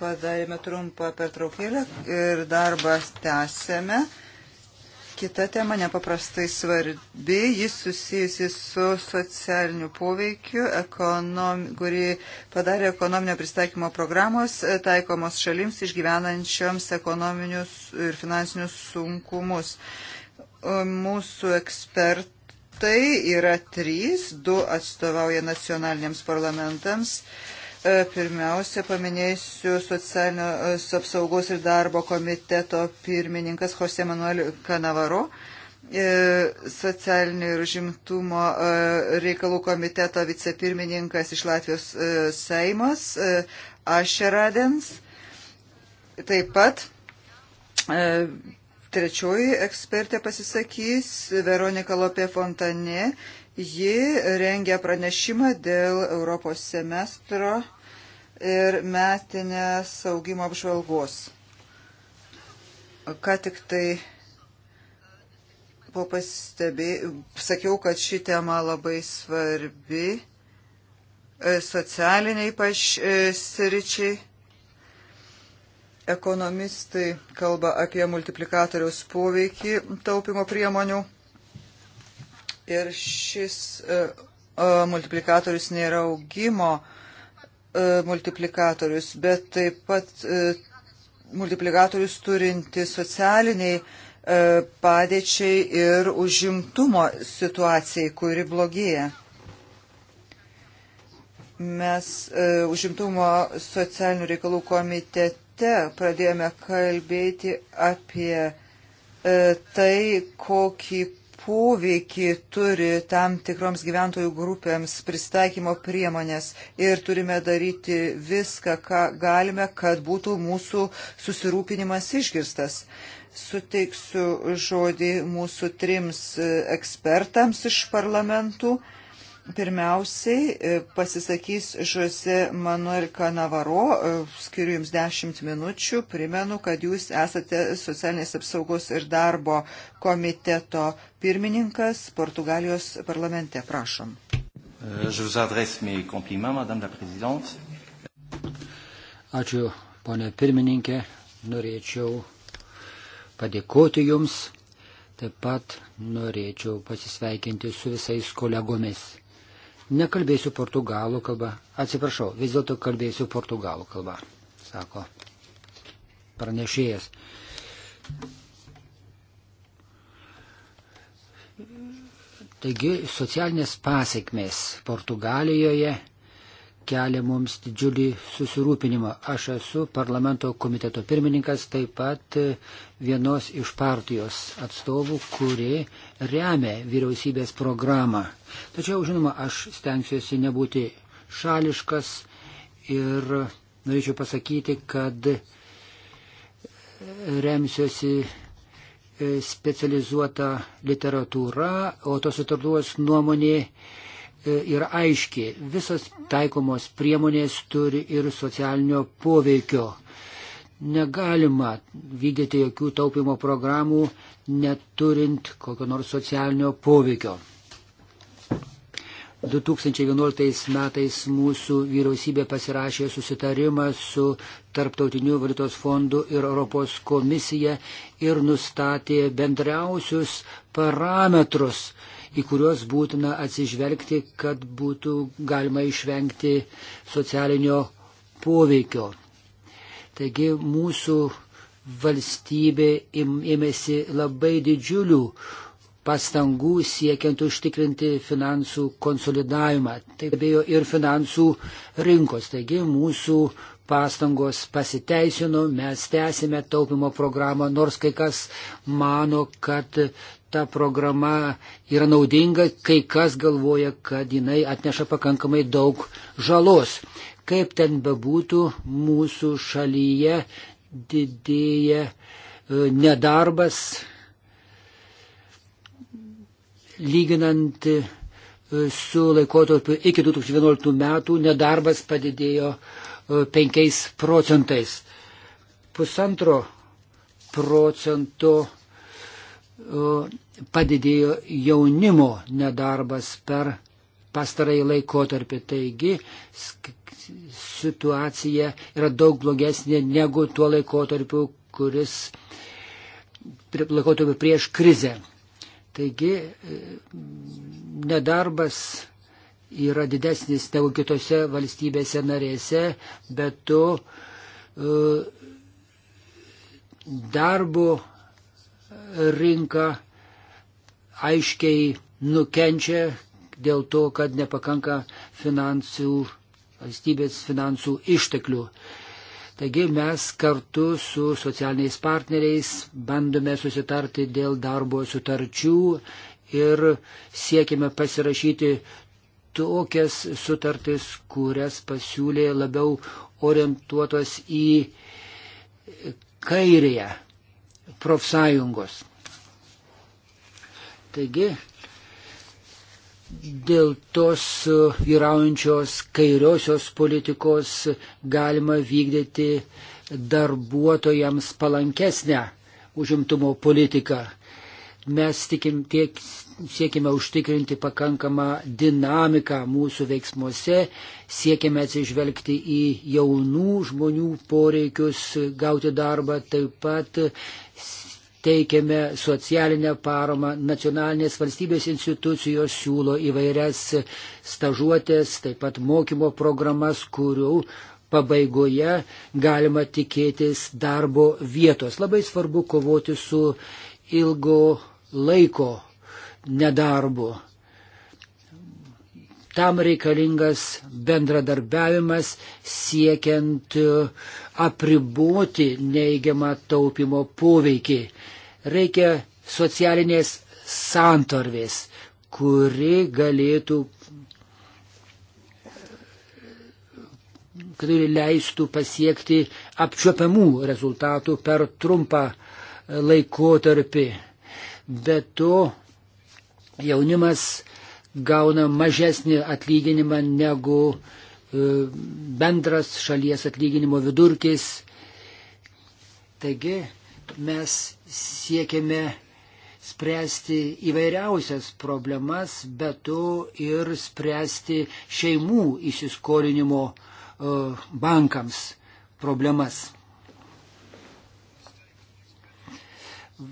padarėme trumpą pertraukėlę ir darbą tęsėme. Kita tema nepaprastai svarbi, jis susijusi su socialiniu poveikiu, ekonom, kuri padarė ekonominio pristaikymo programos e, taikomos šalims išgyvenančioms ekonominius ir finansinius sunkumus. Uh, Mūsų ekspertai yra trys, du atstovauja nacionaliniams parlamentams. E, pirmiausia, paminėsiu socialinės e, apsaugos ir darbo komiteto pirmininkas Jose Manuel Kanavaro, e, socialinio ir žimtumo reikalų komiteto vicepirmininkas iš Latvijos Seimas Ašeradens, taip pat Trečioji ekspertė pasisakys Veronika Lopė Fontane. Ji rengia pranešimą dėl Europos semestro ir metinės augimo apžvalgos. Ką tik tai po pastebė, sakiau, kad ši tema labai svarbi e, socialiniai paš e, sričiai Ekonomistai kalba apie multiplikatoriaus poveikį taupimo priemonių ir šis e, e, multiplikatorius nėra augimo e, multiplikatorius, bet taip pat multiplikatorius turinti socialiniai padėčiai ir užimtumo situacijai, kuri blogėja. Mes užimtumo socialinių reikalų komitete komitete pradėjome kalbėti apie e, tai, kokį poveikį turi tam tikroms gyventojų grupėms pristaikymo priemonės ir turime daryti viską, ką galime, kad būtų mūsų susirūpinimas išgirstas. Suteiksiu žodį mūsų trims e, ekspertams iš parlamentų. Pirmiausiai e, pasisakys Žose Manuel Kanavaro, e, skiriu Jums 10 minučių, primenu, kad Jūs esate socialinės apsaugos ir darbo komiteto pirmininkas Portugalijos parlamente. Prašom. E, Ačiū, ponė pirmininkė, norėčiau padėkoti Jums, taip pat norėčiau pasisveikinti su visais kolegomis Nekalbėsiu portugalų kalbą. Atsiprašau, vis dėlto kalbėsiu portugalų kalbą, sako pranešėjas. Taigi socialinės pasiekmės Portugalijoje kelia mums didžiulį susirūpinimą. Aš esu parlamento komiteto pirmininkas, taip pat e, vienos iš partijos atstovų, kuri remia vyriausybės programą. Tačiau, žinoma, aš stengsiuosi nebūti šališkas ir norėčiau pasakyti, kad e, remsiuosi e, specializuota literatūra, o tos literatūros nuomonė E, yra aiški. Visos taikomos priemonės turi ir socialinio poveikio. Negalima vykdyti jokių taupimo programų, neturint kokio nors socialinio poveikio. 2011 metais mūsų vyriausybė pasirašė susitarimą su Tarptautiniu valiutos fondu ir Europos komisija ir nustatė bendriausius parametrus į kuriuos būtina atsižvelgti, kad būtų galima išvengti socialinio poveikio. Taigi mūsų valstybė ėmėsi labai didžiulių pastangų siekiant užtikrinti finansų konsolidavimą. Tai bejo ir finansų rinkos. Taigi mūsų pastangos pasiteisino, mes tęsime taupimo programą, nors kai kas mano, kad ta programa yra naudinga, kai kas galvoja, kad jinai atneša pakankamai daug žalos. Kaip ten bebūtų, mūsų šalyje didėja e, nedarbas, lyginant e, su laikotarpiu iki 2011 metų nedarbas padidėjo 5 e, procentais. Pusantro procento padidėjo jaunimo nedarbas per pastarąjį laikotarpį. Taigi situacija yra daug blogesnė negu tuo laikotarpiu, kuris laikotarpiu prieš krizę. Taigi e, nedarbas yra didesnis negu kitose valstybėse narėse, bet tu e, darbo rinka aiškiai nukenčia dėl to, kad nepakanka finansų, valstybės finansų išteklių. Taigi mes kartu su socialiniais partneriais bandome susitarti dėl darbo sutarčių ir siekime pasirašyti tokias sutartis, kurias pasiūlė labiau orientuotos į kairėje profsąjungos. Taigi, dėl tos vyraujančios kairiosios politikos galima vykdyti darbuotojams palankesnę užimtumo politiką. Mes tikim tiek siekime užtikrinti pakankamą dinamiką mūsų veiksmuose, siekime atsižvelgti į jaunų žmonių poreikius gauti darbą, taip pat teikiame socialinę paramą, nacionalinės valstybės institucijos siūlo įvairias stažuotės, taip pat mokymo programas, kurių pabaigoje galima tikėtis darbo vietos. Labai svarbu kovoti su ilgo laiko nedarbu. Tam reikalingas bendradarbiavimas siekiant e, apriboti neigiamą taupimo poveikį. Reikia socialinės santorvės, kuri galėtų, kuri leistų pasiekti apčiopiamų rezultatų per trumpą laikotarpį. Be to, jaunimas gauna mažesnį atlyginimą negu e, bendras šalies atlyginimo vidurkis. Taigi mes siekiame spręsti įvairiausias problemas, bet to ir spręsti šeimų įsiskolinimo e, bankams problemas.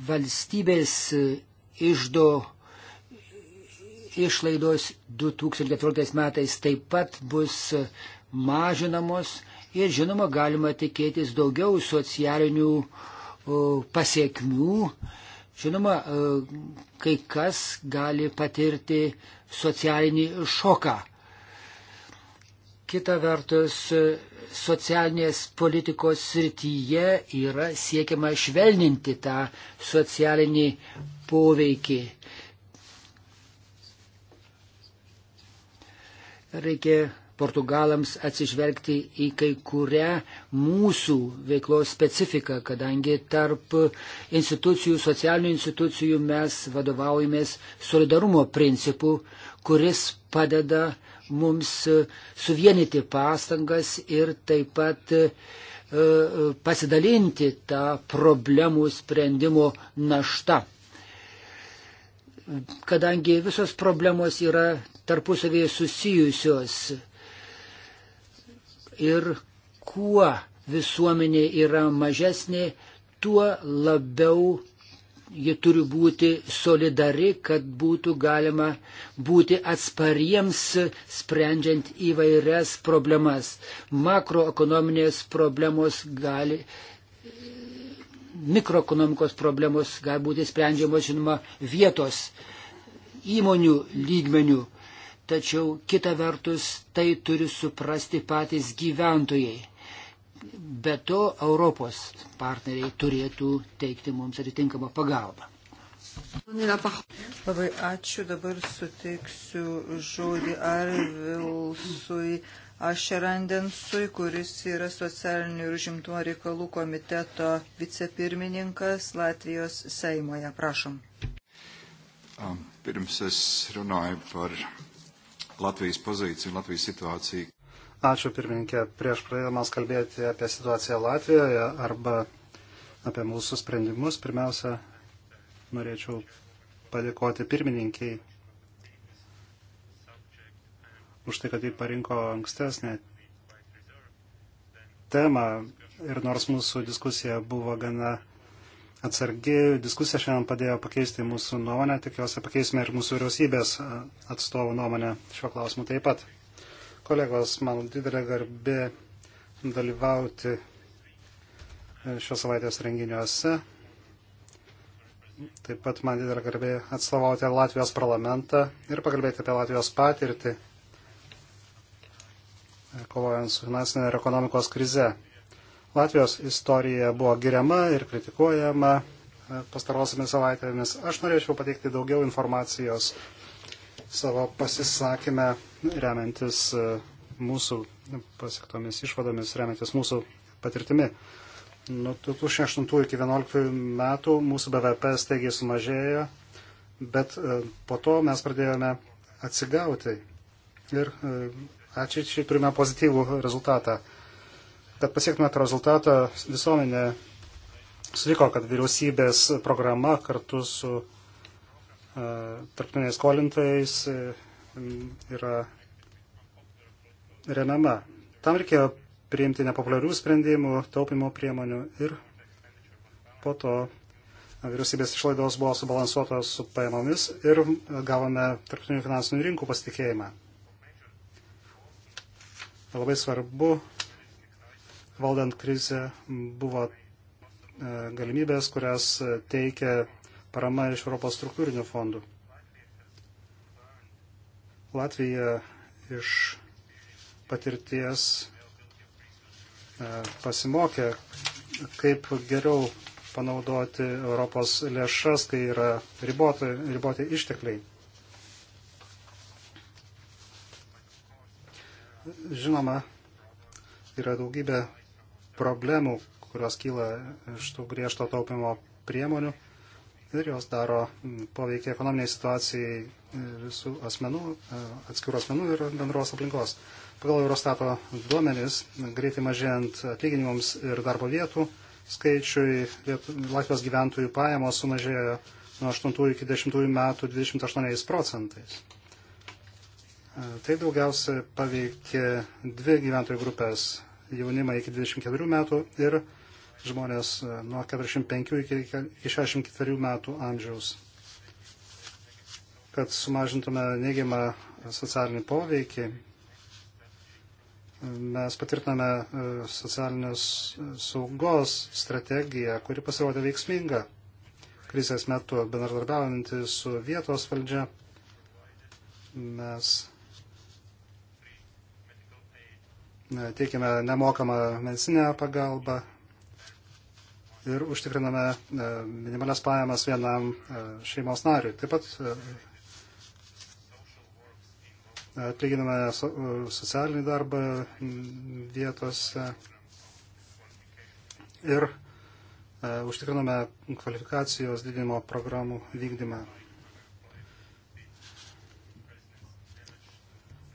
Valstybės e, išdo išlaidos 2014 metais taip pat bus mažinamos ir žinoma galima tikėtis daugiau socialinių pasiekmių. Žinoma, kai kas gali patirti socialinį šoką. Kita vertus, socialinės politikos srityje yra siekiama švelninti tą socialinį poveikį. reikia portugalams atsižvelgti į kai kurią mūsų veiklos specifiką, kadangi tarp institucijų, socialinių institucijų mes vadovaujamės solidarumo principu, kuris padeda mums suvienyti pastangas ir taip pat e, pasidalinti tą problemų sprendimo naštą kadangi visos problemos yra tarpusavėje susijusios ir kuo visuomenė yra mažesnė, tuo labiau ji turi būti solidari, kad būtų galima būti atspariems, sprendžiant įvairias problemas. Makroekonominės problemos gali, mikroekonomikos problemos gali būti sprendžiamos, žinoma, vietos įmonių lygmenių tačiau kita vertus tai turi suprasti patys gyventojai. Be to, Europos partneriai turėtų teikti mums atitinkamą pagalbą. Labai ačiū, dabar suteiksiu žodį Arvilsui Ašerandensui, kuris yra socialinių ir žimtumo reikalų komiteto vicepirmininkas Latvijos Seimoje. Prašom. Um, Pirms es runāju par Latvijas poziciją, Latvijas situaciją. Ačiū pirmininkė. Prieš pradėdamas kalbėti apie situaciją Latvijoje arba apie mūsų sprendimus, pirmiausia, norėčiau padėkoti pirmininkiai už tai, kad jį parinko ankstesnę temą ir nors mūsų diskusija buvo gana atsargi diskusija šiandien padėjo pakeisti mūsų nuomonę, tikiuosi pakeisime ir mūsų vyriausybės atstovų nuomonę šiuo klausimu taip pat. Kolegos, man didelė garbė dalyvauti e, šios savaitės renginiuose. Taip pat man didelė garbė atstovauti Latvijos parlamentą ir pakalbėti apie Latvijos patirtį, e, kovojant su finansinė ir ekonomikos krize. Latvijos istorija buvo giriama ir kritikuojama e, pastarosiamis savaitėmis. Aš norėčiau pateikti daugiau informacijos savo pasisakymę, remiantis e, mūsų pasiektomis išvadomis, remiantis mūsų patirtimi. Nuo 2008 iki 2011 metų mūsų BVP staigiai sumažėjo, bet e, po to mes pradėjome atsigauti ir ačiū, čia turime pozityvų rezultatą. Kad pasiektumėt rezultatą, visuomenė sutiko, kad vyriausybės programa kartu su e, tarptautiniais skolintais e, yra remiama. Tam reikėjo priimti nepopuliarių sprendimų, taupimo priemonių ir po to vyriausybės išlaidos buvo subalansuotos su pajamomis ir gavome tarptautinių finansinių rinkų pasitikėjimą. Labai svarbu valdant krizę buvo e, galimybės, kurias e, teikia parama iš Europos struktūrinių fondų. Latvija iš patirties e, pasimokė, kaip geriau panaudoti Europos lėšas, kai yra riboti, riboti ištekliai. Žinoma, yra daugybė problemų, kurios kyla iš tų griežto taupimo priemonių ir jos daro poveikį ekonominiai situacijai visų asmenų, atskirų asmenų ir bendros aplinkos. Pagal Eurostato duomenys, greitai mažėjant atlyginimams ir darbo vietų skaičiui, Latvijos gyventojų pajamos sumažėjo nuo 8 iki 10 metų 28 procentais. Tai daugiausia paveikė dvi gyventojų grupės jaunimą iki 24 metų ir žmonės e, nuo 45 iki 64 metų amžiaus. Kad sumažintume neigiamą socialinį poveikį, mes patvirtiname e, socialinės saugos strategiją, kuri pasirodė veiksminga krizės metu, bendradarbiaujantį su vietos valdžia. Mes teikiame nemokamą medicinę pagalbą ir užtikriname minimalias pajamas vienam e, šeimos nariui. Taip pat e, atlyginame e, socialinį darbą vietose ir užtikriname kvalifikacijos didinimo programų vykdymą.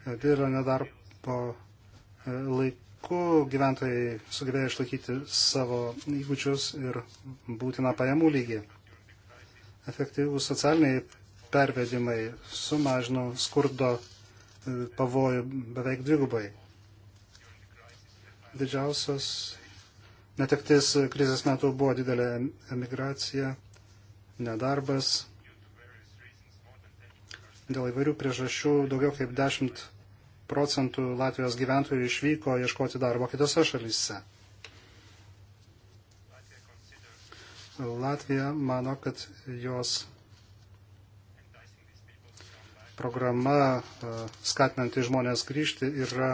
Didelio nedarbo laiku gyventojai sugebėjo išlaikyti savo įgūdžius ir būtiną pajamų lygį. Efektyvūs socialiniai pervedimai sumažino skurdo e, pavojų beveik dvigubai. Didžiausios netektis krizės metu buvo didelė emigracija, nedarbas. Dėl įvairių priežasčių daugiau kaip 10 procentų Latvijos gyventojų išvyko ieškoti darbo kitose šalyse. Latvija mano, kad jos programa e, skatinanti žmonės grįžti yra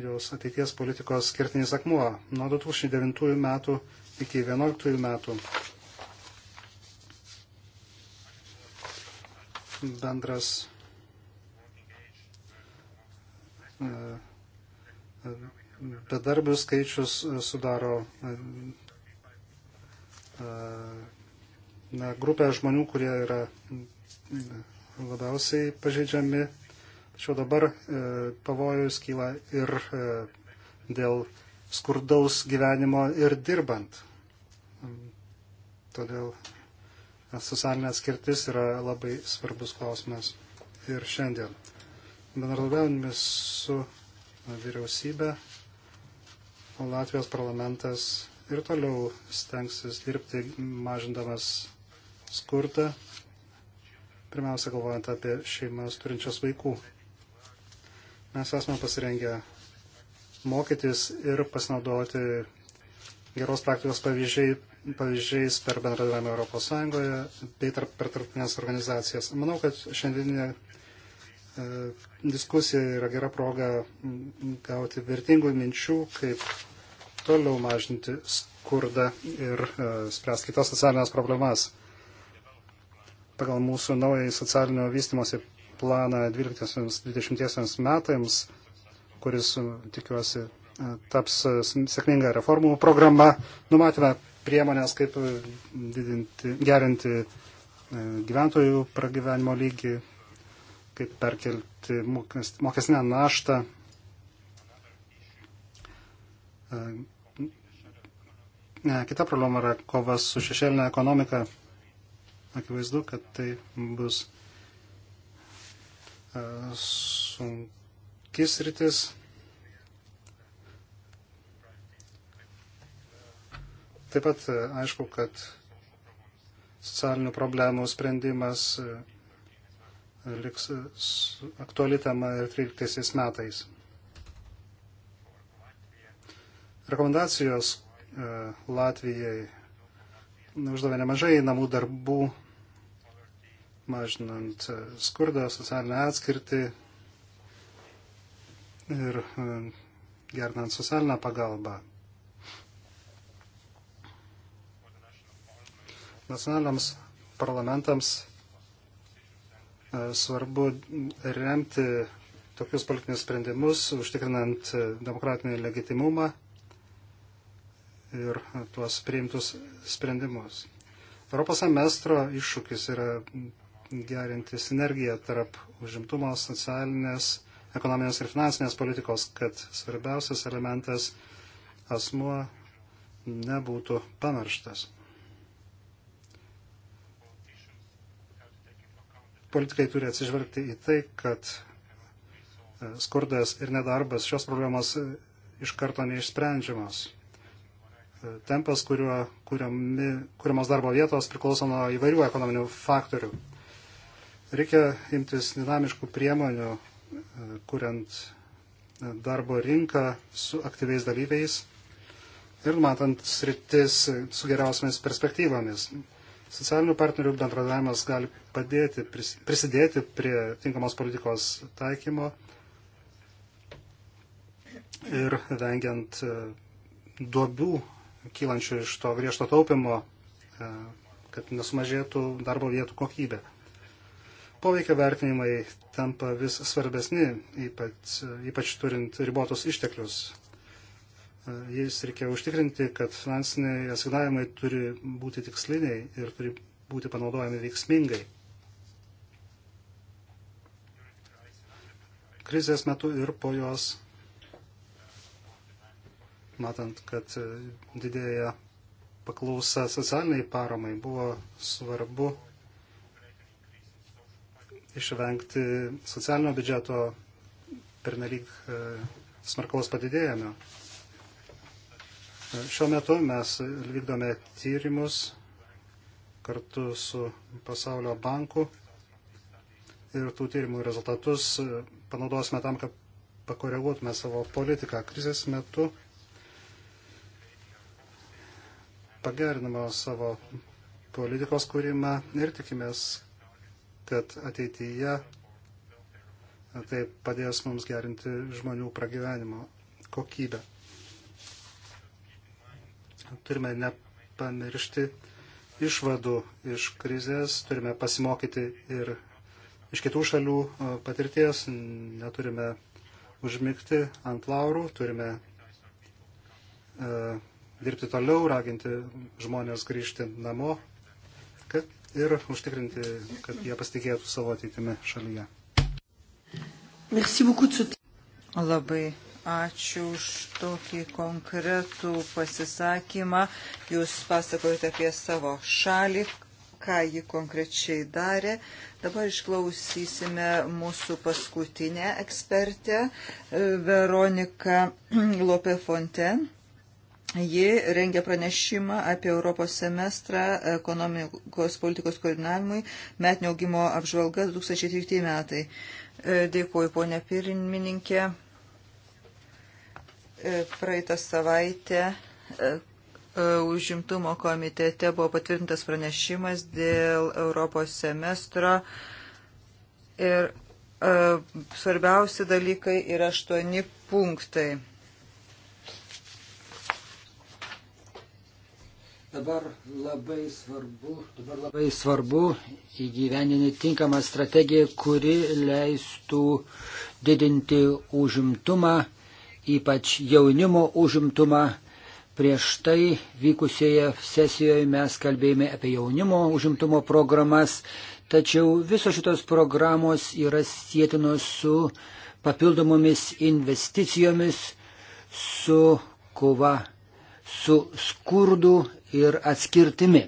jos ateities politikos skirtinis akmuo nuo 2009 metų iki 2011 metų. Bendras bedarbių skaičius e, sudaro e, e, na, grupę žmonių, kurie yra labiausiai pažeidžiami. Tačiau dabar pavojus kyla ir dėl skurdaus gyvenimo ir dirbant. Todėl socialinė atskirtis yra labai svarbus klausimas ir šiandien bendradarbiavame su vyriausybė, o Latvijos parlamentas ir toliau stengsis dirbti mažindamas skurdą, pirmiausia galvojant apie šeimas turinčias vaikų. Mes esame pasirengę mokytis ir pasinaudoti geros praktikos pavyzdžiai, pavyzdžiais per bendradavimą Europos Sąjungoje bei tarp, per tarptautinės organizacijas. Manau, kad šiandieninė E, diskusija yra gera proga gauti vertingų minčių, kaip toliau mažinti skurdą ir e, spręs kitas socialinės problemas. Pagal mūsų naują socialinio vystimosi planą 12-20 metams, kuris, e, tikiuosi, taps sėkminga reformų programa, numatėme priemonės, kaip didinti, gerinti gyventojų pragyvenimo lygį, kaip perkelti mokestinę naštą e, Ne, kita problema yra kova su šešėlinė ekonomika. Akivaizdu, kad tai bus e, sunkis rytis. Taip pat e, aišku, kad socialinių problemų sprendimas liks aktuali tema ir 13 metais. Rekomendacijos e, Latvijai uždavė nemažai namų darbų, mažinant e, skurdą, socialinę atskirtį ir e, gernant socialinę pagalbą. Nacionaliams parlamentams E, svarbu remti tokius politinius sprendimus, užtikrinant demokratinį legitimumą ir tuos priimtus sprendimus. Europos semestro iššūkis yra gerinti sinergiją tarp užimtumo, socialinės, ekonominės ir finansinės politikos, kad svarbiausias elementas asmuo nebūtų pamirštas. politikai turi atsižvelgti į tai, kad e, skurdas ir nedarbas šios problemos e, iš karto neišsprendžiamos. E, tempas, kuriuo kūriamos darbo vietos priklauso nuo įvairių ekonominių faktorių. Reikia imtis dinamiškų priemonių, kuriant darbo rinką su aktyviais dalyviais ir matant sritis su geriausiamis perspektyvomis. Socialinių partnerių bendradavimas gali padėti, prisidėti prie tinkamos politikos taikymo ir vengiant e, duobių kylančių iš to griežto taupimo, e, kad nesumažėtų darbo vietų kokybė. Poveikio vertinimai tampa vis svarbesni, ypač, ypač turint ribotus išteklius jais reikia užtikrinti, kad finansiniai asignavimai turi būti tiksliniai ir turi būti panaudojami veiksmingai. Krizės metu ir po jos, matant, kad didėja paklausa socialiniai paramai, buvo svarbu išvengti socialinio biudžeto pernelyg e, smarkaus padidėjimo. Šiuo metu mes vykdome tyrimus kartu su Pasaulio banku ir tų tyrimų rezultatus panaudosime tam, kad pakoreguotume savo politiką krizės metu, pagerinimo savo politikos kūrimą ir tikimės, kad ateityje tai padės mums gerinti žmonių pragyvenimo kokybę. Turime nepamiršti išvadų iš krizės, turime pasimokyti ir iš kitų šalių e, patirties, neturime užmigti ant laurų, turime e, dirbti toliau, raginti žmonės grįžti namo kad, ir užtikrinti, kad jie pasitikėtų savo ateitimi šalyje. Labai Ačiū už tokį konkretų pasisakymą. Jūs pasakojate apie savo šalį, ką ji konkrečiai darė. Dabar išklausysime mūsų paskutinę ekspertę, e, Veroniką Lope Fonten. Ji rengia pranešimą apie Europos semestrą ekonomikos politikos koordinavimui metinio augimo apžvalga 2013 metai. E, dėkuoju, ponė pirmininkė. E, praeitą savaitę e, e, užimtumo komitete buvo patvirtintas pranešimas dėl Europos semestro ir svarbiausi dalykai yra aštuoni punktai. Dabar labai svarbu, dabar labai svarbu įgyveninti tinkamą strategiją, kuri leistų didinti užimtumą, ypač jaunimo užimtumą. Prieš tai vykusioje sesijoje mes kalbėjome apie jaunimo užimtumo programas, tačiau visos šitos programos yra sėtinos su papildomomis investicijomis, su kova su skurdu ir atskirtimi.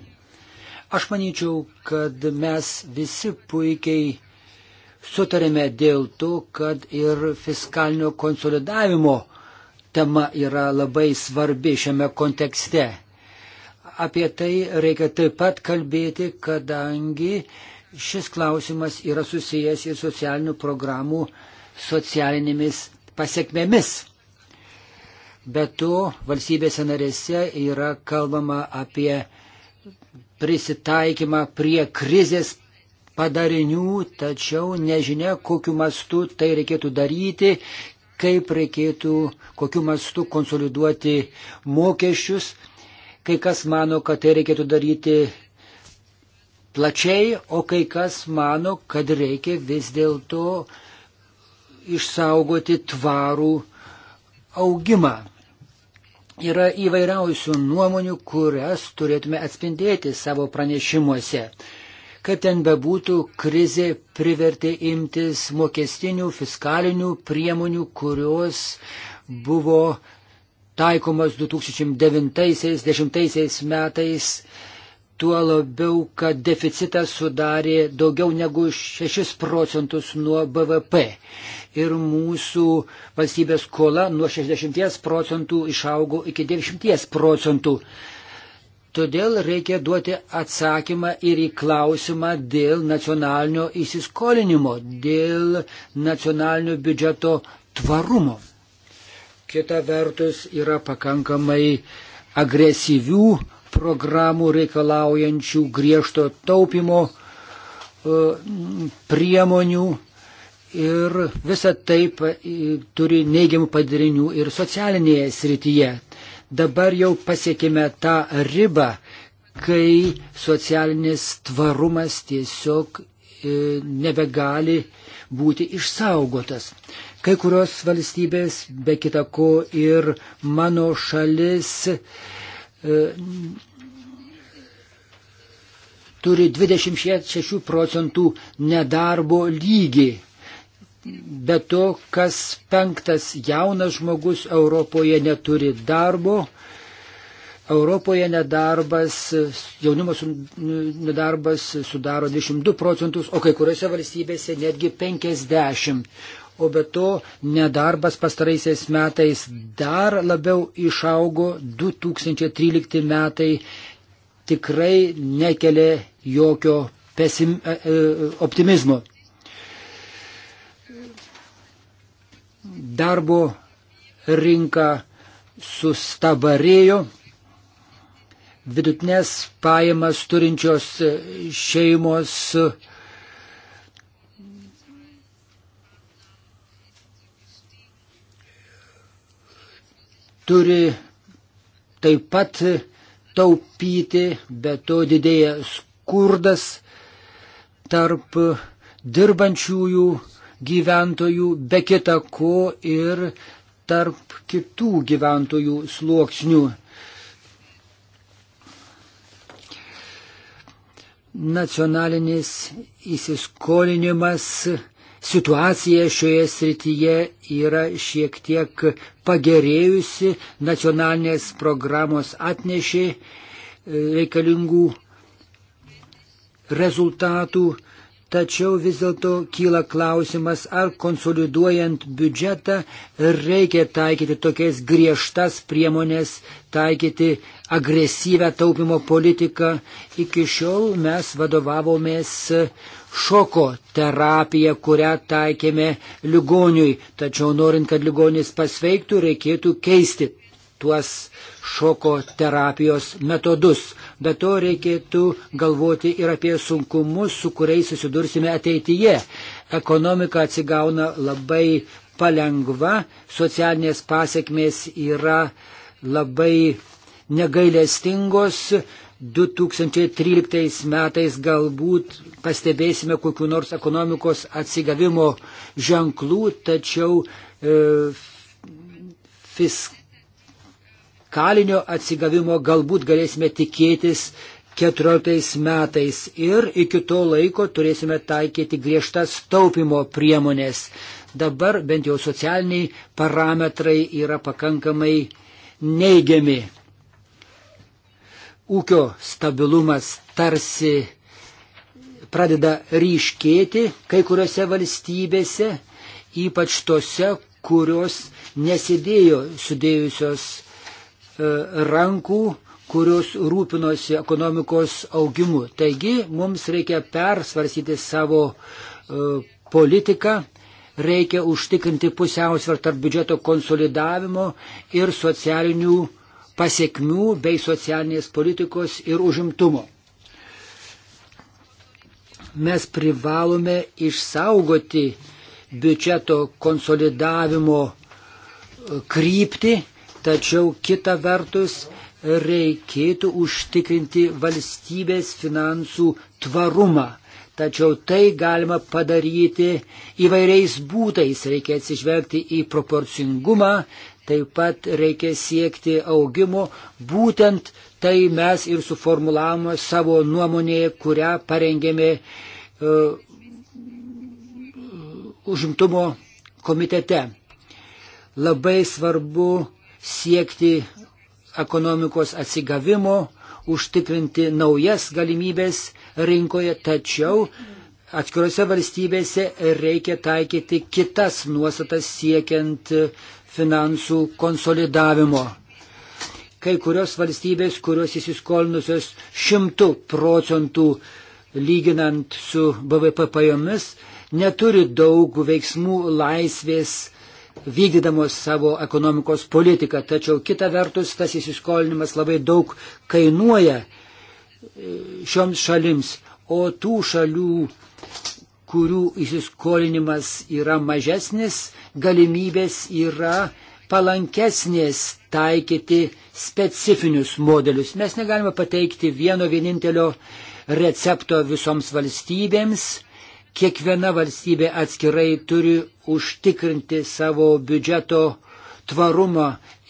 Aš manyčiau, kad mes visi puikiai sutarėme dėl to, kad ir fiskalinio konsolidavimo tema yra labai svarbi šiame kontekste. Apie tai reikia taip pat kalbėti, kadangi šis klausimas yra susijęs ir socialinių programų socialinėmis pasiekmėmis. Be to, valstybėse narėse yra kalbama apie prisitaikymą prie krizės padarinių, tačiau nežinia, kokiu mastu tai reikėtų daryti, kaip reikėtų, kokiu mastu konsoliduoti mokesčius. Kai kas mano, kad tai reikėtų daryti plačiai, o kai kas mano, kad reikia vis dėlto išsaugoti tvarų augimą. Yra įvairiausių nuomonių, kurias turėtume atspindėti savo pranešimuose. Kaip ten bebūtų, krizė privertė imtis mokestinių, fiskalinių priemonių, kurios buvo taikomas 2009-2010 metais, tuo labiau, kad deficitas sudarė daugiau negu 6 procentus nuo BVP ir mūsų valstybės skola nuo 60 procentų išaugo iki 90 procentų. Todėl reikia duoti atsakymą ir į klausimą dėl nacionalinio įsiskolinimo, dėl nacionalinio biudžeto tvarumo. Kita vertus yra pakankamai agresyvių programų reikalaujančių griežto taupimo e, priemonių ir visa tai turi neigiamų padarinių ir socialinėje srityje. Dabar jau pasiekime tą ribą, kai socialinis tvarumas tiesiog e, nebegali būti išsaugotas. Kai kurios valstybės, be kita ko ir mano šalis, e, turi 26 procentų nedarbo lygį. Be to, kas penktas jaunas žmogus Europoje neturi darbo. Europoje nedarbas, jaunimo nedarbas sudaro 22 procentus, o kai kuriuose valstybėse netgi 50. O be to nedarbas pastaraisiais metais dar labiau išaugo, 2013 metai tikrai nekelia jokio pesim, e, e, optimizmo. darbo rinka sustabarėjo, vidutinės pajamas turinčios šeimos turi taip pat taupyti, bet to didėja skurdas tarp dirbančiųjų gyventojų, be kita ko ir tarp kitų gyventojų sluoksnių. Nacionalinis įsiskolinimas situacija šioje srityje yra šiek tiek pagerėjusi, nacionalinės programos atnešė e, reikalingų rezultatų, tačiau vis dėlto kyla klausimas, ar konsoliduojant biudžetą reikia taikyti tokias griežtas priemonės, taikyti agresyvę taupimo politiką. Iki šiol mes vadovavomės šoko terapija, kurią taikėme ligoniui, tačiau norint, kad ligonis pasveiktų, reikėtų keisti tuos šoko terapijos metodus. Be to reikėtų galvoti ir apie sunkumus, su kuriais susidursime ateityje. Ekonomika atsigauna labai palengva, socialinės pasiekmės yra labai negailestingos. 2013 metais galbūt pastebėsime kokiu nors ekonomikos atsigavimo ženklų, tačiau e, fisk, kalinio atsigavimo galbūt galėsime tikėtis 14 metais ir iki to laiko turėsime taikyti griežtas taupimo priemonės. Dabar bent jau socialiniai parametrai yra pakankamai neigiami. Ūkio stabilumas tarsi pradeda ryškėti kai kuriuose valstybėse, ypač tose, kurios nesidėjo sudėjusios E, rankų, kurios rūpinosi ekonomikos augimu. Taigi mums reikia persvarsyti savo e, politiką, reikia užtikrinti pusiausvyrą tarp biudžeto konsolidavimo ir socialinių pasiekmių bei socialinės politikos ir užimtumo. Mes privalome išsaugoti biudžeto konsolidavimo e, kryptį Tačiau kita vertus reikėtų užtikrinti valstybės finansų tvarumą. Tačiau tai galima padaryti įvairiais būdais. Reikia atsižvelgti į proporcingumą, taip pat reikia siekti augimo. Būtent tai mes ir suformulavome savo nuomonėje, kurią parengėme uh, užimtumo komitete. Labai svarbu siekti ekonomikos atsigavimo, užtikrinti naujas galimybės rinkoje, tačiau atskirose valstybėse reikia taikyti kitas nuostatas siekiant finansų konsolidavimo. Kai kurios valstybės, kurios įsiskolinusios šimtų procentų lyginant su BVP pajomis, neturi daug veiksmų laisvės vykdydamos savo ekonomikos politiką. Tačiau kita vertus, tas įsiskolinimas labai daug kainuoja e, šioms šalims, o tų šalių, kurių įsiskolinimas yra mažesnis, galimybės yra palankesnės taikyti specifinius modelius. Mes negalime pateikti vieno vienintelio recepto visoms valstybėms, kiekviena valstybė atskirai turi užtikrinti savo biudžeto tvarumą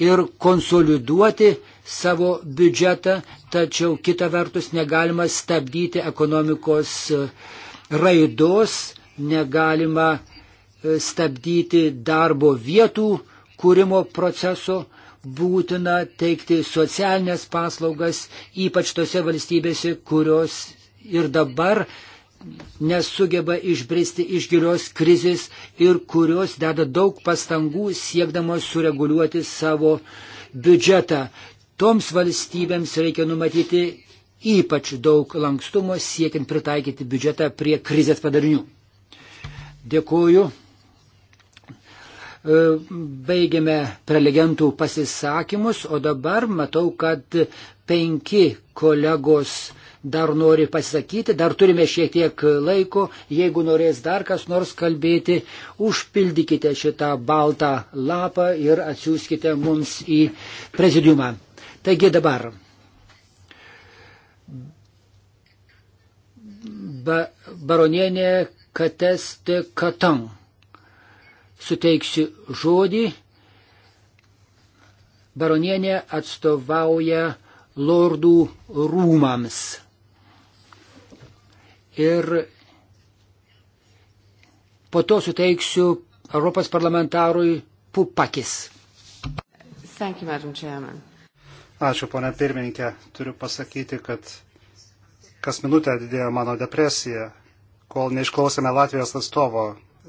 ir konsoliduoti savo biudžetą, tačiau kita vertus negalima stabdyti ekonomikos e, raidos, negalima e, stabdyti darbo vietų kūrimo proceso, būtina teikti socialinės paslaugas, ypač tose valstybėse, kurios ir dabar uh, nesugeba išbristi iš gilios krizės ir kurios deda daug pastangų siekdamos sureguliuoti savo biudžetą. Toms valstybėms reikia numatyti ypač daug lankstumo siekiant pritaikyti biudžetą prie krizės padarinių. Dėkuoju. E, baigiame prelegentų pasisakymus, o dabar matau, kad penki kolegos dar nori pasakyti, dar turime šiek tiek laiko, jeigu norės dar kas nors kalbėti, užpildykite šitą baltą lapą ir atsiųskite mums į prezidiumą. Taigi dabar. Ba baronienė Kateste Katan. Suteiksiu žodį. Baronienė atstovauja lordų rūmams ir po to suteiksiu Europos parlamentarui Pupakis. Thank you, Madam Chairman. Ačiū, ponia pirmininkė. Turiu pasakyti, kad kas minutę didėjo mano depresija, kol neišklausėme Latvijos atstovo.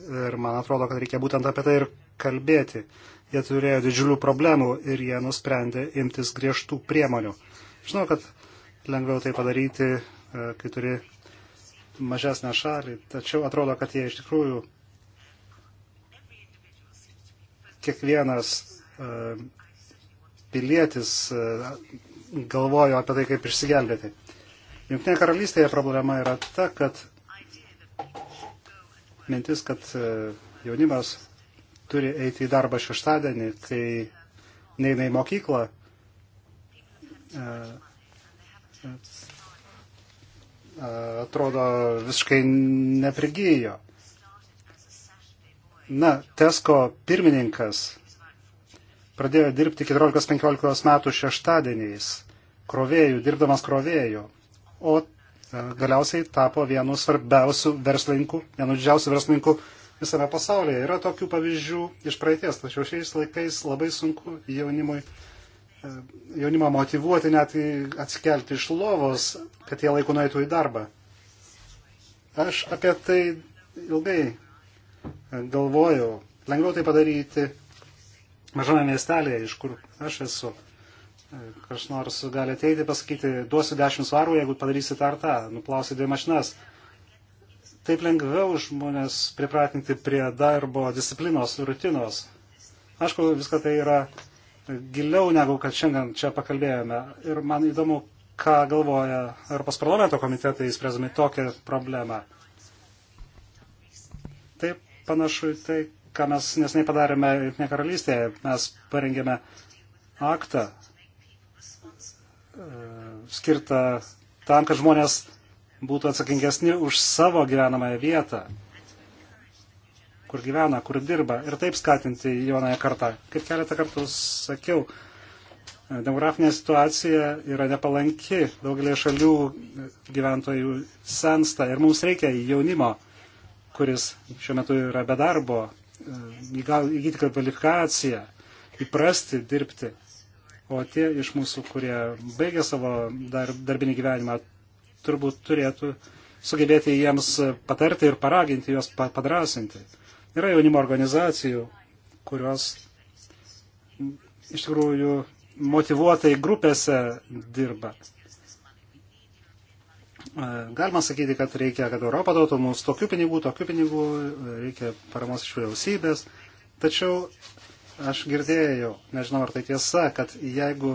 Ir man atrodo, kad reikia būtent apie tai ir kalbėti. Jie turėjo didžiulių problemų ir jie nusprendė imtis griežtų priemonių. Žinau, kad lengviau tai padaryti, e, kai turi mažesnę šalį, tačiau atrodo, kad jie iš tikrųjų kiekvienas uh, pilietis uh, galvojo apie tai, kaip išsigelbėti. Junktinėje karalystėje problema yra ta, kad mintis, kad uh, jaunimas turi eiti į darbą šeštadienį, kai neina į mokyklą, atrodo visiškai neprigyjo. Na, Tesko pirmininkas pradėjo dirbti 14-15 metų šeštadieniais, krovėjų, dirbdamas krovėjų, o e, galiausiai tapo vienu svarbiausių verslininkų, vienu didžiausių verslininkų visame pasaulyje. Yra tokių pavyzdžių iš praeities, tačiau šiais laikais labai sunku jaunimui E, jaunimą motivuoti net atsikelti iš lovos, kad jie laiku nueitų į darbą. Aš apie tai ilgai galvojau. Lengviau tai padaryti mažame miestelėje, iš kur aš esu. E, kas nors gali ateiti pasakyti, duosiu 10 svarų, jeigu padarysi tą ar tą, nuplausi dvi mašinas. Taip lengviau žmonės pripratinti prie darbo disciplinos, rutinos. Aišku, viską tai yra giliau negu kad šiandien čia pakalbėjome. Ir man įdomu, ką galvoja Europos parlamento komitetai įspręsdami tokią problemą. Tai panašu į tai, ką mes nesnei padarėme Jungtinėje karalystėje. Mes parengėme aktą e, skirtą tam, kad žmonės būtų atsakingesni už savo gyvenamąją vietą kur gyvena, kur dirba ir taip skatinti jaunąją kartą. Kaip keletą kartų sakiau, demografinė situacija yra nepalanki, daugelį šalių gyventojų sensta ir mums reikia jaunimo, kuris šiuo metu yra be darbo, e, įgyti kvalifikaciją, įprasti dirbti. O tie iš mūsų, kurie baigia savo dar, darbinį gyvenimą, turbūt turėtų sugebėti jiems patarti ir paraginti juos padrasinti. Yra jaunimo organizacijų, kurios iš tikrųjų motivuotai grupėse dirba. E, galima sakyti, kad reikia, kad Europa duotų mums tokių pinigų, tokių pinigų, e, reikia paramos iš vyriausybės. Tačiau aš girdėjau, nežinau ar tai tiesa, kad jeigu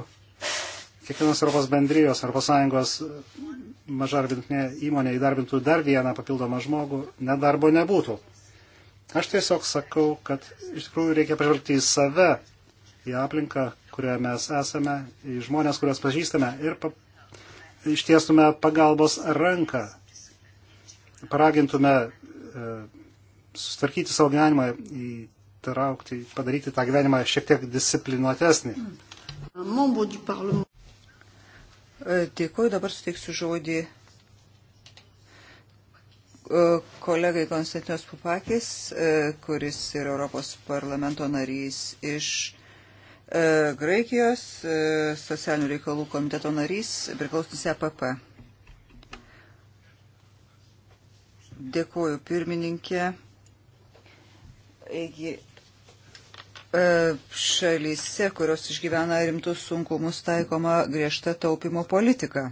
kiekvienos Europos bendrijos, Europos Sąjungos e, maža ar vidutinė įmonė įdarbintų dar vieną papildomą žmogų, nedarbo nebūtų. Aš tiesiog sakau, kad iš tikrųjų reikia pažvelgti į save, į aplinką, kurioje mes esame, į žmonės, kuriuos pažįstame ir pa ištiestume pagalbos ranką, paragintume e, sustarkyti savo gyvenimą, įtraukti, padaryti tą gyvenimą šiek tiek disciplinuotesnį. E, dėkuoju, dabar suteiksiu žodį E, kolegai Konstantinos Pupakis, e, kuris yra Europos parlamento narys iš e, Graikijos, socialinių reikalų komiteto narys, priklausantis EPP. Dėkuoju pirmininkė. Eigi, šalyse, kurios išgyvena rimtus sunkumus, taikoma griežta taupimo politika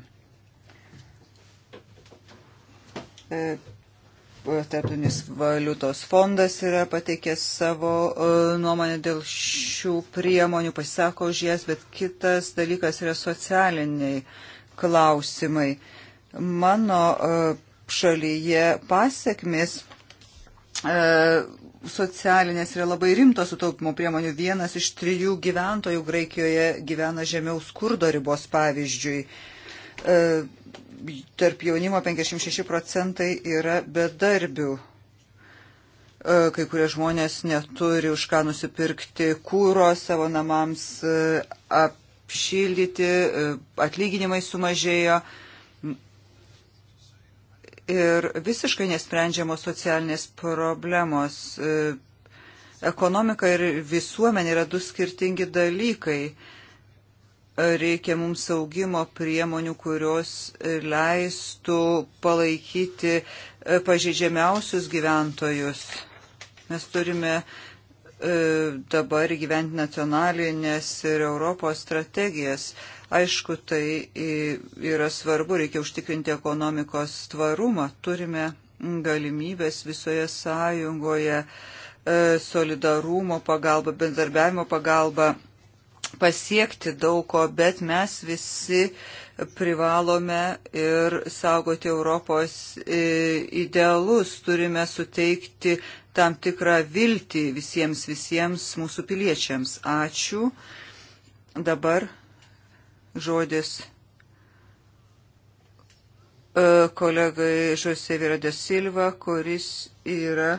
Tarptautinis valiutos fondas yra pateikęs savo e, nuomonę dėl šių priemonių, pasisako už jas, bet kitas dalykas yra socialiniai klausimai. Mano e, šalyje pasiekmes e, socialinės yra labai rimtos sutaupimo priemonių. Vienas iš trijų gyventojų Graikijoje gyvena žemiau skurdo ribos, pavyzdžiui tarp jaunimo 56 procentai yra bedarbių. E, kai kurie žmonės neturi už ką nusipirkti kūro savo namams e, apšildyti, e, atlyginimai sumažėjo ir visiškai nesprendžiamos socialinės problemos. Ekonomika ir visuomenė yra du skirtingi dalykai reikia mums augimo priemonių, kurios leistų palaikyti e, pažeidžiamiausius gyventojus. Mes turime e, dabar gyventi nacionalinės ir Europos strategijas. Aišku, tai yra svarbu, reikia užtikrinti ekonomikos tvarumą. Turime galimybės visoje sąjungoje e, solidarumo pagalba, bendarbiavimo pagalba pasiekti daug ko, bet mes visi privalome ir saugoti Europos e, idealus, turime suteikti tam tikrą viltį visiems, visiems mūsų piliečiams. Ačiū. Dabar žodis e, kolegai Žose Viradė Silva, kuris yra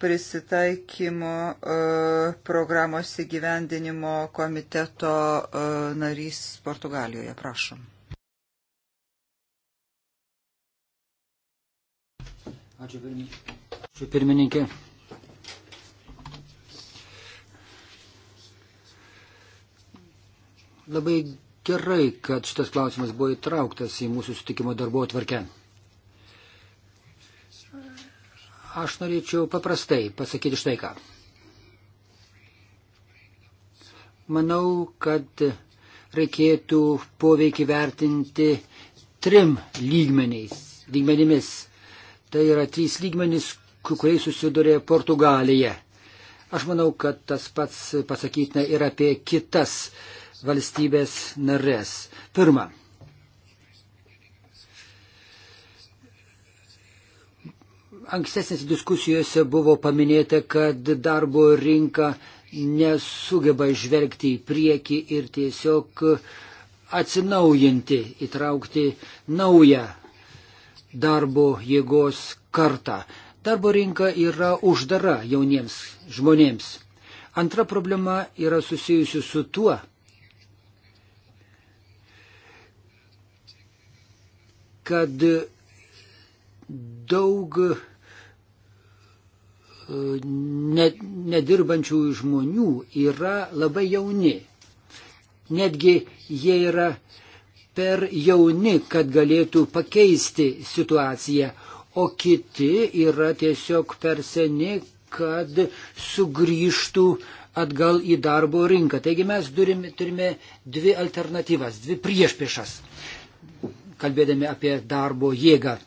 prisitaikymo e, programos įgyvendinimo komiteto e, narys Portugalijoje. Prašom. Ačiū pirmininkė. Ačiū pirmininkė. Labai gerai, kad šitas klausimas buvo įtrauktas į mūsų sutikimo darbo atvarkę. Aš norėčiau paprastai pasakyti štai ką. Manau, kad reikėtų poveikį vertinti trim lygmeniais, lygmenimis. Tai yra trys lygmenys, kuriais susidurė Portugalija. Aš manau, kad tas pats pasakytina ir apie kitas valstybės narės. Pirma, Ankstesnėse diskusijose buvo paminėta, kad darbo rinka nesugeba žvelgti į priekį ir tiesiog atsinaujinti, įtraukti naują darbo jėgos kartą. Darbo rinka yra uždara jauniems žmonėms. Antra problema yra susijusi su tuo, kad daug nedirbančių žmonių yra labai jauni. Netgi jie yra per jauni, kad galėtų pakeisti situaciją, o kiti yra tiesiog per seni, kad sugrįžtų atgal į darbo rinką. Taigi mes turime, turime dvi alternatyvas, dvi priešpriešas, kalbėdami apie darbo jėgą.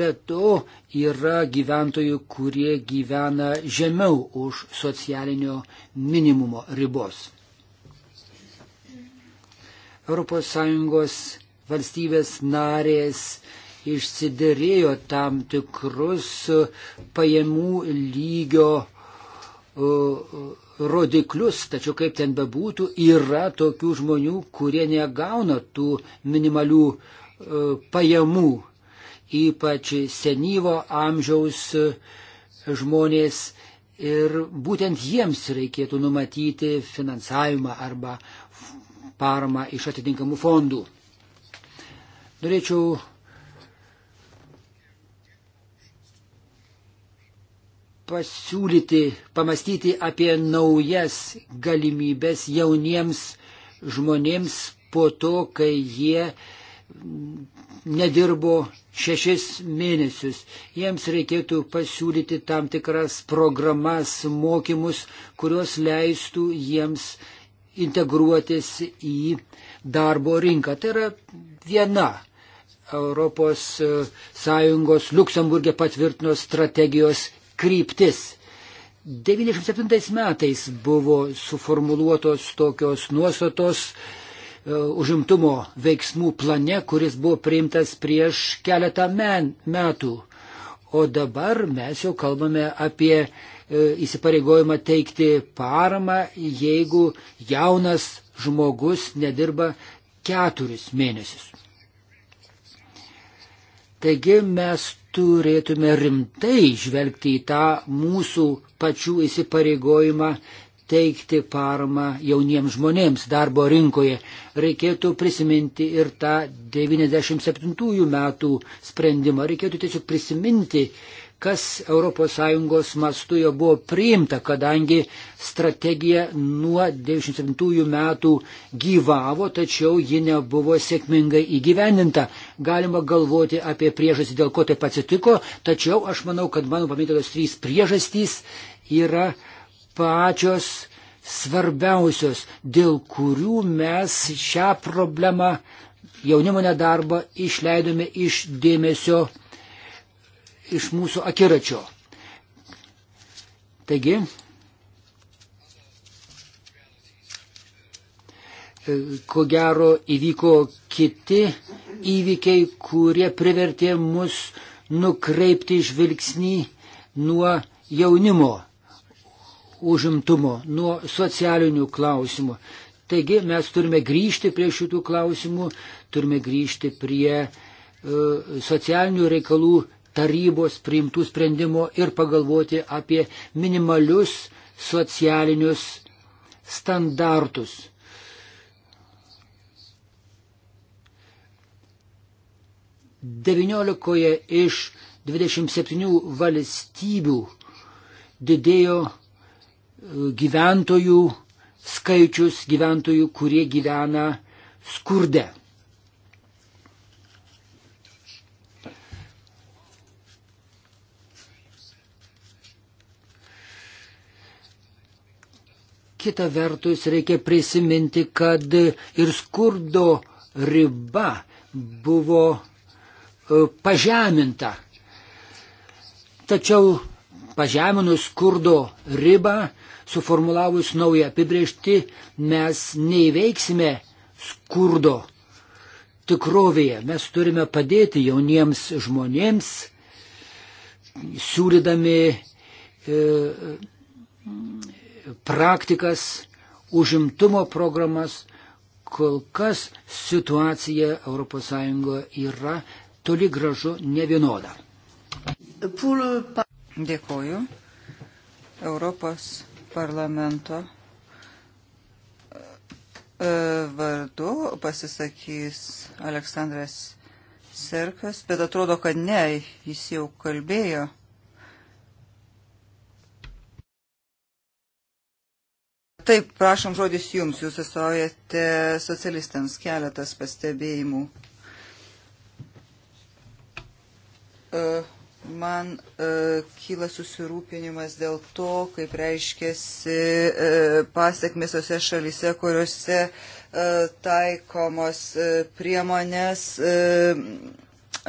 Be to yra gyventojų, kurie gyvena žemiau už socialinio minimumo ribos. ES valstybės narės išsiderėjo tam tikrus pajamų lygio rodiklius, tačiau kaip ten bebūtų, yra tokių žmonių, kurie negauna tų minimalių pajamų ypač senyvo amžiaus žmonės ir būtent jiems reikėtų numatyti finansavimą arba paramą iš atitinkamų fondų. Norėčiau pasiūlyti, pamastyti apie naujas galimybės jauniems žmonėms po to, kai jie nedirbo šešis mėnesius. Jiems reikėtų pasiūlyti tam tikras programas, mokymus, kurios leistų jiems integruotis į darbo rinką. Tai yra viena ES e, Luksemburgė patvirtino strategijos kryptis. 97 metais buvo suformuluotos tokios nuostatos E, užimtumo veiksmų plane, kuris buvo priimtas prieš keletą men, metų. O dabar mes jau kalbame apie e, įsipareigojimą teikti paramą, jeigu jaunas žmogus nedirba keturis mėnesius. Taigi mes turėtume rimtai žvelgti į tą mūsų pačių įsipareigojimą teikti paramą jauniems žmonėms darbo rinkoje. Reikėtų prisiminti ir tą 97 metų sprendimą. Reikėtų tiesiog prisiminti, kas ES mastu jo buvo priimta, kadangi strategija nuo 97 metų gyvavo, tačiau ji nebuvo sėkmingai įgyvendinta. Galima galvoti apie priežastį, dėl ko taip atsitiko, tačiau aš manau, kad mano paminėtos trys priežastys yra uh, pačios svarbiausios, dėl kurių mes šią problemą jaunimo nedarbą išleidome iš dėmesio, iš mūsų akiračio. Taigi, ko gero įvyko kiti įvykiai, kurie privertė mus nukreipti žvilgsnį nuo jaunimo užimtumo, nuo socialinių klausimų. Taigi mes turime grįžti prie šitų klausimų, turime grįžti prie e, socialinių reikalų tarybos priimtų sprendimo ir pagalvoti apie minimalius socialinius standartus. Devyniolikoje iš 27 valstybių didėjo gyventojų skaičius, gyventojų, kurie gyvena skurde. Kita vertus, reikia prisiminti, kad ir skurdo riba buvo e, pažeminta. Tačiau pažeminus skurdo ribą suformulavus naują apibriežtį, mes neįveiksime skurdo tikrovėje. Mes turime padėti jauniems žmonėms, siūlydami e, praktikas, užimtumo programas. Kol kas situacija ES yra toli gražu nevienoda. Dėkoju. Europos parlamento e, vardu pasisakys Aleksandras Serkas, bet atrodo, kad ne, jis jau kalbėjo. Taip, prašom žodis jums, jūs atstovaujate socialistams keletas pastebėjimų. Uh man e, kyla susirūpinimas dėl to, kaip reiškėsi e, pasiekmes tose šalise, kuriuose e, taikomos e, priemonės e,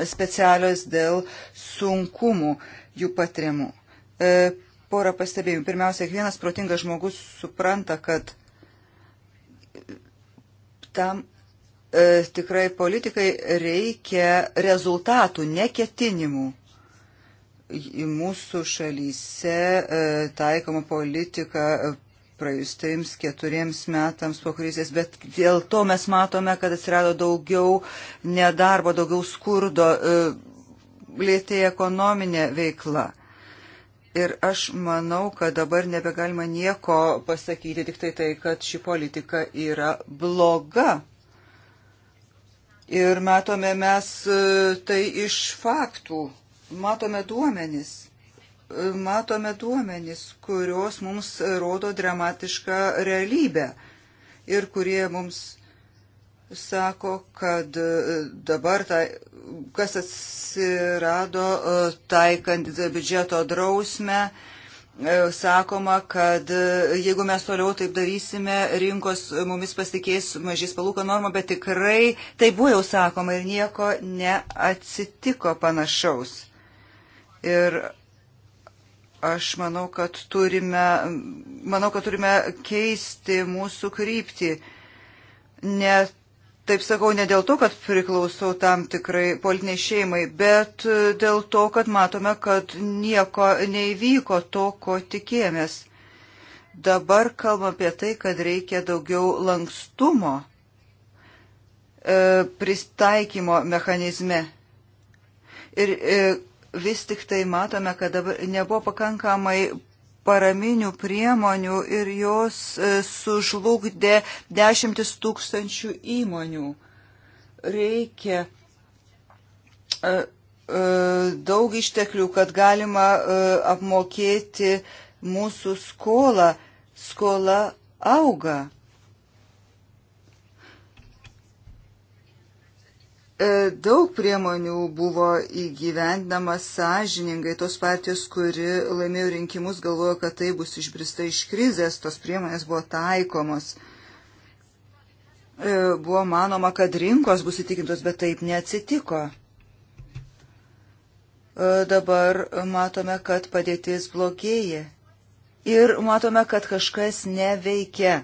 specialios dėl sunkumų jų patiriamų. E, porą pastebėjimų. Pirmiausia, kiekvienas protingas žmogus supranta, kad tam e, tikrai politikai reikia rezultatų, neketinimų mūsų šalyse e, taikoma politika e, praėjus trims, keturiems metams po krizės, bet dėl to mes matome, kad atsirado daugiau nedarbo, daugiau skurdo, e, lėtėja ekonominė veikla. Ir aš manau, kad dabar nebegalima nieko pasakyti, tik tai tai, kad ši politika yra bloga. Ir matome mes tai iš faktų matome duomenis, e, matome duomenis, kurios mums rodo dramatišką realybę ir kurie mums sako, kad e, dabar tai, kas atsirado e, taikant biudžeto drausmę, sakoma, kad jeigu mes toliau taip darysime, rinkos mumis pasikeis mažys palūko norma, bet tikrai tai buvo jau sakoma ir nieko neatsitiko panašaus. Ir aš manau, kad turime, manau, kad turime keisti mūsų kryptį. Ne, taip sakau, ne dėl to, kad priklausau tam tikrai politiniai šeimai, bet dėl to, kad matome, kad nieko neįvyko to, ko tikėjomės. Dabar kalbam apie tai, kad reikia daugiau lankstumo e, pristaikymo mechanizme. Ir e, vis tik tai matome, kad dabar nebuvo pakankamai paraminių priemonių ir jos e, sužlugdė dešimtis tūkstančių įmonių. Reikia e, e, daug išteklių, kad galima apmokėti mūsų skolą. Skola auga. E, daug priemonių buvo įgyvendama sąžiningai. Tos partijos, kuri laimėjo rinkimus, galvojo, kad tai bus išbrista iš krizės, tos priemonės buvo taikomos. E, buvo manoma, kad rinkos bus įtikintos, bet taip neatsitiko. E, dabar matome, kad padėtis blogėja. Ir matome, kad kažkas neveikia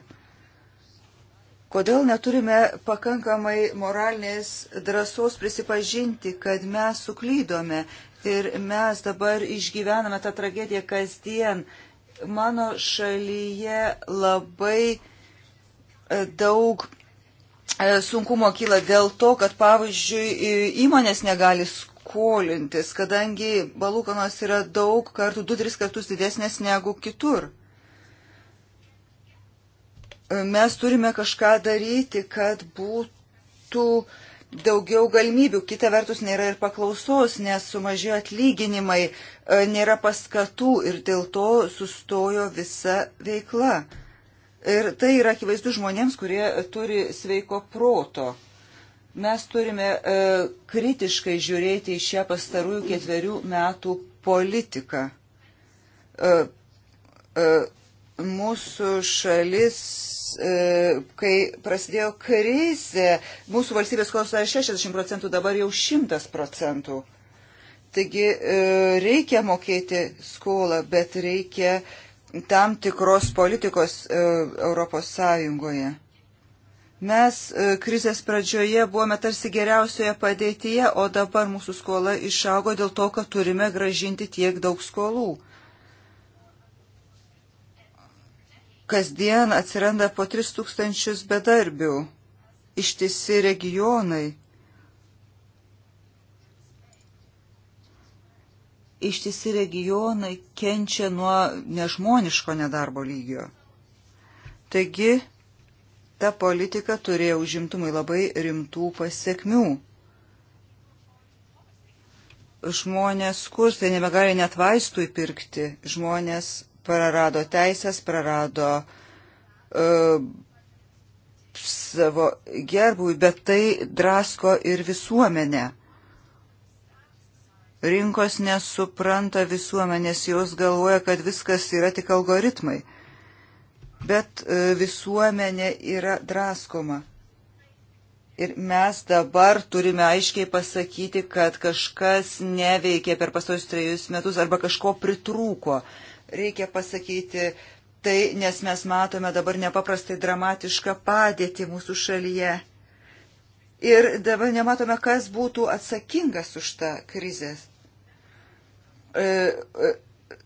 Kodėl neturime pakankamai moralinės drąsos prisipažinti, kad mes suklydome ir mes dabar išgyvename tą tragediją kasdien. Mano šalyje labai e, daug e, sunkumo kyla dėl to, kad pavyzdžiui įmonės negali skolintis, kadangi balūkanos yra daug kartų, du, tris kartus didesnės negu kitur. Mes turime kažką daryti, kad būtų daugiau galimybių. Kita vertus, nėra ir paklausos, nes sumažėjo atlyginimai, e, nėra paskatų ir dėl to sustojo visa veikla. Ir tai yra akivaizdu žmonėms, kurie turi sveiko proto. Mes turime e, kritiškai žiūrėti į šią pastarųjų ketverių metų politiką. E, e, mūsų šalis E, kai prasidėjo krizė, mūsų valstybės skolos yra 60 procentų, dabar jau 100 procentų. Taigi e, reikia mokėti skolą, bet reikia tam tikros politikos e, Europos Sąjungoje. Mes krizės pradžioje buvome tarsi geriausioje padėtyje, o dabar mūsų skola išaugo dėl to, kad turime gražinti tiek daug skolų. kasdien atsiranda po 3000 bedarbių, ištisi regionai. Ištisi regionai kenčia nuo nežmoniško nedarbo lygio. Taigi, ta politika turėjo užimtumai labai rimtų pasiekmių. Žmonės skursta, nebegali net vaistų įpirkti, žmonės prarado teisės, prarado uh, savo gerbui, bet tai drasko ir visuomenę. Rinkos nesupranta visuomenės, jos galvoja, kad viskas yra tik algoritmai. Bet e, visuomenė yra draskoma. Ir mes dabar turime aiškiai pasakyti, kad kažkas neveikė per pastarus trejus metus arba kažko pritrūko reikia pasakyti tai, nes mes matome dabar nepaprastai dramatišką padėtį mūsų šalyje. Ir dabar nematome, kas būtų atsakingas už tą krizę.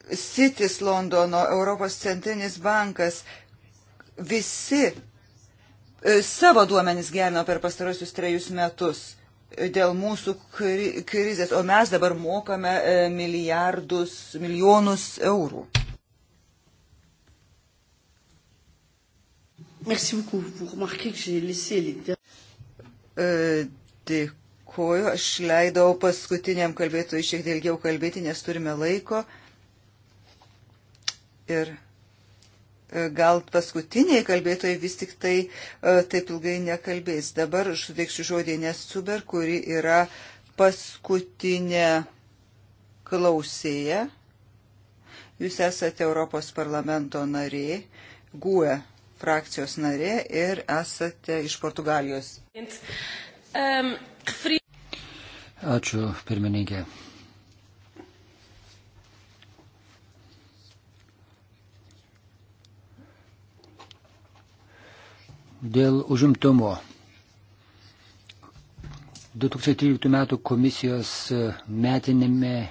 Sitis e, e, Londono, Europos centrinis bankas, visi e, savo duomenys gerino per pastarosius trejus metus dėl mūsų kri krizės, o mes dabar mokame e, milijardus, milijonus eurų. Merci beaucoup. Vous remarquez que j'ai laissé les e, Dėkuoju, aš leidau paskutiniam kalbėtojui šiek tiek ilgiau kalbėti, nes turime laiko. Ir Gal paskutiniai kalbėtojai vis tik tai e, taip ilgai nekalbės. Dabar aš suteiksiu žodį Nesuber, kuri yra paskutinė klausėja. Jūs esate Europos parlamento narė, GUE frakcijos narė ir esate iš Portugalijos. Um, Ačiū, pirmininkė. Dėl užimtumo. 2013 m. komisijos e, metinėme e,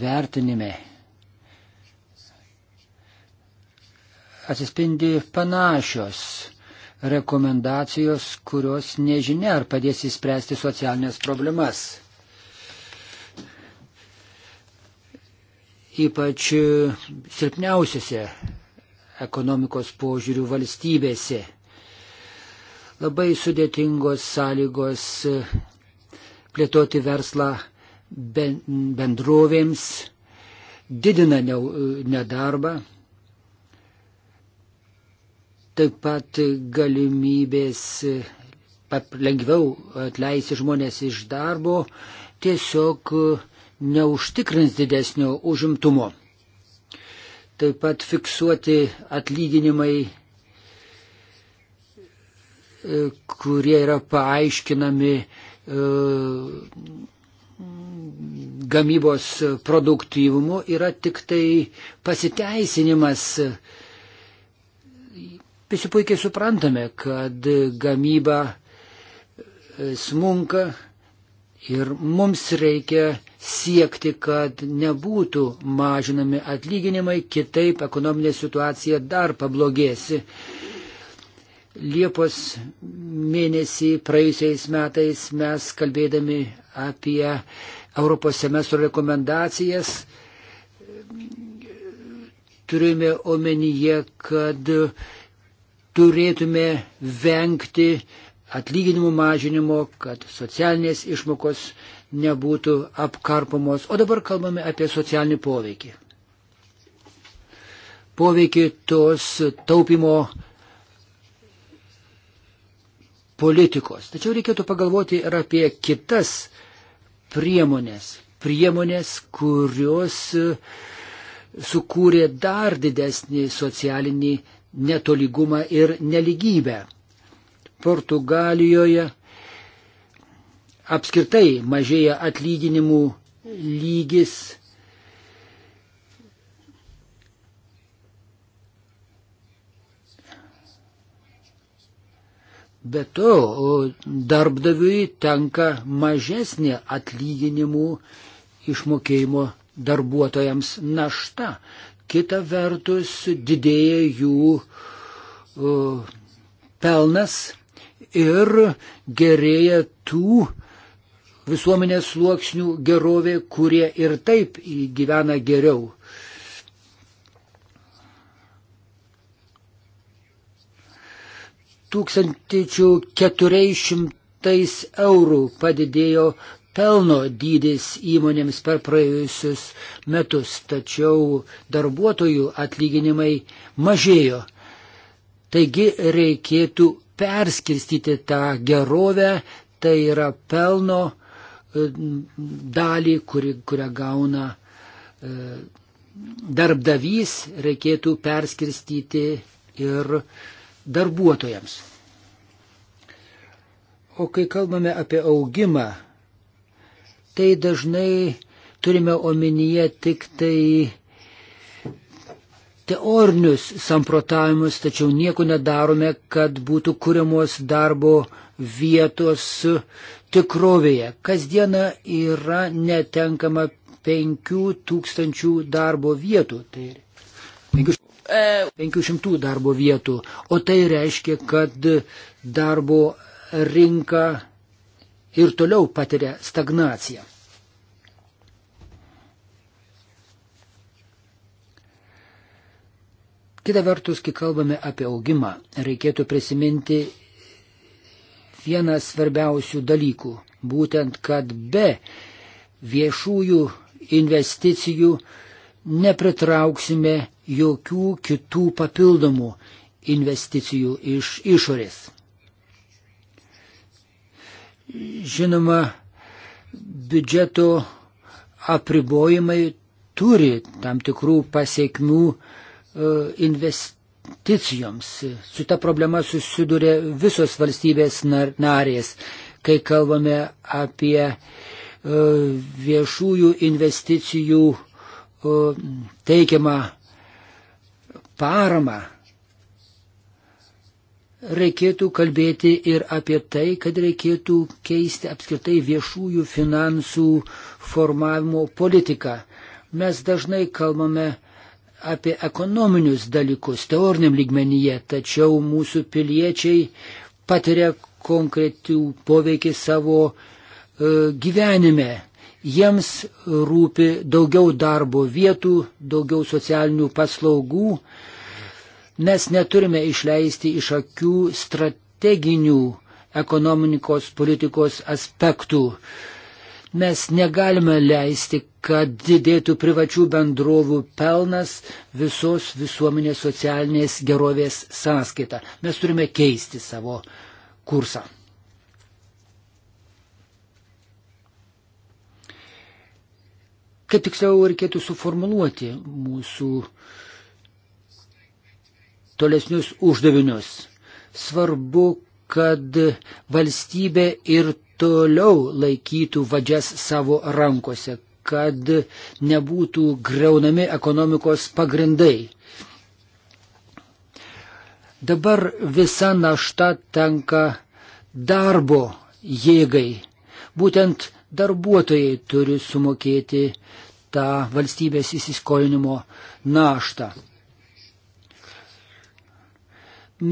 vertinime atsispindi panašios rekomendacijos, kurios nežinia ar padės įspręsti socialinės problemas. Ypač e, silpniausiose ekonomikos požiūrių valstybėse. Labai sudėtingos sąlygos e, plėtoti verslą bendrovėms, didina nedarbą, taip pat galimybės e, lengviau atleisti žmonės iš darbo tiesiog e, neužtikrins didesnio užimtumo taip pat fiksuoti atlyginimai, e, kurie yra paaiškinami e, gamybos produktyvumu, yra tik tai pasiteisinimas. Visi puikiai suprantame, kad gamyba e, smunka ir mums reikia siekti, kad nebūtų mažinami atlyginimai, kitaip ekonominė situacija dar pablogėsi. Liepos mėnesį praėjusiais metais mes kalbėdami apie Europos semestro rekomendacijas turime omenyje, kad turėtume vengti atlyginimų mažinimo, kad socialinės išmokos nebūtų apkarpomos. O dabar kalbame apie socialinį poveikį. Poveikį tos taupimo politikos. Tačiau reikėtų pagalvoti ir apie kitas priemonės. Priemonės, kurios sukūrė dar didesnį socialinį netolygumą ir neligybę. Portugalijoje apskritai mažėja atlyginimų lygis. Be to, darbdaviui tenka mažesnė atlyginimų išmokėjimo darbuotojams našta. Kita vertus, didėja jų uh, pelnas ir gerėja tų visuomenės sluoksnių gerovė, kurie ir taip gyvena geriau. Tūkstantičių keturiais šimtais eurų padidėjo pelno dydis įmonėms per praėjusius metus, tačiau darbuotojų atlyginimai mažėjo. Taigi reikėtų perskirstyti tą gerovę, tai yra pelno e, dalį, kuri, kurią gauna e, darbdavys, reikėtų perskirstyti ir darbuotojams. O kai kalbame apie augimą, tai dažnai turime omenyje tik tai teorinius samprotavimus, tačiau nieko nedarome, kad būtų kuriamos darbo vietos tikrovėje. Kasdieną yra netenkama 5000 darbo vietų. Tai 500 darbo vietų. O tai reiškia, kad darbo rinka ir toliau patiria stagnaciją. Kita vertus, kai kalbame apie augimą, reikėtų prisiminti vieną svarbiausių dalykų. Būtent, kad be viešųjų investicijų nepritrauksime jokių kitų papildomų investicijų iš išorės. Žinoma, biudžeto apribojimai turi tam tikrų pasiekmių E, investicijoms. Su ta problema susiduria visos valstybės narės, kai kalbame apie e, viešųjų investicijų e, teikiamą paramą. Reikėtų kalbėti ir apie tai, kad reikėtų keisti apskritai viešųjų finansų formavimo politiką. Mes dažnai kalbame apie ekonominius dalykus teoriniam lygmenyje, tačiau mūsų piliečiai patiria konkretų poveikį savo e, gyvenime. Jiems rūpi daugiau darbo vietų, daugiau socialinių paslaugų. Mes neturime išleisti iš akių strateginių ekonomikos politikos aspektų. Mes negalime leisti, kad didėtų privačių bendrovų pelnas visos visuomenės socialinės gerovės sąskaita. Mes turime keisti savo kursą. Kaip tiksliau reikėtų suformuluoti mūsų tolesnius uždavinius? Svarbu, kad valstybė ir toliau laikytų vadžias savo rankose, kad nebūtų greunami ekonomikos pagrindai. Dabar visa našta tenka darbo jėgai. Būtent darbuotojai turi sumokėti tą valstybės įsiskolinimo naštą.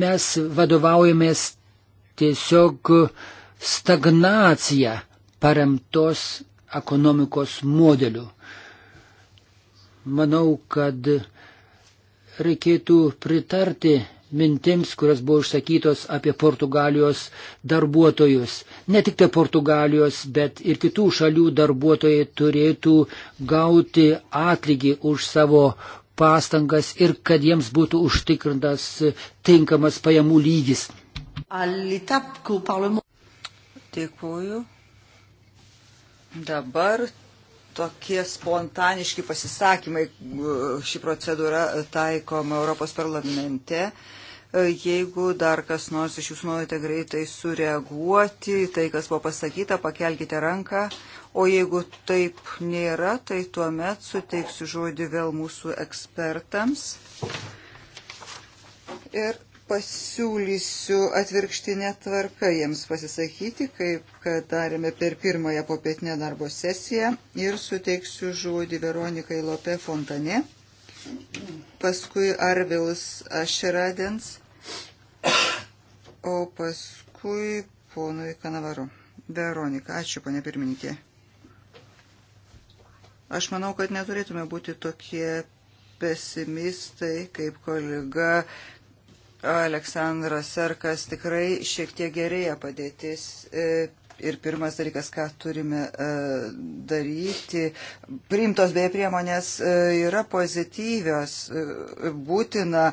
Mes vadovaujamės tiesiog stagnacija paremtos ekonomikos modeliu. Manau, kad reikėtų pritarti mintims, kurios buvo užsakytos apie Portugalijos darbuotojus. Ne tik tai Portugalijos, bet ir kitų šalių darbuotojai turėtų gauti atlygį už savo pastangas ir kad jiems būtų užtikrintas tinkamas pajamų lygis. Dėkuoju. Dabar tokie spontaniški pasisakymai, ši procedūra taikoma Europos parlamente. Jeigu dar kas nors iš jūsų norite greitai sureaguoti, tai kas buvo pasakyta, pakelkite ranką, o jeigu taip nėra, tai tuomet suteiksiu žodį vėl mūsų ekspertams. Ir pasiūlysiu atvirkštinę tvarką jiems pasisakyti, kaip kad darėme per pirmąją popietinę darbo sesiją ir suteiksiu žodį Veronikai Lope Fontane, paskui Arvilas Ašeradens, o paskui ponui Kanavaru. Veronika, ačiū, ponė pirmininkė. Aš manau, kad neturėtume būti tokie pesimistai, kaip kolega Aleksandras Serkas tikrai šiek tiek gerėja padėtis. E, ir pirmas dalykas, ką turime e, daryti, priimtos beje priemonės e, yra pozityvios, būtina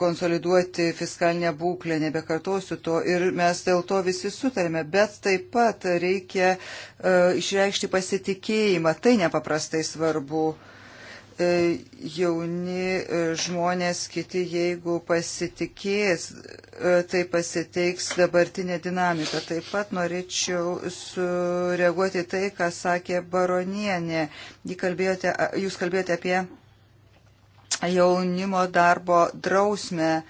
konsoliduoti fiskalinę būklę, nebekartosiu to ir mes dėl to visi sutarėme, bet taip pat reikia uh, išreikšti pasitikėjimą, tai nepaprastai svarbu uh, E, jauni e, žmonės, kiti, jeigu pasitikės, e, tai pasiteiks dabartinė dinamika. Taip pat norėčiau sureaguoti tai, ką sakė baronienė. Kalbėjote, jūs kalbėjote apie jaunimo darbo drausmę.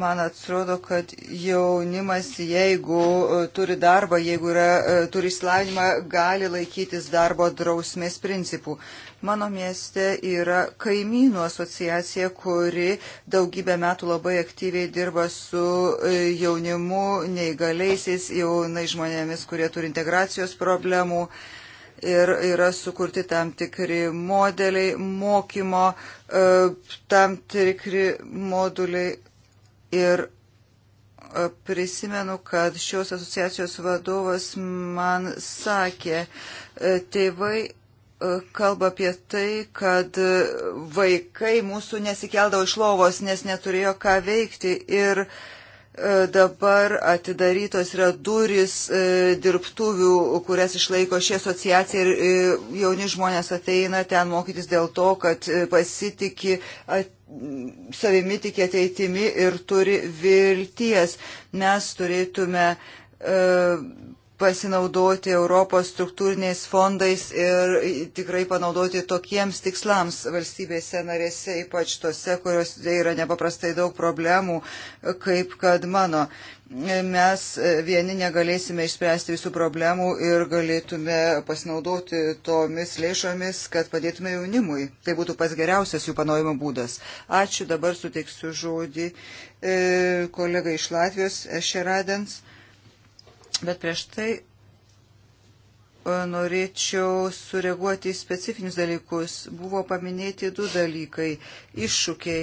Man atrodo, kad jaunimas, jeigu turi darbą, jeigu yra, turi išsilavinimą, gali laikytis darbo drausmės principų. Mano mieste yra kaimynų asociacija, kuri daugybę metų labai aktyviai dirba su e, jaunimu, neįgaliaisiais, jaunai žmonėmis, kurie turi integracijos problemų. Ir yra sukurti tam tikri modeliai mokymo, e, tam tikri moduliai. Ir e, prisimenu, kad šios asociacijos vadovas man sakė, tėvai kalba apie tai, kad vaikai mūsų nesikeldavo iš lovos, nes neturėjo ką veikti. Ir e, dabar atidarytos yra durys e, dirbtuvių, kurias išlaiko ši asociacija ir e, jauni žmonės ateina ten mokytis dėl to, kad pasitiki at, savimi tik ateitimi ir turi vilties. Mes turėtume pasinaudoti Europos struktūriniais fondais ir tikrai panaudoti tokiems tikslams valstybėse narėse, ypač tose, kurios yra nepaprastai daug problemų, kaip kad mano. Mes e, vieni negalėsime išspręsti visų problemų ir galėtume pasinaudoti tomis lėšomis, kad padėtume jaunimui. Tai būtų pats geriausias jų panaudojimo būdas. Ačiū, dabar suteiksiu žodį e, kolegai iš Latvijos, Ešeradens. E, Bet prieš tai e, norėčiau sureaguoti į specifinius dalykus. Buvo paminėti du dalykai - iššūkiai,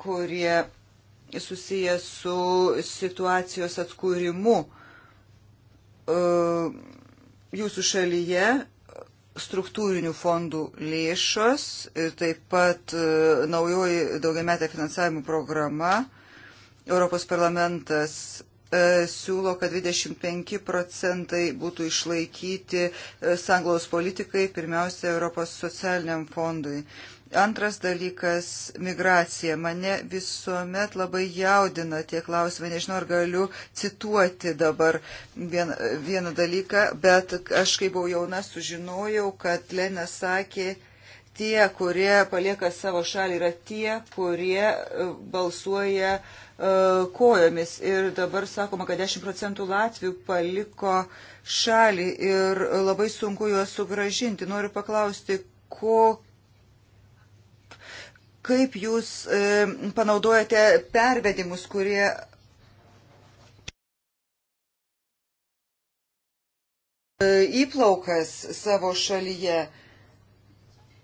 kurie susiję su situacijos atkūrimu e, jūsų šalyje struktūrinių fondų lėšos ir taip pat e, naujoji daugiametė finansavimo programa. Europos parlamentas E, siūlo, kad 25 procentai būtų išlaikyti e, sanglaus politikai, pirmiausia, Europos socialiniam fondui. Antras dalykas - migracija. Mane visuomet labai jaudina tie klausimai. Nežinau, ar galiu cituoti dabar vien, vieną dalyką, bet aš, kai buvau jauna, sužinojau, kad Lena sakė, tie, kurie palieka savo šalį, yra tie, kurie e, balsuoja uh, E, kojomis. Ir dabar sakoma, kad 10 procentų Latvių paliko šalį ir labai sunku juos sugražinti. Noriu paklausti, ko, kaip jūs e, panaudojate pervedimus, kurie. E, įplaukas savo šalyje.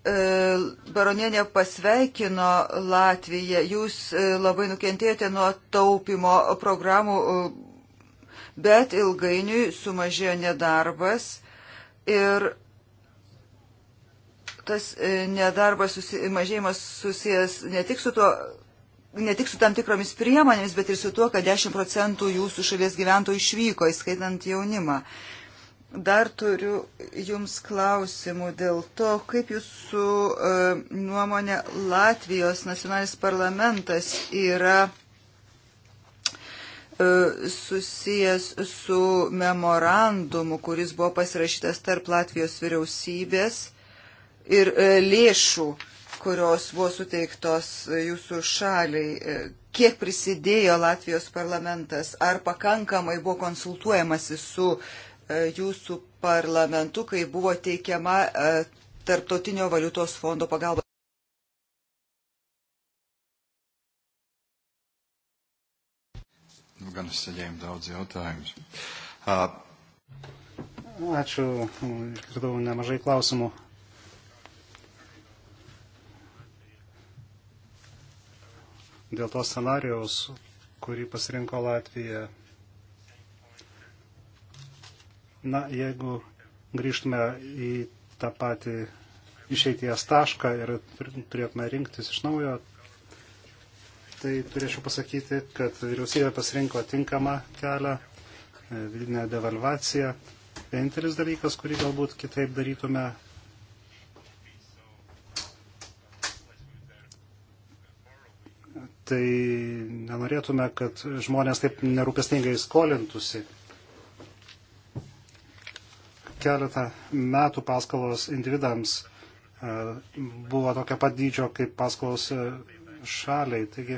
E, baronienė pasveikino Latviją. Jūs e, labai nukentėjote nuo taupimo programų, e, bet ilgainiui sumažėjo nedarbas ir tas nedarbas susimažėjimas susijęs ne tik su tuo, ne tik su tam tikromis priemonėmis, bet ir su tuo, kad 10 procentų jūsų šalies gyventojų išvyko, įskaitant jaunimą. Uh, Dar turiu Jums klausimų dėl to, kaip Jūsų uh, nuomonė Latvijos nacionalinis parlamentas yra uh, susijęs su memorandumu, kuris buvo pasirašytas tarp Latvijos vyriausybės ir uh, lėšų, kurios buvo suteiktos Jūsų šaliai. Kiek prisidėjo Latvijos parlamentas? Ar pakankamai buvo konsultuojamasi su uh, E, jūsų parlamentu, kai buvo teikiama e, Tarptautinio valiutos fondo pagalba. Nu, gan es saņēmu daudz jautājumus. Uh. Ačiū, išgirdau nemažai klausimų. Dėl to scenarijaus, kurį pasirinko Latvija Na, jeigu grįžtume į tą patį išeities tašką ir turėtume rinktis iš naujo, tai turėčiau pasakyti, kad vyriausybė pasirinko tinkamą kelią, e, vidinę devalvaciją. Vienintelis dalykas, kurį galbūt kitaip darytume, tai nenorėtume, kad žmonės taip nerūpestingai skolintųsi keletą metų paskolos individams e, buvo tokia pat dydžio kaip paskolos e, šaliai. Taigi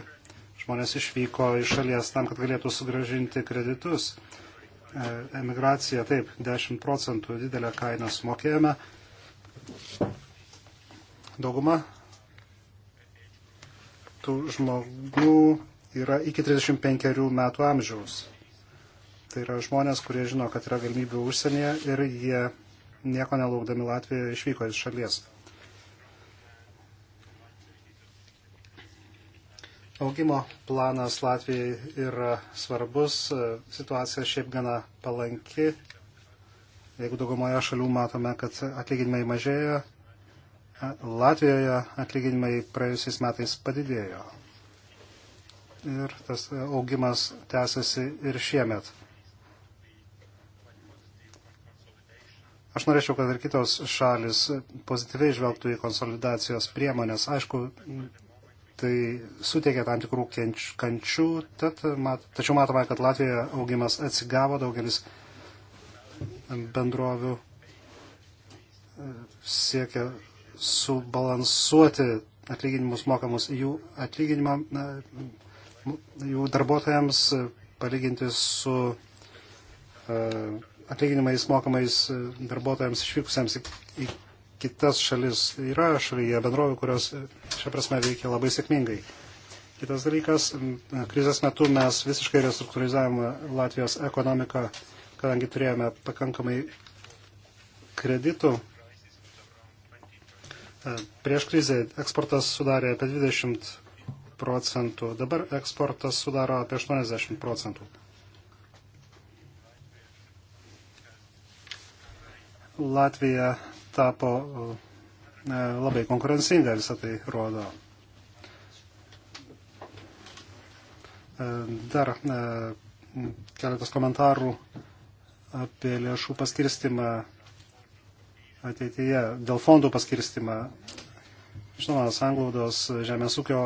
žmonės išvyko iš šalies tam, kad galėtų sugražinti kreditus. E, emigracija, taip, 10 procentų didelę kainą sumokėjome. Dauguma tų žmonių yra iki 35 metų amžiaus. Tai yra žmonės, kurie žino, kad yra galimybių užsienyje ir jie nieko nelaukdami Latvijoje išvyko iš šalies. Augimo planas Latvijai yra svarbus, situacija šiaip gana palanki. Jeigu daugumoje šalių matome, kad atlyginimai mažėjo, Latvijoje atlyginimai praėjusiais metais padidėjo. Ir tas augimas tęsiasi ir šiemet. Aš norėčiau, kad ir kitos šalis pozityviai žvelgtų į konsolidacijos priemonės. Aišku, tai suteikia tam tikrų kančių, tad, mat, tačiau matome, kad Latvijoje augimas atsigavo, daugelis bendrovių e, siekia subalansuoti atlyginimus mokamus jų atlyginimą, jų darbuotojams e, palyginti su uh, atlyginimais mokamais e, darbuotojams išvykusiems į, į kitas šalis. Yra šalyje bendrovių, kurios e, šią prasme veikia labai sėkmingai. Kitas dalykas, krizės metu mes visiškai restruktūrizavome Latvijos ekonomiką, kadangi turėjome pakankamai kreditų. E, prieš krizę eksportas sudarė apie 20 procentų, dabar eksportas sudaro apie 80 procentų. Latvija tapo e, labai konkurencinga, visą tai rodo. E, dar e, keletas komentarų apie lėšų paskirstimą ateityje, dėl fondų paskirstimą. Žinoma, sanglaudos žemės ūkio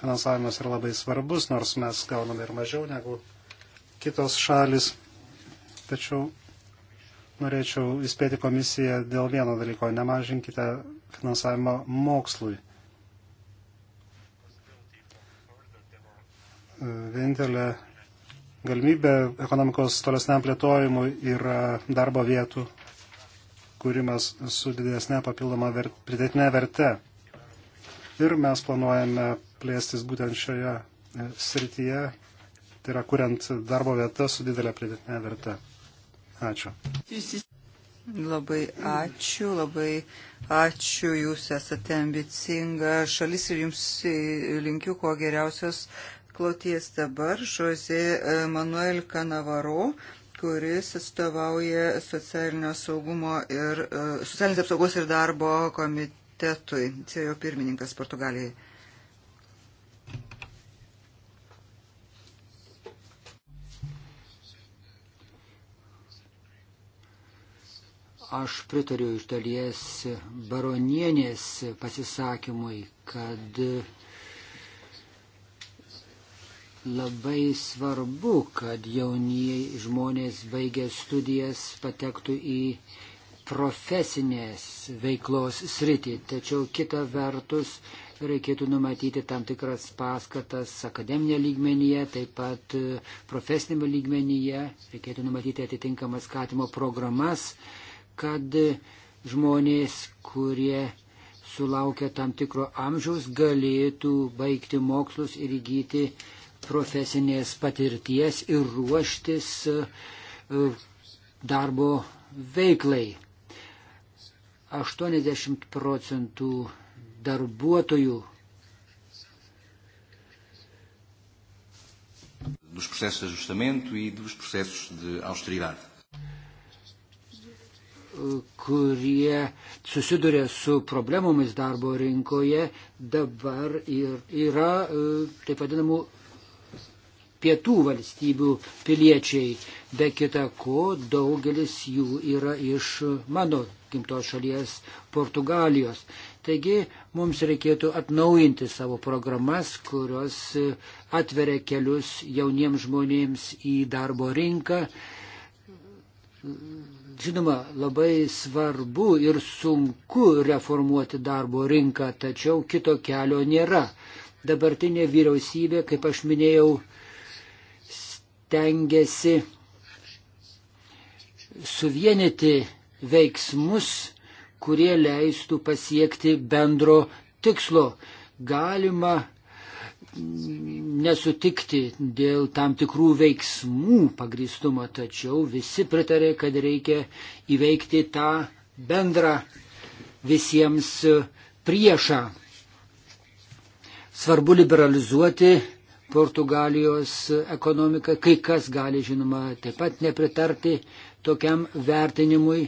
finansavimas yra labai svarbus, nors mes gauname ir mažiau negu kitos šalis. Tačiau norėčiau įspėti komisiją dėl vieno dalyko. Nemažinkite finansavimo mokslui. Vienintelė galimybė ekonomikos tolesniam plėtojimui yra darbo vietų kūrimas su didesnė papildoma vert, pridėtinė verte. Ir mes planuojame plėstis būtent šioje e, srityje, tai yra kuriant darbo vietas su didelė pridėtinė verte. Ačiū. Labai ačiū, labai ačiū, jūs esate ambicinga šalis ir jums linkiu kuo geriausios kloties dabar. Žozė e, Manuel Kanavaro, kuris atstovauja socialinio saugumo ir e, socialinės apsaugos ir darbo komitetui. Čia jo pirmininkas Portugalijoje. Aš pritariu iš dalies baronienės pasisakymui, kad labai svarbu, kad jaunieji žmonės baigę studijas patektų į profesinės veiklos sritį. Tačiau kita vertus reikėtų numatyti tam tikras paskatas akademinė lygmenyje, taip pat profesinėme lygmenyje, reikėtų numatyti atitinkamas skatimo programas kad žmonės, kurie sulaukia tam tikro amžiaus, galėtų baigti mokslus ir įgyti profesinės patirties ir ruoštis e, darbo veiklai. 80 procentų darbuotojų dos processos de ajustamento e dos processos de austeridade kurie susiduria su problemomis darbo rinkoje, dabar ir yra e, taip vadinamų pietų valstybių piliečiai. Be kita ko, daugelis jų yra iš mano gimtos šalies Portugalijos. Taigi mums reikėtų atnaujinti savo programas, kurios e, atveria kelius jauniems žmonėms į darbo rinką žinoma, labai svarbu ir sunku reformuoti darbo rinką, tačiau kito kelio nėra. Dabartinė vyriausybė, kaip aš minėjau, stengiasi suvienyti veiksmus, kurie leistų pasiekti bendro tikslo. Galima nesutikti dėl tam tikrų veiksmų pagristumo, tačiau visi pritarė, kad reikia įveikti tą bendrą visiems priešą. Svarbu liberalizuoti Portugalijos ekonomiką, kai kas gali, žinoma, taip pat nepritarti tokiam vertinimui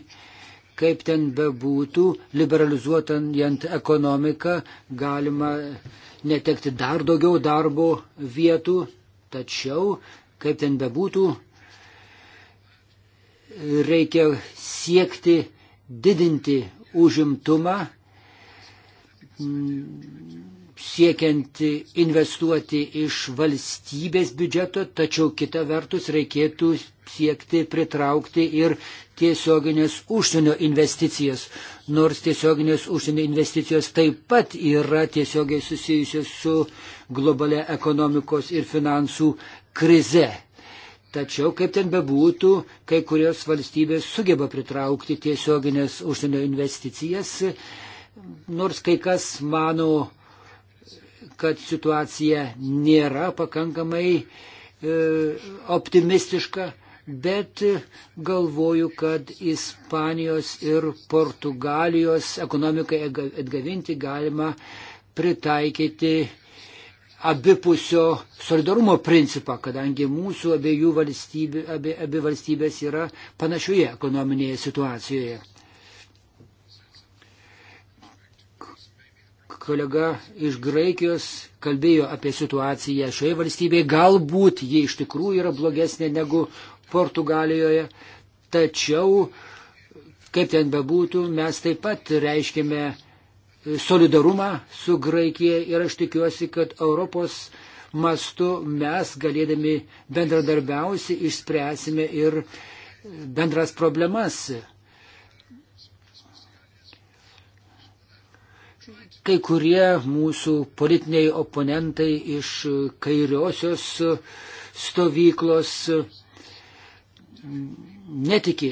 Kaip ten bebūtų, liberalizuotant ekonomiką galima netekti dar daugiau darbo vietų, tačiau, kaip ten bebūtų, reikia siekti didinti užimtumą siekiant investuoti iš valstybės biudžeto, tačiau kita vertus reikėtų siekti pritraukti ir tiesioginės užsienio investicijas. Nors tiesioginės užsienio investicijos taip pat yra tiesiogiai susijusios su globalia ekonomikos ir finansų krize. Tačiau, kaip ten bebūtų, kai kurios valstybės sugeba pritraukti tiesioginės užsienio investicijas, nors kai kas mano kad situacija nėra pakankamai e, optimistiška, bet galvoju, kad Ispanijos ir Portugalijos ekonomikai atgavinti galima pritaikyti abipusio solidarumo principą, kadangi mūsų abiejų valstybių, abi, abi valstybės yra panašioje ekonominėje situacijoje. kolega iš Graikijos kalbėjo apie situaciją šioje valstybėje. Galbūt ji iš tikrųjų yra blogesnė negu Portugalijoje, tačiau, kaip ten bebūtų, mes taip pat reiškime solidarumą su Graikija ir aš tikiuosi, kad Europos mastu mes galėdami bendradarbiausi išspręsime ir bendras problemas kai kurie mūsų politiniai oponentai iš kairiosios stovyklos netiki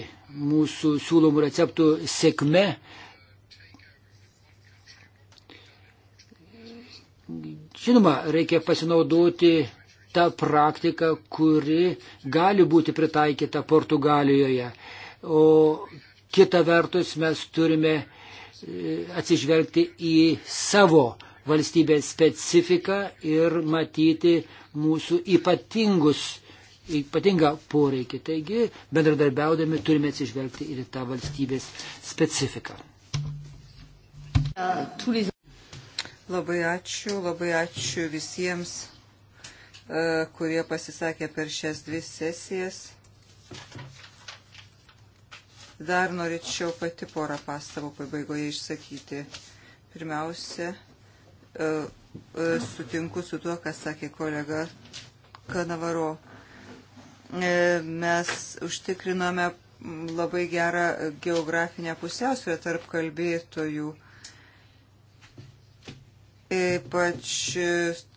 mūsų siūlomų receptų sėkme. Žinoma, reikia pasinaudoti tą praktiką, kuri gali būti pritaikyta Portugalijoje. O kita vertus mes turime atsižvelgti į savo valstybės specifiką ir matyti mūsų ypatingus, ypatingą poreikį. Taigi, bendradarbiaudami turime atsižvelgti ir tą valstybės specifiką. Labai ačiū, labai ačiū visiems, e, kurie pasisakė per šias dvi sesijas. Dar norėčiau pati porą pastabų pabaigoje išsakyti. Pirmiausia, e, e, sutinku su tuo, ką sakė kolega Kanavaro. E, mes užtikrinome labai gerą geografinę pusiausvę tarp kalbėtojų. Ypač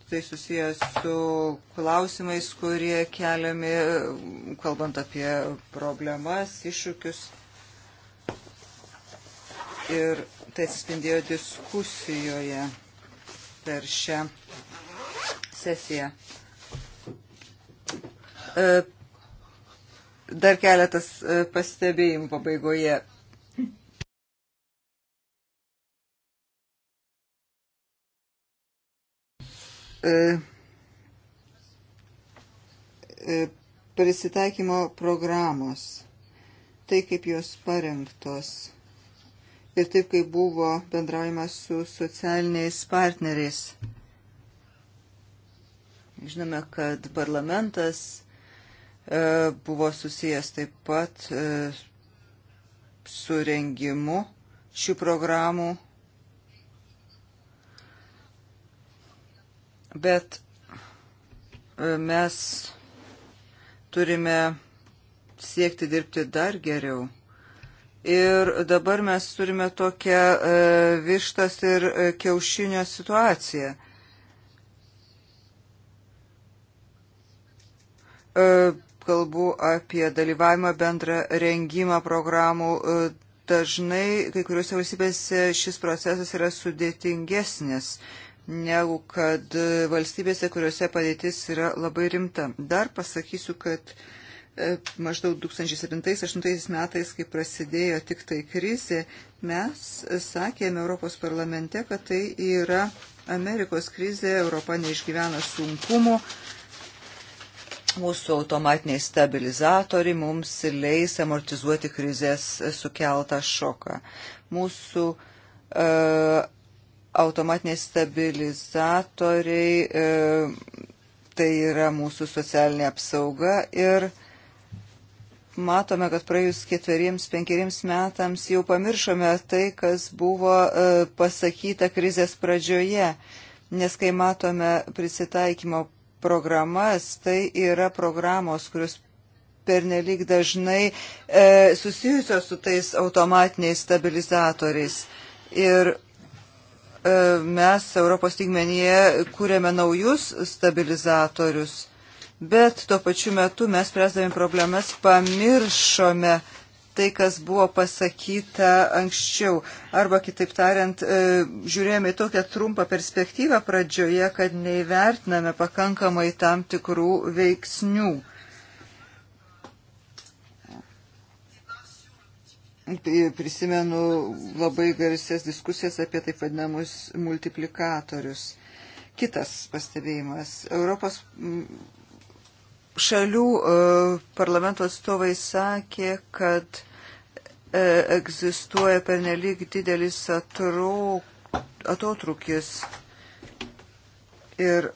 tai susijęs su klausimais, kurie keliami, kalbant apie problemas, iššūkius ir tai atsispindėjo diskusijoje per šią sesiją. E, dar keletas e, pastebėjimų pabaigoje. E, prisitaikymo programos. Tai kaip jos parengtos ir taip, kaip buvo bendraujama su socialiniais partneriais. Žinome, kad parlamentas e, buvo susijęs taip pat e, su rengimu šių programų, bet e, mes turime siekti dirbti dar geriau. Ir dabar mes turime tokią e, vištas ir e, kiaušinio situaciją. E, kalbu apie dalyvavimą bendrą rengimą programų. Dažnai kai kuriuose valstybėse šis procesas yra sudėtingesnis negu kad valstybėse, kuriuose padėtis yra labai rimta. Dar pasakysiu, kad uh, E, maždaug 2007-2008 metais, kai prasidėjo tik tai krizė, mes sakėme Europos parlamente, kad tai yra Amerikos krizė, Europa neišgyvena sunkumų, mūsų automatiniai stabilizatoriai mums leis amortizuoti krizės sukeltą šoką. Mūsų e, automatiniai stabilizatoriai e, tai yra mūsų socialinė apsauga ir e, matome, kad praėjus ketveriems, penkeriems metams jau pamiršome tai, kas buvo e, pasakyta krizės pradžioje, nes kai matome prisitaikymo programas, tai yra programos, kurios pernelyg dažnai e, susijusios su tais automatiniais stabilizatoriais. Ir e, mes Europos lygmenyje kūrėme naujus stabilizatorius bet tuo pačiu metu mes, presdami problemas, pamiršome tai, kas buvo pasakyta anksčiau. Arba, kitaip tariant, e, žiūrėjome į tokią trumpą perspektyvą pradžioje, kad neįvertiname pakankamai tam tikrų veiksnių. Prisimenu labai garsės diskusijas apie taip vadinamus multiplikatorius. Kitas pastebėjimas. Europos šalių e, parlamento atstovai sakė, kad e, egzistuoja pernelyg didelis atru, atotrukis ir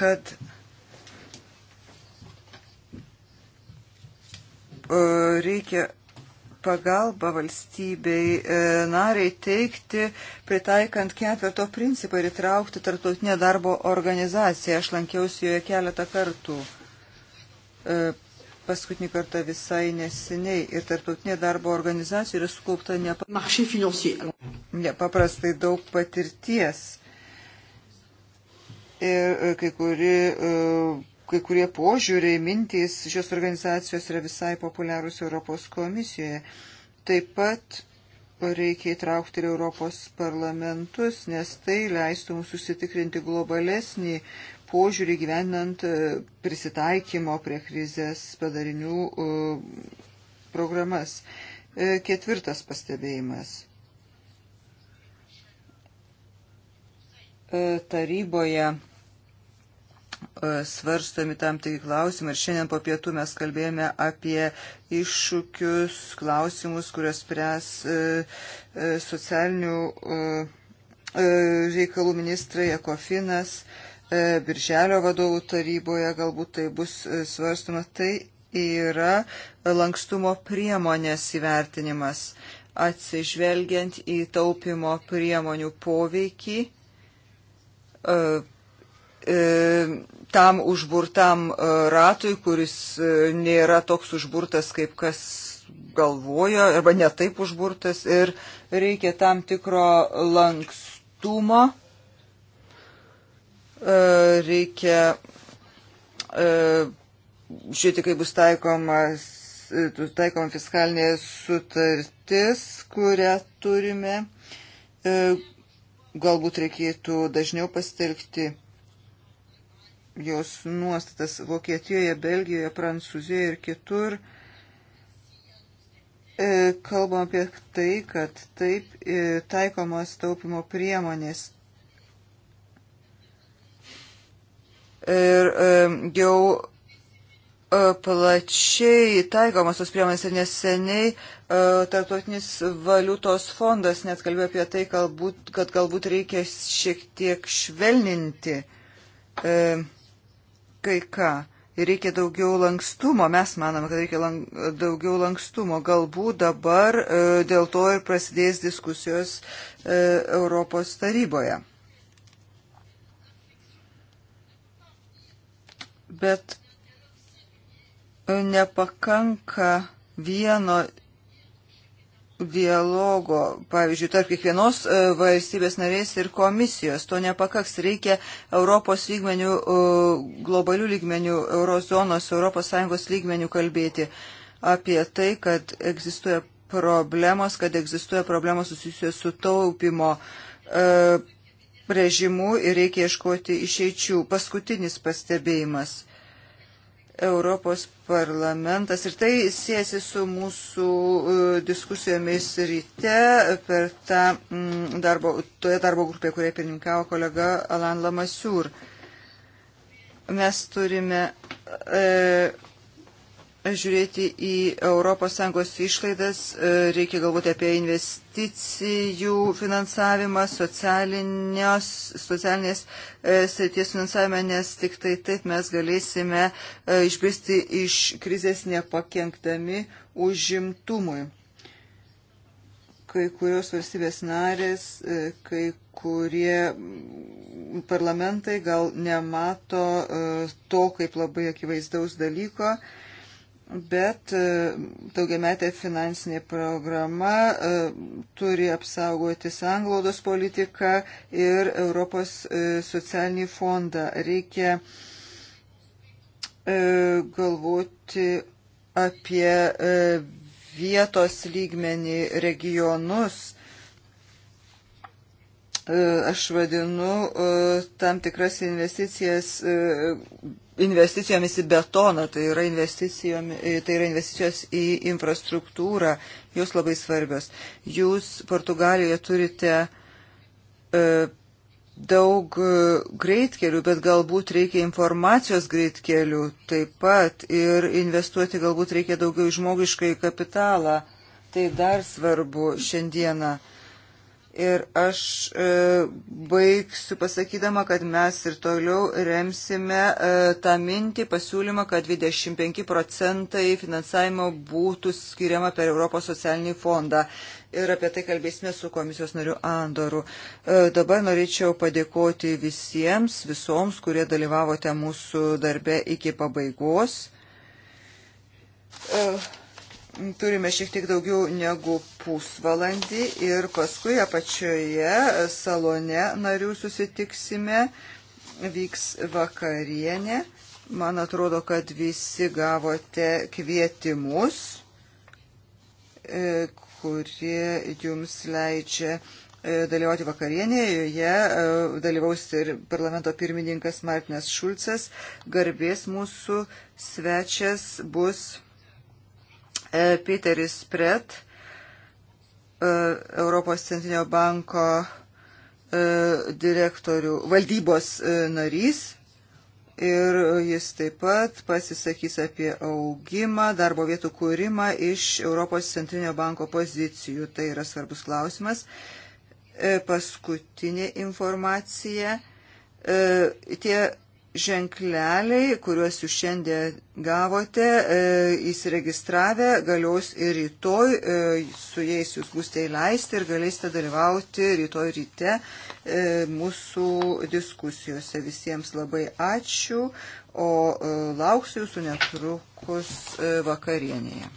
kad e, reikia pagalbą valstybei e, nariai teikti, pritaikant ketverto principą ir įtraukti tarptautinę darbo organizaciją. Aš lankiausi joje keletą kartų. E, paskutinį kartą visai nesiniai ir tarptautinė darbo organizacija yra sukaupta nepaprastai daug patirties. Ir e, kai kuri kai kurie požiūriai, mintys šios organizacijos yra visai populiarūs Europos komisijoje. Taip pat reikia įtraukti ir Europos parlamentus, nes tai leistų mums susitikrinti globalesnį požiūrį gyvenant e, prisitaikymo prie krizės padarinių e, programas. E, ketvirtas pastebėjimas. Taryboje E, svarstomi tam tikri klausimai. Ir šiandien po pietų mes kalbėjome apie iššūkius, klausimus, kurios spręs e, e, socialinių reikalų ministrai, ekofinas, Birželio vadovų taryboje galbūt tai bus svarstama. Tai yra lankstumo priemonės įvertinimas, atsižvelgiant į taupimo priemonių poveikį E, tam užburtam e, ratui, kuris e, nėra toks užburtas, kaip kas galvojo, arba netaip užburtas, ir reikia tam tikro lankstumo, reikia žiūrėti, kaip bus taikomas, taikoma fiskalinė sutartis, kurią turime. Galbūt reikėtų dažniau pastelgti jos nuostatas Vokietijoje, Belgijoje, Prancūzijoje ir kitur. E, kalbam apie tai, kad taip e, taikomos taupimo priemonės. Ir e, jau plačiai taikomos tos priemonės ir neseniai Tartautinis valiutos fondas net kalbėjo apie tai, galbūt, kad galbūt reikia šiek tiek švelninti. E, kai ką. Reikia daugiau lankstumo, mes manome, kad reikia lang, daugiau lankstumo. Galbūt dabar e, dėl to ir prasidės diskusijos e, Europos taryboje. Bet e, nepakanka vieno dialogo, pavyzdžiui, tarp kiekvienos e, valstybės narės ir komisijos. To nepakaks. Reikia Europos lygmenių, e, globalių lygmenių, eurozonos, ES lygmenių kalbėti apie tai, kad egzistuoja problemos, kad egzistuoja problemos susijusios su taupimo e, režimu ir reikia iškoti išeičių. Paskutinis pastebėjimas. Europos parlamentas. Ir tai siejasi su mūsų e, diskusijomis ryte per tą mm, darbo, toje darbo grupėje, kurioje pirmininkavo kolega Alan Lamasiūr. Mes turime e, žiūrėti į ES išlaidas, e, reikia galvoti apie investicijų finansavimą, socialinės e, srities finansavimą, nes tik tai taip mes galėsime e, išbristi iš krizės nepakenktami užimtumui. Kai kurios valstybės narės, kai kurie parlamentai gal nemato to kaip labai akivaizdaus dalyko bet e, daugiametė finansinė programa e, turi apsaugoti sanglaudos politiką ir Europos e, socialinį fondą. Reikia galvoti apie vietos lygmenį regionus. Aš vadinu tam tikras investicijas investicijomis į betoną, tai yra, e, tai yra investicijos į infrastruktūrą, jos labai svarbios. Jūs Portugalijoje turite e, daug e, greitkelių, bet galbūt reikia informacijos greitkelių taip pat ir investuoti galbūt reikia daugiau žmogiškai kapitalą. Tai dar svarbu šiandieną. E, Ir aš e, baigsiu pasakydama, kad mes ir toliau remsime e, tą mintį, pasiūlymą, kad 25 procentai finansavimo būtų skiriama per Europos socialinį fondą. Ir apie tai kalbėsime su komisijos nariu Andoru. E, dabar norėčiau padėkoti visiems, visoms, kurie dalyvavote mūsų darbe iki pabaigos. Uh turime šiek tiek daugiau negu pusvalandį ir paskui apačioje salone narių susitiksime, vyks vakarienė. Man atrodo, kad visi gavote kvietimus, e, kurie jums leidžia e, dalyvauti vakarienėje, joje e, dalyvaus ir parlamento pirmininkas Martinas Šulcas, garbės mūsų svečias bus E, Peteris Pret, e, Europos centrinio banko e, direktorių valdybos narys. Ir jis taip pat pasisakys apie augimą, darbo vietų kūrimą iš Europos centrinio banko pozicijų. Tai yra svarbus klausimas. Paskutinė informacija. Tie ženkleliai, kuriuos jūs šiandien gavote, e, įsiregistravę, galios ir rytoj, e, su jais jūs būsite įleisti ir galėsite dalyvauti rytoj ryte e, mūsų diskusijose. Visiems labai ačiū, o e, lauksiu jūsų netrukus e, vakarienėje.